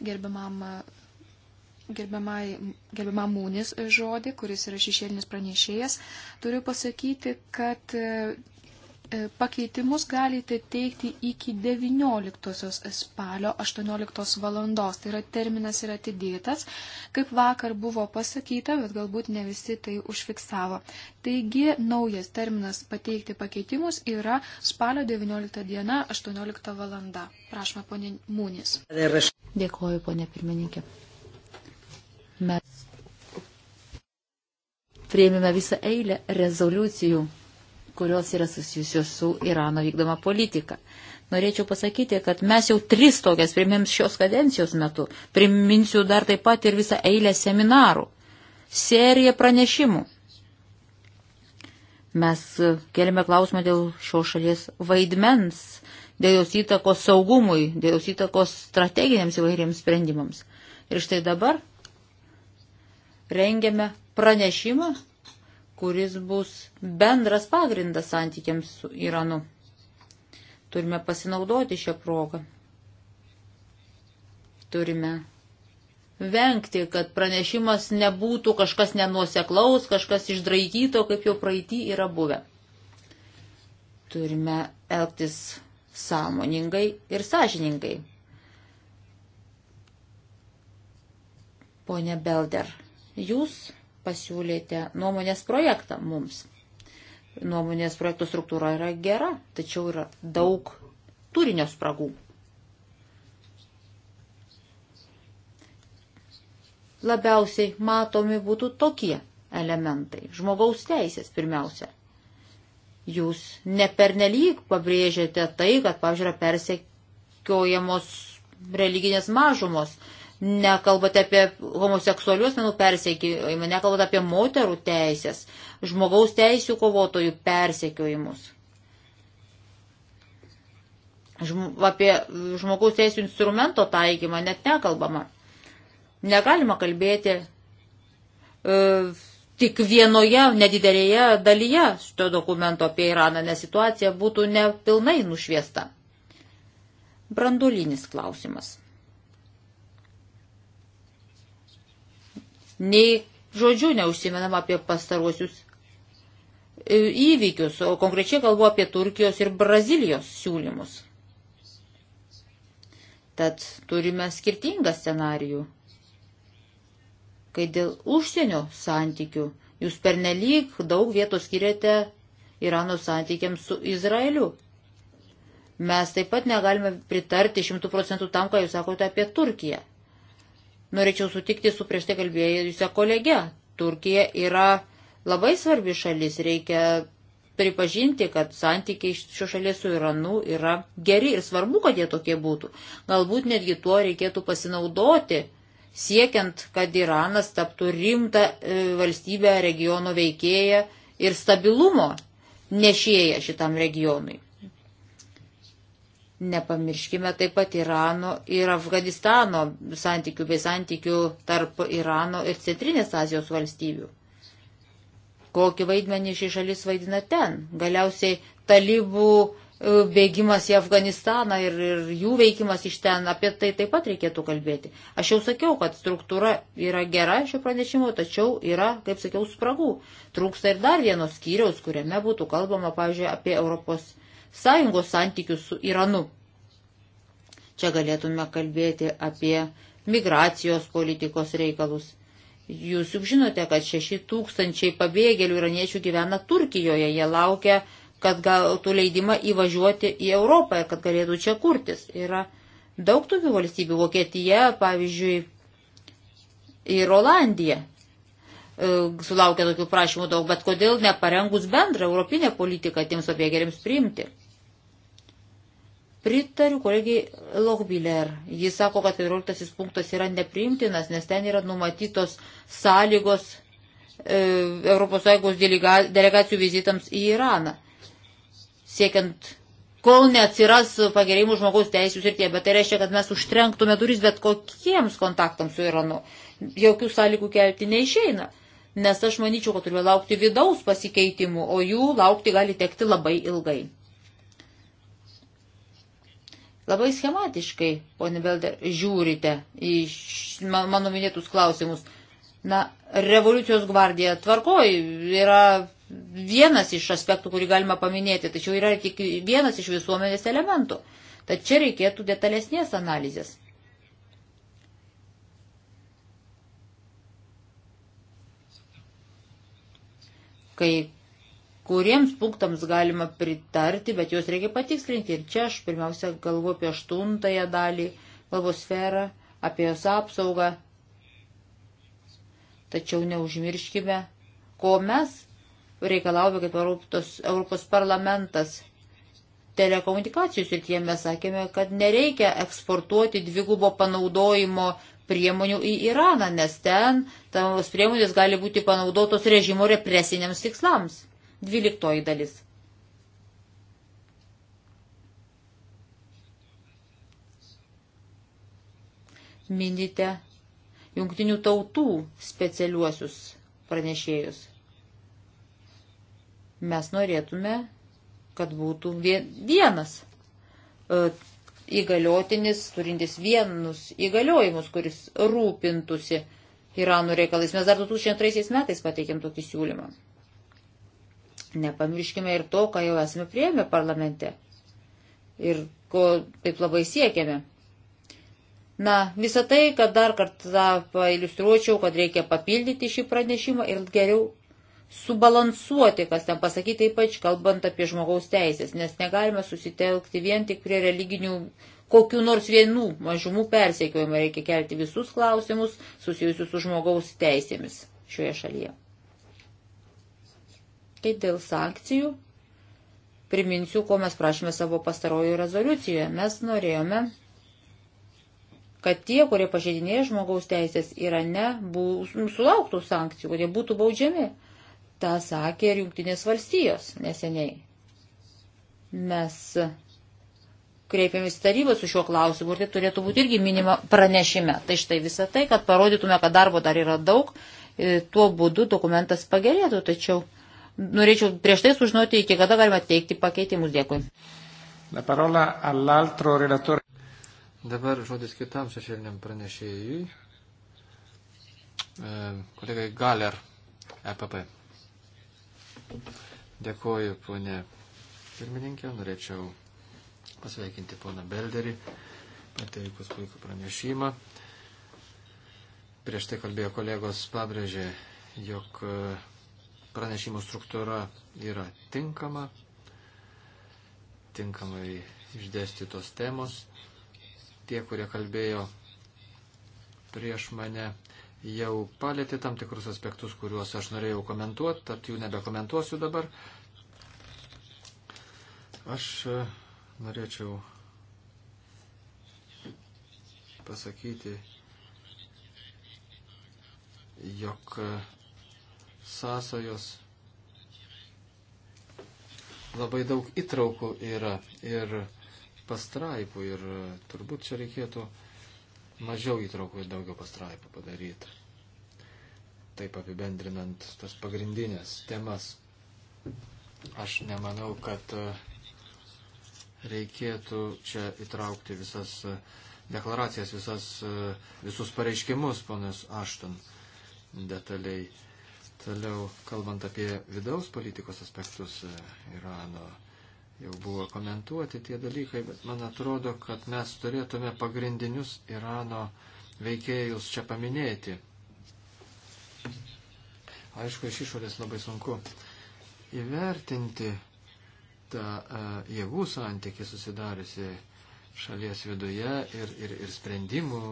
gerbiamam, gerbiamai, gerbiamam Mūnis žodį, kuris yra šešėlinis pranešėjas, turiu pasakyti, kad E, pakeitimus galite teikti iki 19 spalio 18 valandos. Tai yra terminas yra atidėtas, kaip vakar buvo pasakyta, bet galbūt ne visi tai užfiksavo. Taigi naujas terminas pateikti pakeitimus yra spalio 19 diena 18 valanda. Prašome, ponė Mūnis. Dėkuoju, ponė pirmininkė. Mes priėmėme visą eilę rezoliucijų kurios yra susijusios su Irano vykdoma politika. Norėčiau pasakyti, kad mes jau tris tokias primėm šios kadencijos metu. Priminsiu dar taip pat ir visą eilę seminarų, seriją pranešimų. Mes e, keliame klausimą dėl šios šalies vaidmens, dėl jos įtakos saugumui, dėl jos įtakos strateginiams įvairiems sprendimams. Ir štai dabar rengiame pranešimą kuris bus bendras pagrindas santykiams su Iranu. Turime pasinaudoti šią progą. Turime vengti, kad pranešimas nebūtų kažkas nenuoseklaus, kažkas išdraikyto, kaip jau praeitį yra buvę. Turime elgtis sąmoningai ir sąžiningai. Pone Belder, jūs pasiūlėte nuomonės projektą mums. Nuomonės projektų struktūra yra gera, tačiau yra daug turinio spragų. Labiausiai matomi būtų tokie elementai. Žmogaus teisės pirmiausia. Jūs nepernelyg pabrėžėte tai, kad, pavyzdžiui, yra persekiojamos religinės mažumos nekalbate apie homoseksualių asmenų persekiojimą, nekalbate apie moterų teisės, žmogaus teisų kovotojų persekiojimus, Žm apie žmogaus teisų instrumento taikymą net nekalbama. Negalima kalbėti e, tik vienoje nedidelėje dalyje šito dokumento apie Iraną, nes situacija būtų nepilnai nušviesta. Brandulinis klausimas. nei žodžių neužsimenama apie pastaruosius e, įvykius, o konkrečiai kalbu apie Turkijos ir Brazilijos siūlymus. Tad turime skirtingą scenarijų, kai dėl užsienio santykių jūs pernelyg daug vietos skiriate Irano santykiams su Izraeliu. Mes taip pat negalime pritarti šimtų procentų tam, ką jūs sakote apie Turkiją norėčiau sutikti su prieš tai kalbėjusią kolegę. Turkija yra labai svarbi šalis, reikia pripažinti, kad santykiai šio šalies su Iranu yra geri ir svarbu, kad jie tokie būtų. Galbūt netgi tuo reikėtų pasinaudoti, siekiant, kad Iranas taptų rimtą e, valstybę regiono veikėją ir stabilumo nešėja šitam regionui. Nepamirškime taip pat Irano ir Afganistano santykių bei santykių tarp Irano ir Centrinės Azijos valstybių. Kokį vaidmenį šį šalis vaidina ten? Galiausiai talibų e, bėgimas į Afganistaną ir, ir jų veikimas iš ten, apie tai taip pat reikėtų kalbėti. Aš jau sakiau, kad struktūra yra gera šio pranešimo, tačiau yra, kaip sakiau, spragų. Trūksta ir dar vienos skyriaus, kuriame būtų kalbama, pavyzdžiui, apie Europos Sąjungos santykius su Iranu. Čia galėtume kalbėti apie migracijos politikos reikalus. Jūs juk žinote, kad 6 tūkstančiai pabėgėlių iraniečių gyvena Turkijoje, jie laukia, kad gautų leidimą įvažiuoti į Europą ir kad galėtų čia kurtis. Yra daug tokių valstybių, Vokietija, pavyzdžiui, ir Olandija e, sulaukia tokių prašymų daug, bet kodėl neparengus bendrą europinę politiką tiems pabėgėliams priimti? Pritariu kolegijai Lochbiller. Jis sako, kad 14 punktas yra nepriimtinas, nes ten yra numatytos sąlygos e, ES delegacijų vizitams į Iraną. Siekiant, kol neatsiras pagerėjimų žmogaus teisų srityje, bet tai reiškia, kad mes užtrenktume duris bet kokiems kontaktams su Iranu. Jokių sąlygų kelti neišeina. Nes aš manyčiau, kad turime laukti vidaus pasikeitimų, o jų laukti gali tekti labai ilgai. Labai schematiškai, ponė Belder, žiūrite į mano minėtus klausimus. Na, revoliucijos gvardija tvarkoj yra vienas iš aspektų, kurį galima paminėti, tačiau yra tik vienas iš visuomenės elementų. Tad čia reikėtų detalesnės analizės. Kai kuriems punktams galima pritarti, bet juos reikia patikslinti. Ir čia aš pirmiausia galvoju apie aštuntąją dalį kalbos sferą, apie jos apsaugą. Tačiau neužmirškime, ko mes reikalavome kaip Europos, Europos parlamentas telekomunikacijų srityje mes sakėme, kad nereikia eksportuoti dvigubo panaudojimo priemonių į Iraną, nes ten tos priemonės gali būti panaudotos režimo represiniams tikslams. Dvyliktoji dalis. Minite jungtinių tautų specialiuosius pranešėjus. Mes norėtume, kad būtų vienas e, įgaliotinis, turintis vienus įgaliojimus, kuris rūpintusi Irano reikalais. Mes dar 2002 metais pateikėm tokį siūlymą nepamirškime ir to, ką jau esame prieėmę parlamente ir ko taip labai siekiame. Na, visą tai, kad dar kartą pailustruočiau, kad reikia papildyti šį pranešimą ir geriau subalansuoti, kas ten pasakyti, ypač kalbant apie žmogaus teisės, nes negalime susitelkti vien tik prie religinių kokiu nors vienų mažumų persiekiojimą reikia kelti visus klausimus susijusius su žmogaus teisėmis šioje šalyje. Kai dėl sankcijų, priminsiu, ko mes prašome savo pastarojoje rezoliucijoje. Mes norėjome, kad tie, kurie pažeidinėja žmogaus teisės Irane, nu, sulauktų sankcijų, kurie būtų baudžiami. Ta sakė ir Junktinės valstijos neseniai. Mes kreipėmės tarybą su šiuo klausimu ir tai turėtų būti irgi minima pranešime. Tai štai visą tai, kad parodytume, kad darbo dar yra daug, e, tuo būdu dokumentas pagerėtų, tačiau norėčiau prieš tai sužinoti, iki kada galima teikti pakeitimus. Dėkui. Dabar žodis kitam šešėliniam pranešėjui, e, kolegai Galer, EPP. Dėkuoju, ponė pirmininkė, norėčiau pasveikinti poną Belderį, pateikus puikų pranešimą. Prieš tai kalbėjo kolegos, pabrėžė, jog e, pranešimų struktūra yra tinkama, tinkamai išdėstytos temos. Tie, kurie kalbėjo prieš mane, jau palėtė tam tikrus aspektus, kuriuos aš norėjau komentuoti, tad jų nebekomentuosiu dabar. Aš e, norėčiau pasakyti, jog e, sąsojos. Labai daug įtraukų yra ir pastraipų ir turbūt čia reikėtų mažiau įtraukų ir daugiau pastraipų padaryti. Taip apibendrinant tas pagrindinės temas. Aš nemanau, kad e, reikėtų čia įtraukti visas e, deklaracijas, visas, e, visus pareiškimus, ponas Ašton, detaliai. Toliau, kalbant apie vidaus politikos aspektus e, Irano, jau buvo komentuoti tie dalykai, bet man atrodo, kad mes turėtume pagrindinius Irano veikėjus čia paminėti. Aišku, iš išorės labai sunku įvertinti tą a, e, jėgų santykį susidariusi šalies viduje ir, ir, ir sprendimų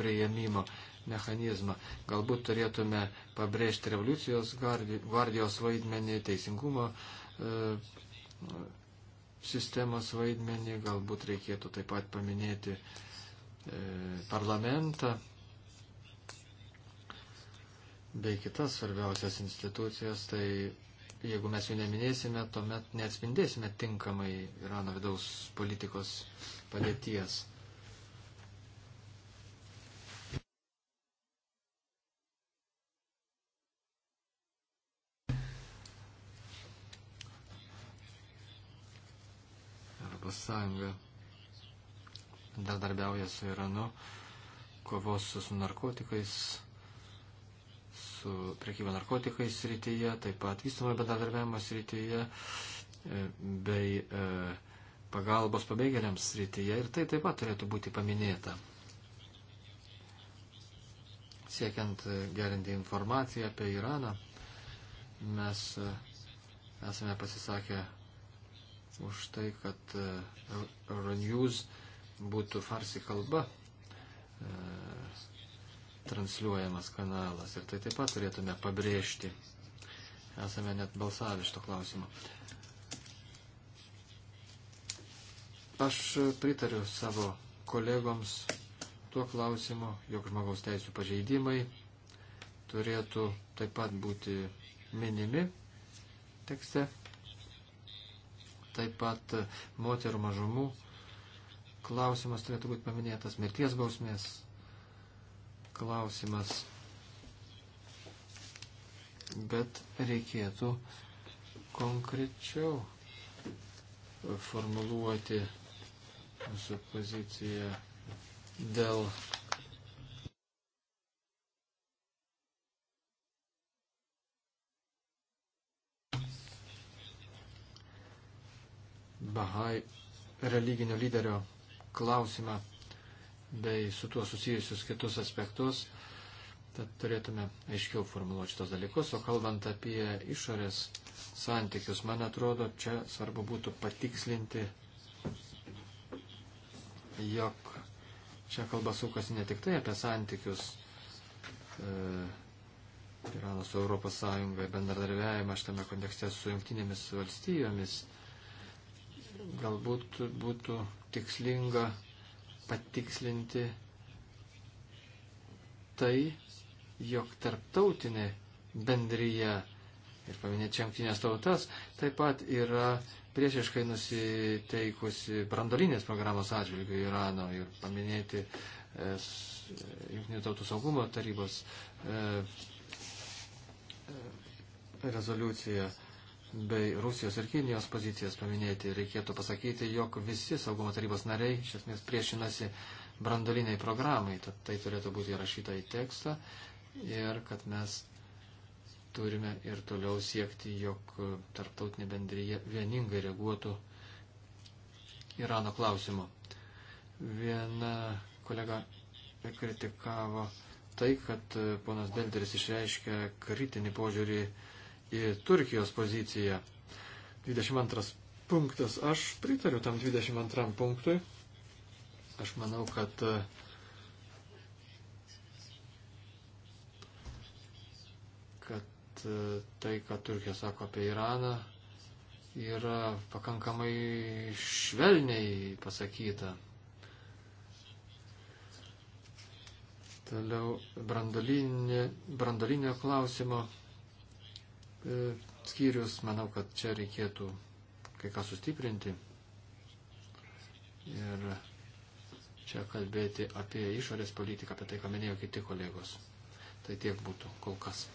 prieimimo mechanizmą. Galbūt turėtume pabrėžti revoliucijos gvardijos vaidmenį, teisingumo e, sistemos vaidmenį, galbūt reikėtų taip pat paminėti e, parlamentą bei kitas svarbiausias institucijas, tai jeigu mes jų neminėsime, tuomet neatspindėsime tinkamai Irano vidaus politikos padėties. ES darbiauja su Iranu, kovos su narkotikais, su priekyba narkotikais srityje, taip pat vystumo bendradarbiavimo srityje e, bei e, pagalbos pabėgėliams srityje ir tai taip pat turėtų būti paminėta siekiant e, gerinti informaciją apie Iraną, mes esame pasisakę už tai, kad e, Euronews būtų farsi kalba e, transliuojamas kanalas. Ir tai taip pat turėtume pabrėžti. Esame net balsavę šito klausimo. Aš pritariu savo kolegoms tuo klausimu, jog žmogaus teisų pažeidimai turėtų taip pat būti minimi tekste. Taip pat moterų mažumų klausimas turėtų būti paminėtas, mirties bausmės klausimas. Bet reikėtų konkrečiau formuluoti mūsų poziciją dėl Bahai religinio lyderio klausimą bei su tuo susijusius kitus aspektus. Tad turėtume aiškiau formuluoti šitos dalykus, o kalbant apie išorės santykius, man atrodo, čia svarbu būtų patikslinti, jog čia kalba sukasi ne tik tai apie santykius e, Irano su Europos Sąjunga, bendradarbiavimą šitame kontekste su jungtinėmis valstijomis, galbūt būtų tikslinga patikslinti tai, jog tarptautinė bendryje ir paminėti jungtinės tautas taip pat yra priešiškai nusiteikusi brandolinės programos atžvilgių Irano ir paminėti e, jungtinių tautų saugumo tarybos e, e, rezoliuciją. E, bei Rusijos ir Kinijos pozicijas paminėti, reikėtų pasakyti, jog visi saugumo tarybos nariai iš esmės priešinasi brandoliniai programai, tad tai turėtų būti įrašyta į tekstą ir kad mes turime ir toliau siekti, jog tarptautinė bendryje vieningai reaguotų Irano klausimu. Viena kolega kritikavo tai, kad ponas Belderis išreiškia kritinį požiūrį į Turkijos poziciją. 22 punktas. Aš pritariu tam 22 punktui. Aš manau, kad kad tai, ką Turkija sako apie Iraną, yra pakankamai švelniai pasakyta. Toliau brandolinė, brandolinio klausimo E, skyrius, manau, kad čia reikėtų kai ką sustiprinti ir čia kalbėti apie išorės politiką, apie tai, ką minėjo kiti kolegos. Tai tiek būtų kol kas.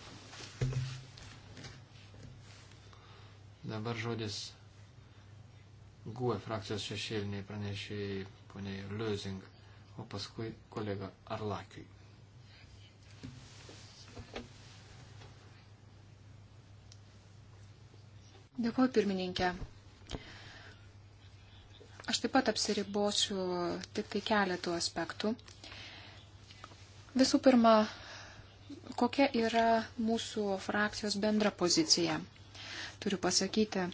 Dabar žodis GUE frakcijos šešėliniai pranešėjai poniai Liuzing, o paskui kolega Arlakiui. Dėkuoju, pirmininkė. Aš taip pat apsiribosiu tik tai keletų aspektų. Visų pirma, kokia yra mūsų frakcijos bendra pozicija? Turiu pasakyti,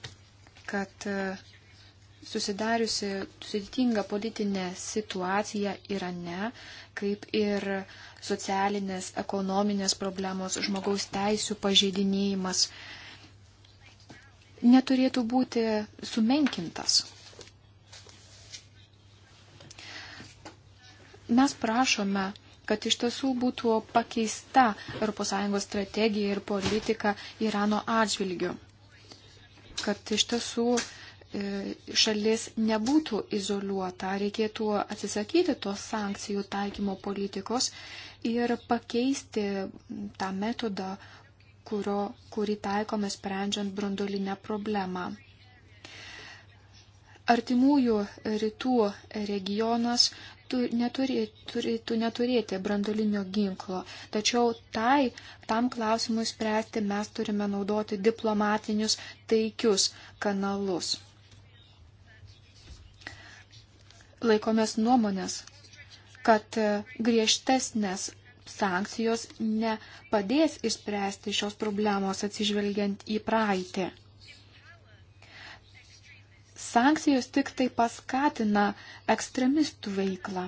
kad e, susidariusi sudėtinga politinė situacija Irane, kaip ir socialinės, ekonominės problemos, žmogaus teisų pažeidinėjimas, neturėtų būti sumenkintas. Mes prašome, kad iš tiesų būtų pakeista ES strategija ir politika Irano atžvilgiu. Kad iš tiesų e, šalis nebūtų izoliuota, reikėtų atsisakyti tos sankcijų taikymo politikos ir pakeisti tą metodą, kurio, kurį taikome sprendžiant brandolinę problemą. Artimųjų rytų regionas tu neturi, turėtų neturėti brandolinio ginklo, tačiau tai, tam klausimui spręsti mes turime naudoti diplomatinius taikius kanalus. Laikomės nuomonės, kad griežtesnės sankcijos nepadės išspręsti šios problemos atsižvelgiant į praeitį. Sankcijos tik tai paskatina ekstremistų veiklą.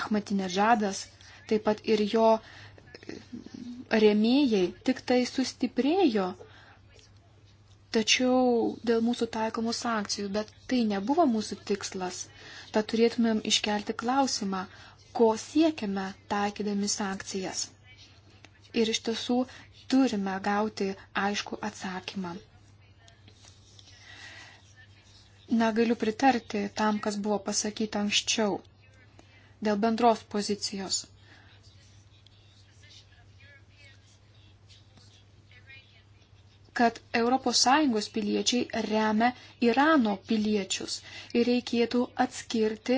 Ahmatinežadas, taip pat ir jo remėjai tik tai sustiprėjo, tačiau dėl mūsų taikomų sankcijų, bet tai nebuvo mūsų tikslas. Tad turėtumėm iškelti klausimą, ko siekiame taikydami sankcijas. Ir iš tiesų turime gauti aišku atsakymą. Negaliu pritarti tam, kas buvo pasakyta anksčiau dėl bendros pozicijos. kad ES piliečiai remia Irano piliečius ir reikėtų atskirti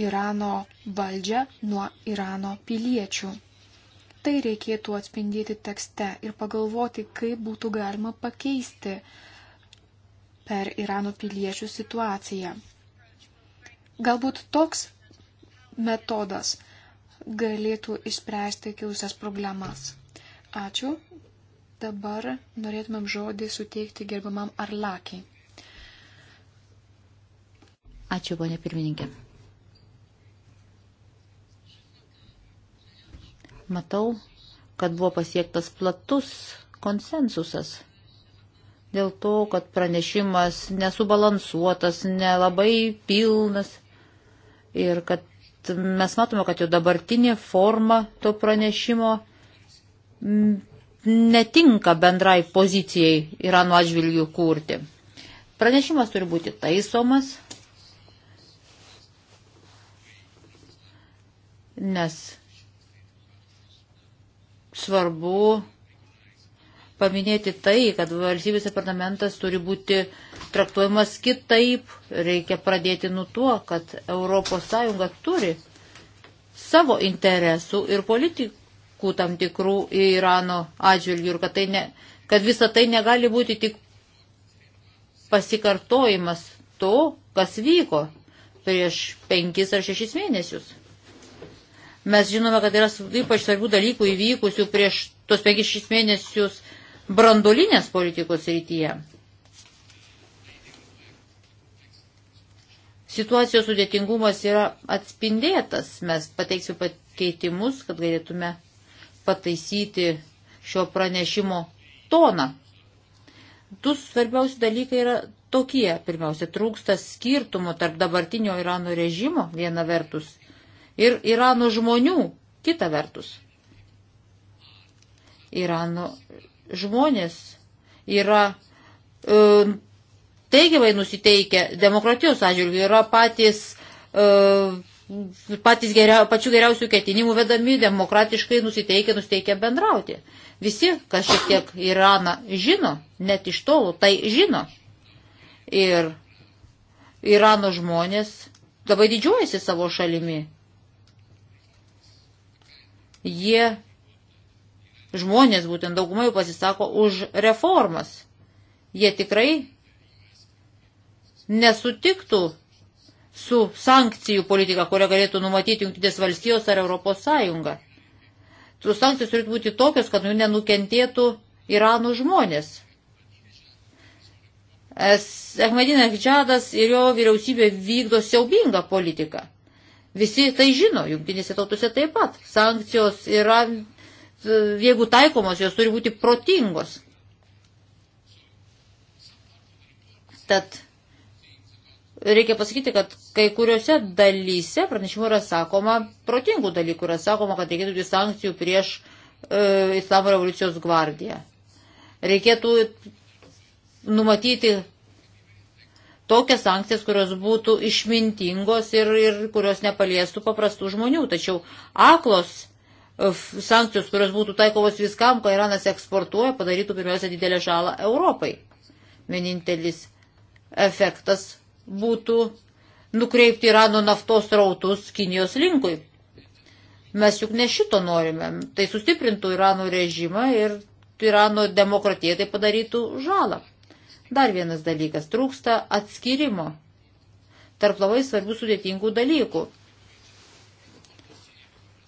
Irano valdžią nuo Irano piliečių. Tai reikėtų atspindėti tekste ir pagalvoti, kaip būtų galima pakeisti per Irano piliečių situaciją. Galbūt toks metodas galėtų išspręsti kilusias problemas. Ačiū. Dabar norėtumėm žodį suteikti gerbiamam Arlakiai. Ačiū, ponė pirmininkė. matau, kad buvo pasiektas platus konsensusas. Dėl to, kad pranešimas nesubalansuotas, nelabai pilnas ir kad mes matome, kad jau dabartinė forma to pranešimo netinka bendrai pozicijai Irano atžvilgių kurti. Pranešimas turi būti taisomas, nes svarbu paminėti tai, kad valstybės departamentas turi būti traktuojamas kitaip. Reikia pradėti nuo to, kad ES turi savo interesų ir politikų tam tikrų Irano atžvilgių ir kad, tai ne, kad visa tai negali būti tik pasikartojimas to, kas vyko prieš penkis ar šešis mėnesius. Mes žinome, kad yra ypač svarbių dalykų įvykusių prieš tos 5-6 mėnesius brandolinės politikos rytyje. Situacijos sudėtingumas yra atspindėtas. Mes pateiksime pakeitimus, kad galėtume pataisyti šio pranešimo toną. Du svarbiausi dalykai yra tokie. Pirmiausia, trūksta skirtumo tarp dabartinio Irano režimo viena vertus ir Irano žmonių, kita vertus. Irano žmonės yra e, teigiamai nusiteikę demokratijos atžvilgių, yra patys, e, patys geria, pačių geriausių ketinimų vedami, demokratiškai nusiteikę, nusiteikę bendrauti. Visi, kas šiek tiek Iraną žino, net iš tolo, tai žino. Ir Irano žmonės labai didžiuojasi savo šalimi jie, žmonės būtent daugumai pasisako už reformas. Jie tikrai nesutiktų su sankcijų politika, kurią galėtų numatyti Junktinės valstijos ar Europos Sąjunga. Tų sankcijų turėtų būti tokios, kad nu nenukentėtų Irano žmonės. Ahmedinas Hidžadas ir jo vyriausybė vykdo siaubingą politiką. Visi tai žino, jungtinėse tautose taip pat. Sankcijos yra, jeigu taikomos, jos turi būti protingos. Tad reikia pasakyti, kad kai kuriuose dalyse pranešimų yra sakoma, protingų dalykų yra sakoma, kad reikėtų būti sankcijų prieš e, Islamo revoliucijos gvardiją. Reikėtų numatyti tokias sankcijas, kurios būtų išmintingos ir, ir kurios nepaliestų paprastų žmonių. Tačiau aklos e, sankcijos, kurios būtų taikomos viskam, ką Iranas eksportuoja, padarytų pirmiausia didelę žalą Europai. Vienintelis efektas būtų nukreipti Irano naftos rautus Kinijos linkui. Mes juk ne šito norime. Tai sustiprintų Irano režimą ir Irano demokratija tai padarytų žalą. Dar vienas dalykas - trūksta atskirimo tarp labai svarbių sudėtingų dalykų.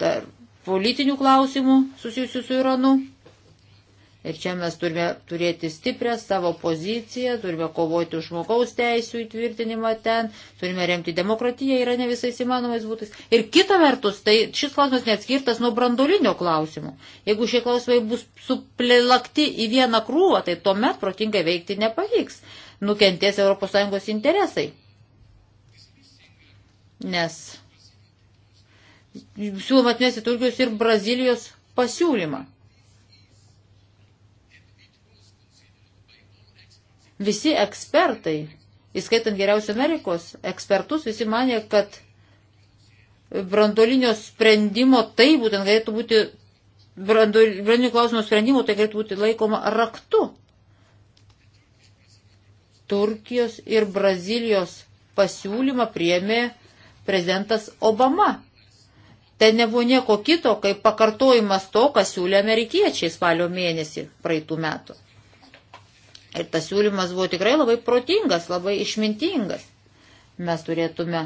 Tarp politinių klausimų susijusių su Iranu Ir čia mes turime turėti stiprią savo poziciją, turime kovoti už žmogaus teisų įtvirtinimą ten, turime remti demokratiją, yra ne visais įmanomais būtais. Ir kita vertus, tai šis klausimas neatskirtas nuo brandolinio klausimų. Jeigu šie klausimai bus suplilakti į vieną krūvą, tai tuomet protingai veikti nepavyks. Nukentės ES interesai. Nes siūlom atmesti Turkijos ir Brazilijos pasiūlymą. Visi ekspertai, įskaitant geriausių Amerikos ekspertus, visi mane, kad brandolinio sprendimo tai būtent galėtų būti, brandolinio klausimo sprendimo tai galėtų būti laikoma raktu. Turkijos ir Brazilijos pasiūlymą priemė prezidentas Obama. Ten nebuvo nieko kito, kaip pakartojimas to, ką siūlė amerikiečiai spalio mėnesį praeitų metų. Ir tas siūlymas buvo tikrai labai protingas, labai išmintingas. Mes turėtume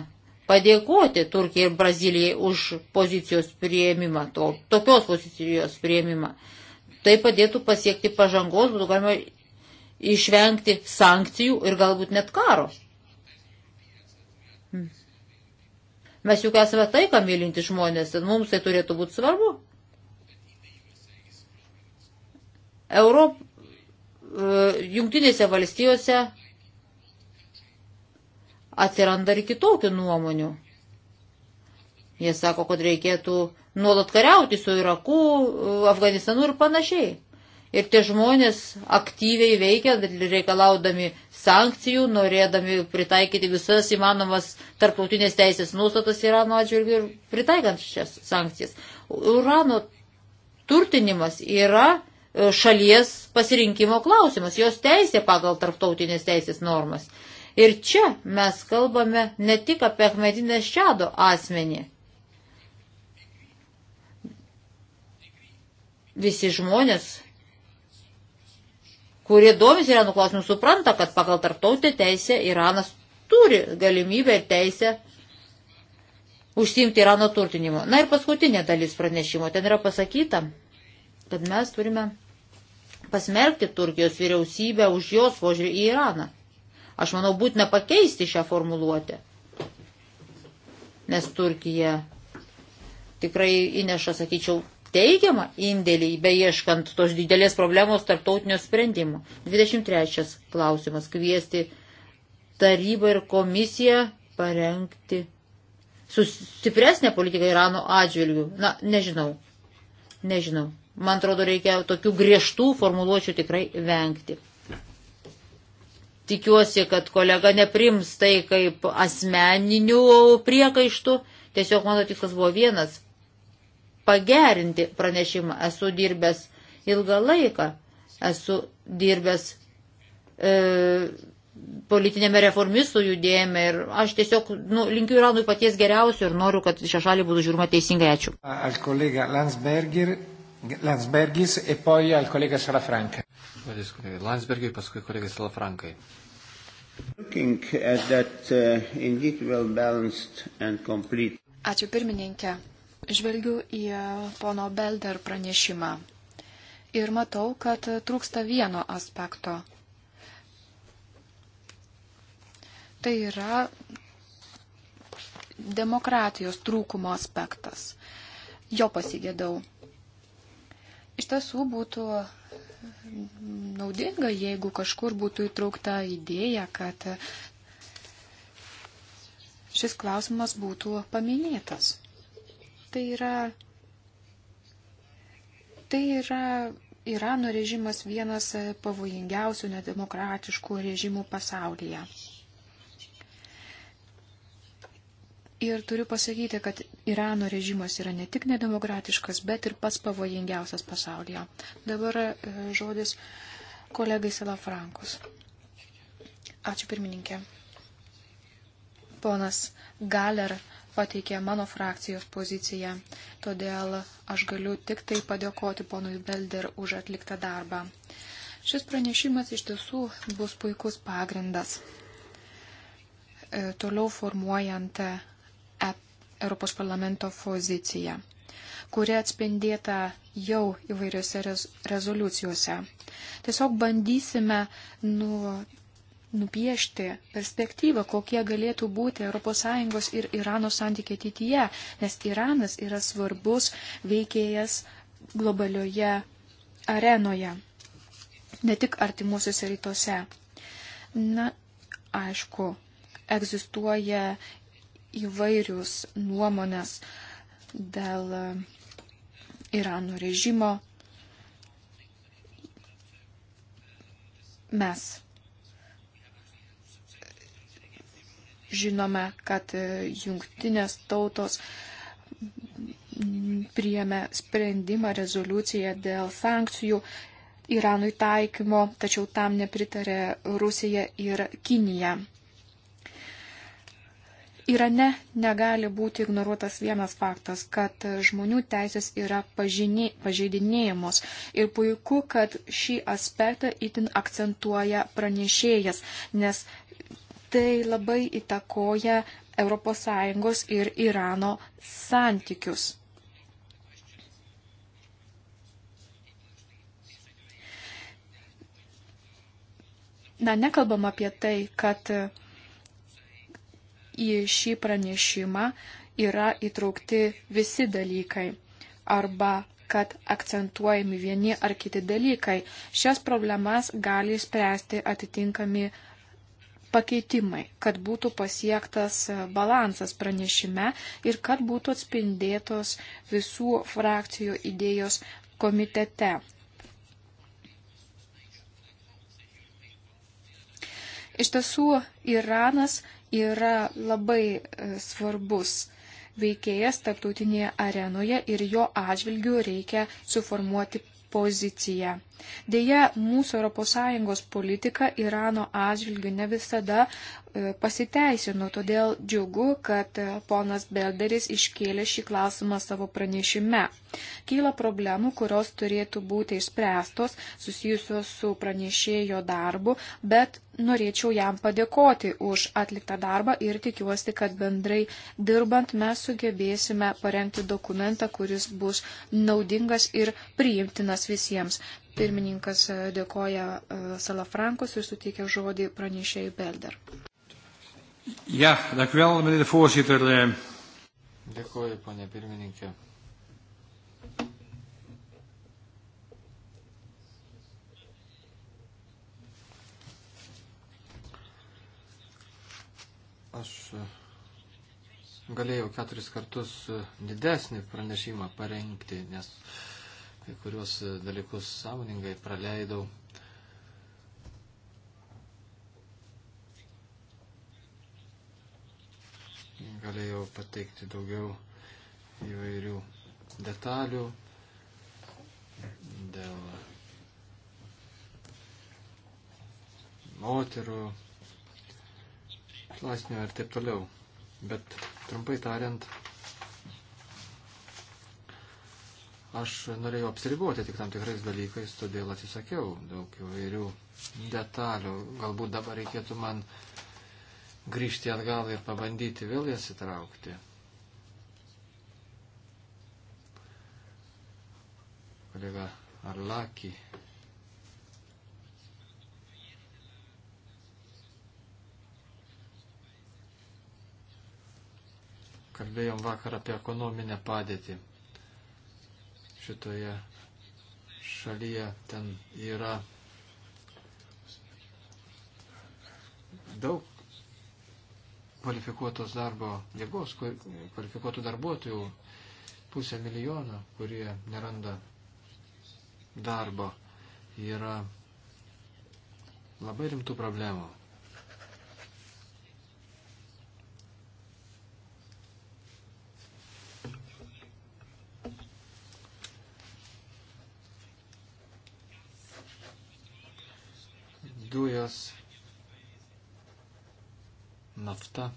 padėkoti Turkijai ir Brazilijai už pozicijos prieimimą, to, tokios pozicijos prieimimą. Tai padėtų pasiekti pažangos, būtų galima išvengti sankcijų ir galbūt net karo. Mes juk esame taiką mylinti žmonės ir mums tai turėtų būti svarbu. Europ, jungtinėse valstijose atsiranda ir kitokių nuomonių. Jie sako, kad reikėtų nuolat kariauti su Iraku, Afganistanu ir panašiai. Ir tie žmonės aktyviai veikia, reikalaudami sankcijų, norėdami pritaikyti visas įmanomas tarptautinės teisės nustatas Irano atžvilgių ir pritaikant šias sankcijas. Urano turtinimas yra šalies pasirinkimo klausimas, jos teisė pagal tarptautinės teisės normas. Ir čia mes kalbame ne tik apie Ahmedinės Šado asmenį. Visi žmonės, kurie domis Irano klausimų, supranta, kad pagal tarptautinę teisę Iranas turi galimybę ir teisę užsiimti Irano turtinimu. Na ir paskutinė dalis pranešimo. Ten yra pasakyta, kad mes turime pasmerkti Turkijos vyriausybę už jos požiūrį į Iraną. Aš manau, būtina pakeisti šią formuluotę, nes Turkija tikrai įneša, sakyčiau, teigiamą indėlį, beieškant tos didelės problemos tarptautinio sprendimo. 23 klausimas. Kviesti tarybą ir komisiją parengti sustipresnę politiką Irano atžvilgių. Na, nežinau. Nežinau. Man atrodo, reikia tokių griežtų formuluočių tikrai vengti. Tikiuosi, kad kolega neprims tai kaip asmeninių priekaištų. Tiesiog mano tikslas buvo vienas - pagerinti pranešimą. Esu dirbęs ilgą laiką, esu dirbęs e, politinėme reformistų judėjime ir aš tiesiog nu, linkiu Iranui paties geriausio ir noriu, kad šią šalį būtų žiūrima teisingai. Ačiū. Landsbergis e poi al collega Salafranca. Žodis eh, Landsbergiui, e paskui kolegai Salafrankai. That, uh, well Ačiū pirmininkė. Žvelgiu į uh, pono Belder pranešimą ir matau, kad trūksta vieno aspekto. Tai yra demokratijos trūkumo aspektas. Jo pasigėdau iš tiesų būtų naudinga, jeigu kažkur būtų įtraukta idėja, kad šis klausimas būtų paminėtas. Tai yra, tai yra Irano režimas vienas pavojingiausių nedemokratiškų režimų pasaulyje. Ir turiu pasakyti, kad Irano režimas yra ne tik nedemokratiškas, bet ir pats pavojingiausias pasaulyje. Dabar e, žodis kolegai Salafrankos. Ačiū pirmininkė. Ponas Galer pateikė mano frakcijos poziciją, todėl aš galiu tik tai padėkoti ponui Belder už atliktą darbą. Šis pranešimas iš tiesų bus puikus pagrindas. E, toliau formuojant Europos parlamento poziciją, kuri atspindėta jau įvairiose rezoliucijose. Tiesiog bandysime nu, nupiešti perspektyvą, kokie galėtų būti ES ir Irano santykiai ateityje, nes Iranas yra svarbus veikėjas globalioje arenoje, ne tik artimuosiuose rytuose. Na, aišku, egzistuoja įvairius nuomonės dėl e, Irano režimo. Mes žinome, kad e, jungtinės tautos priėmė sprendimą rezoliuciją dėl sankcijų Iranui taikymo, tačiau tam nepritarė Rusija ir Kinija. Irane negali būti ignoruotas vienas faktas, kad žmonių teisės yra pažini, pažeidinėjimos. Ir puiku, kad šį aspektą itin akcentuoja pranešėjas, nes tai labai įtakoja ES ir Irano santykius. Na, nekalbam apie tai, kad į šį pranešimą yra įtraukti visi dalykai arba kad akcentuojami vieni ar kiti dalykai. Šias problemas gali spręsti atitinkami pakeitimai, kad būtų pasiektas balansas pranešime ir kad būtų atspindėtos visų frakcijų idėjos komitete. Iš tiesų, Iranas yra labai e, svarbus veikėjas tarptautinėje arenoje ir jo atžvilgių reikia suformuoti poziciją. Deja, mūsų ES politika Irano atžvilgių ne visada e, pasiteisino, todėl džiugu, kad e, ponas Belderis iškėlė šį klausimą savo pranešime. Kyla problemų, kurios turėtų būti išspręstos, susijusios su pranešėjo darbu, bet norėčiau jam padėkoti už atliktą darbą ir tikiuosi, kad bendrai dirbant mes sugebėsime parengti dokumentą, kuris bus naudingas ir priimtinas visiems. Pirmininkas e, dėkoja e, Salafrankos ir suteikia žodį pranešėjai Belder. Ja, dank u wel, meneer de voorzitter. Eh, Dėkoju, ponė pirmininkė. Aš e, galėjau keturis kartus didesnį pranešimą parengti, nes uh, kai kuriuos e, dalykus sąmoningai praleidau. Galėjau pateikti daugiau įvairių detalių dėl moterų, klasnio ir taip toliau. Bet trumpai tariant, Aš norėjau apsiriboti tik tam tikrais dalykais, todėl atsisakiau daug įvairių detalių. Galbūt dabar reikėtų man grįžti atgal ir pabandyti vėl jas įtraukti. Kolega Arlaki. Kalbėjom vakar apie ekonominę padėtį šitoje šalyje. Ten yra daug kvalifikuotos darbo jėgos, kvalifikuotų darbuotojų, pusę milijono, kurie neranda darbo. Yra labai rimtų problemų. dujos, nafta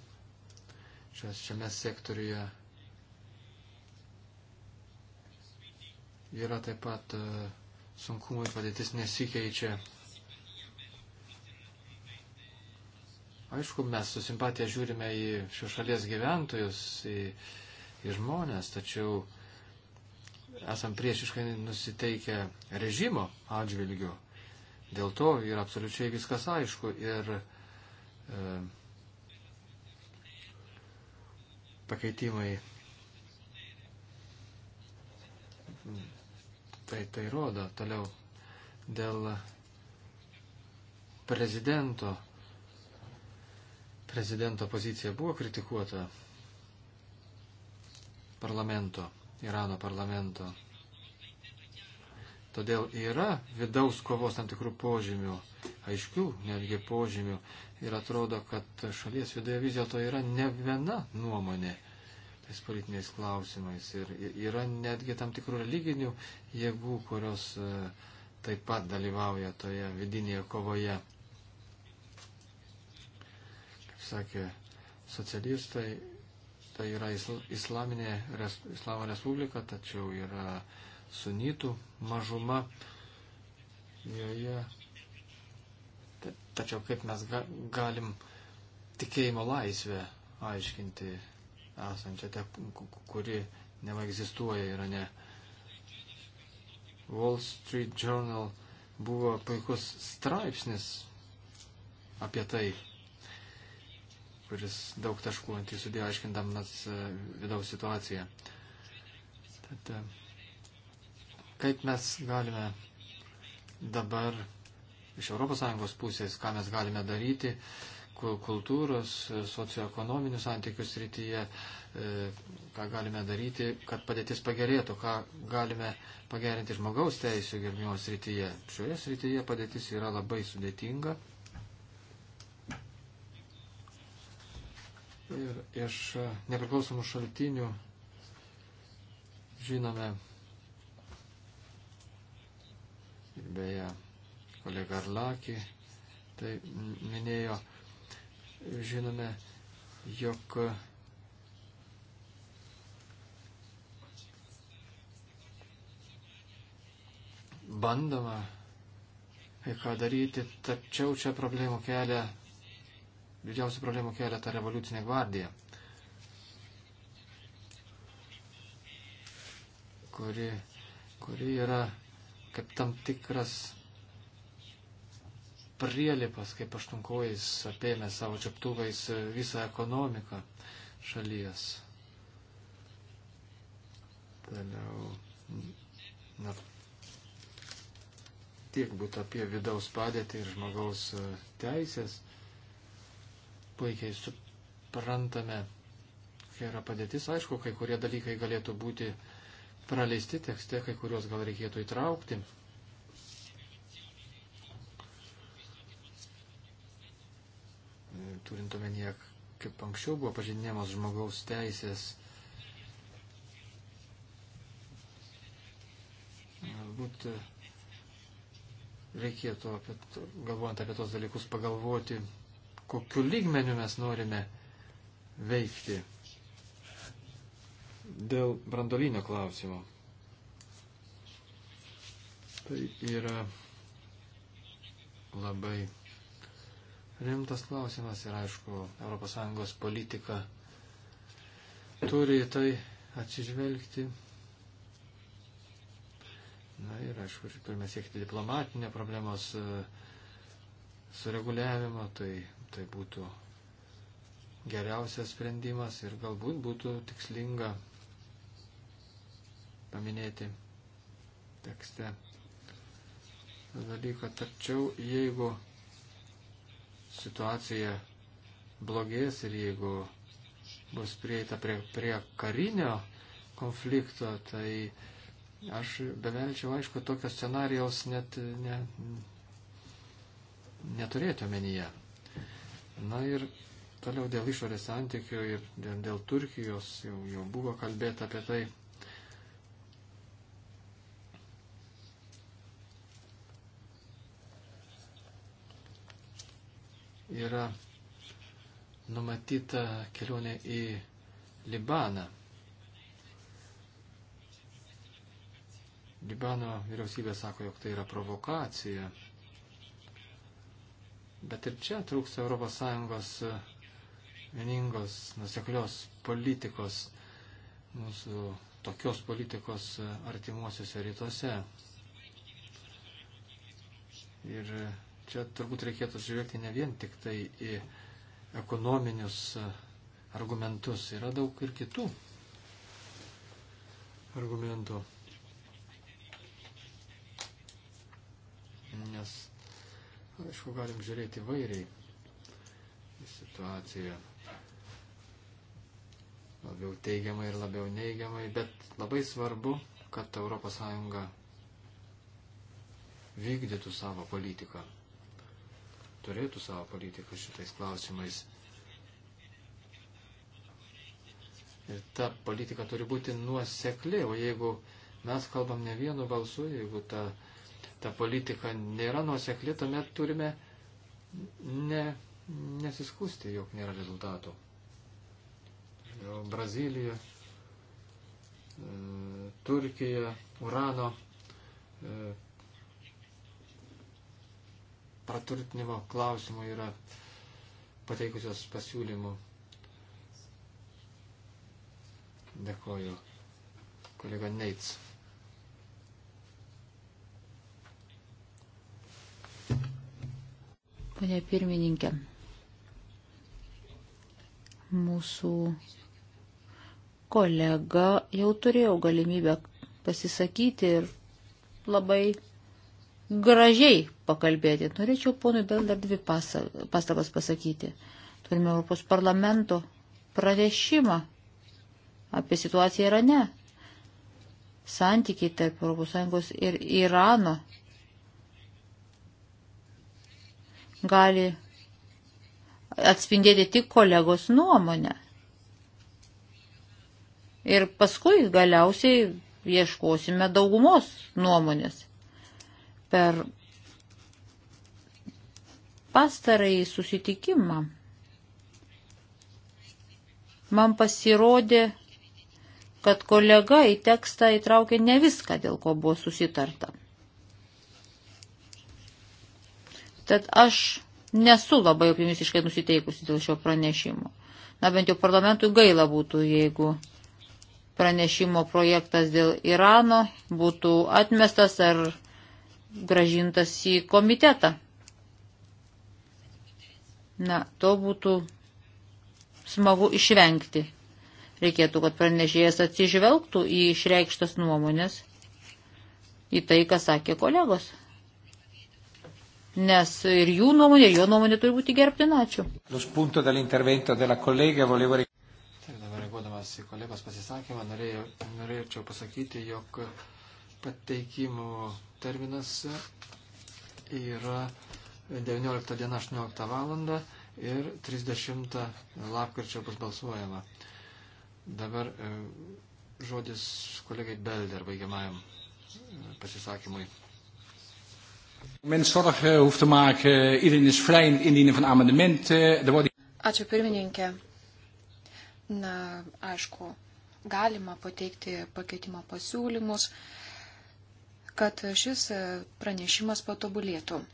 šios, šiame sektoriuje yra taip pat e, sunkumų padėtis nesikeičia. Aišku, mes su simpatija žiūrime į šios šalies gyventojus, į, į žmonės, tačiau esam priešiškai nusiteikę režimo atžvilgiu. Dėl to yra absoliučiai viskas aišku ir e, pakeitimai mm, tai, tai rodo toliau dėl prezidento. Prezidento pozicija buvo kritikuota parlamento, Irano parlamento. Todėl yra vidaus kovos tam tikrų požymių, aiškių netgi požymių. Ir atrodo, kad šalies viduje vis dėlto yra ne viena nuomonė tais politiniais klausimais. Ir yra netgi tam tikrų religinių jėgų, kurios e, taip pat dalyvauja toje vidinėje kovoje. Kaip sakė socialistai, tai yra islaminė, Islamo Respublika, tačiau yra sunytų mažuma joje. Tačiau kaip mes ga, galim tikėjimo laisvę aiškinti esančią, te, kuri neegzistuoja Irane. Wall Street Journal buvo puikus straipsnis apie tai, kuris daug taškų ant įsudėjo aiškindamas e, vidaus situaciją. Tad, e, Kaip mes galime dabar iš ES pusės, ką mes galime daryti kultūros, socioekonominių santykių srityje, e, ką galime daryti, kad padėtis pagerėtų, ką galime pagerinti žmogaus teisų gerbimo srityje. Šioje srityje padėtis yra labai sudėtinga. Ir iš nepriklausomų šaltinių žinome, ir beje kolega Arlaki tai minėjo, žinome, jog bandoma kai ką daryti, tačiau čia problemų kelia, didžiausių problemų kelia ta revoliucinė gvardija, kuri, kuri yra kaip tam tikras prielipas, kaip aštunkojais apėmė savo čiaptuvais visą ekonomiką šalies. Toliau. Na, tiek būtų apie vidaus padėtį ir žmogaus e, teisės. Puikiai suprantame, kai yra padėtis. Aišku, kai kurie dalykai galėtų būti uh, praleisti tekste, kai kuriuos gal reikėtų įtraukti. Turint omenyje, kaip anksčiau buvo pažinėmas žmogaus teisės, galbūt reikėtų, apie, galvojant apie tos dalykus, pagalvoti, kokiu lygmeniu mes norime veikti. Dėl brandolinio klausimo. Tai yra labai rimtas klausimas ir aišku, ES politika turi į tai atsižvelgti. Na ir aišku, turime siekti diplomatinę problemos e, sureguliavimo, tai, tai būtų geriausias sprendimas ir galbūt būtų tikslinga paminėti tekste dalyko. Tačiau jeigu situacija blogės ir jeigu bus prieita prie, prie karinio konflikto, tai aš bevelčiau, aišku, tokio scenarijaus net ne, neturėti omenyje. Na ir toliau dėl išorės santykių ir dėl Turkijos jau, jau buvo kalbėta apie tai. yra numatyta kelionė į Libaną. Libano vyriausybė sako, jog tai yra provokacija. Bet ir čia trūksta ES vieningos nuseklios politikos, mūsų tokios politikos artimuosiuose rytuose. Ir čia turbūt reikėtų žiūrėti ne vien tik tai į ekonominius argumentus, yra daug ir kitų argumentų. Nes, aišku, galim žiūrėti vairiai į situaciją. Labiau teigiamai ir labiau neigiamai, bet labai svarbu, kad ES vykdytų savo politiką turėtų savo politiką šitais klausimais. Ir ta politika turi būti nuosekli, o jeigu mes kalbam ne vienu balsu, jeigu ta, ta politika nėra nuosekli, tuomet turime ne, nesiskusti, jog nėra rezultatų. Jau Brazilija, e, Turkija, Urano e, praturtinimo klausimų yra pateikusios pasiūlymų. Dėkoju, kolega Neits. Pane pirmininkė, mūsų kolega jau turėjo galimybę pasisakyti ir labai gražiai pakalbėti. Norėčiau ponui Bel dar dvi pastabas pasakyti. Turime Europos parlamento pranešimą apie situaciją Irane. Santykiai tarp ES ir Irano gali atspindėti tik kolegos nuomonę. Ir paskui galiausiai ieškosime daugumos nuomonės. Per pastarąjį susitikimą man pasirodė, kad kolega į tekstą įtraukė ne viską, dėl ko buvo susitarta. Tad aš nesu labai optimistiškai nusiteikusi dėl šio pranešimo. Na bent jau parlamentui gaila būtų, jeigu pranešimo projektas dėl Irano būtų atmestas ar gražintas į komitetą. Na, to būtų smagu išvengti. Reikėtų, kad pranešėjas atsižvelgtų į išreikštas nuomonės, į tai, ką sakė kolegos. Nes ir jų nuomonė, ir jo nuomonė turi būti gerbtina. Ačiū. Taip, dabar reaguodamas į kolegos pasisakymą, norėjau, norėčiau pasakyti, jog pateikimo terminas yra 19 diena 18 valandą ir 30 lapkričio bus balsuojama. Dabar e, žodis kolegai Belder baigiamajam e, pasisakymui. Eh, eh, er Ačiū pirmininkė. Na, aišku, galima pateikti pakeitimo pasiūlymus, kad šis e, pranešimas patobulėtų.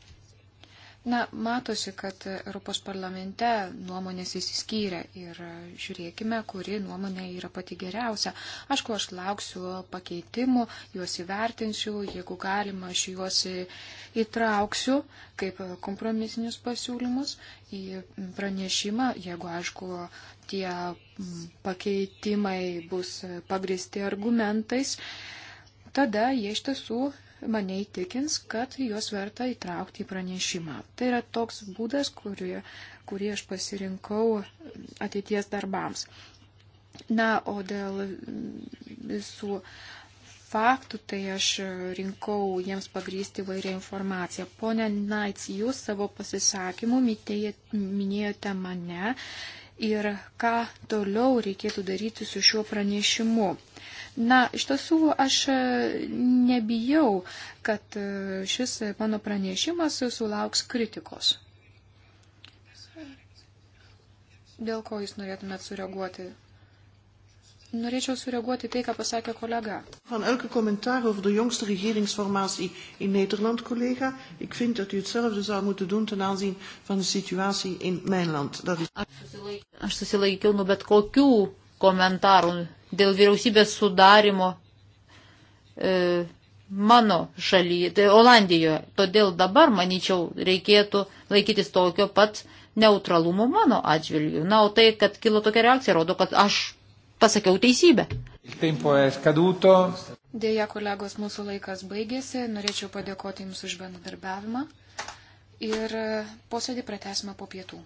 Na, matosi, kad Europos parlamente nuomonės įsiskyrė ir žiūrėkime, kuri nuomonė yra pati geriausia. Aišku, aš lauksiu pakeitimų, juos įvertinsiu, jeigu galima, aš juos įtrauksiu kaip kompromisinius pasiūlymus į pranešimą, jeigu, aišku, tie pakeitimai bus pagristi argumentais tada jie iš tiesų mane įtikins, kad juos verta įtraukti į pranešimą. Tai yra toks būdas, kurį, kurį aš pasirinkau ateities darbams. Na, o dėl visų faktų, tai aš rinkau jiems pagrysti vairią informaciją. Pone Naits, jūs savo pasisakymu minėjote mane ir ką toliau reikėtų daryti su šiuo pranešimu. Uh, Na, iš tiesų aš e, nebijau, kad e, šis mano pranešimas sulauks kritikos. Dėl ko jūs norėtumėt sureaguoti? Norėčiau sureaguoti tai, ką pasakė kolega. Van elke commentaar over de jongste regeringsformatie in Nederland, collega, ik vind dat u hetzelfde zou moeten doen ten aanzien van de situatie in mijn land. Dat is... Aš susilaikiau nuo bet kokių komentarų dėl vyriausybės sudarimo e, mano šalyje, tai Olandijoje. Todėl dabar, manyčiau, reikėtų laikytis tokio pat neutralumo mano atžvilgiu. Na, o tai, kad kilo tokia reakcija, rodo, kad aš pasakiau teisybę. Dėja, kolegos, mūsų laikas baigėsi. Norėčiau padėkoti Jums už bendradarbiavimą. Ir e, posėdį pratesime po pietų.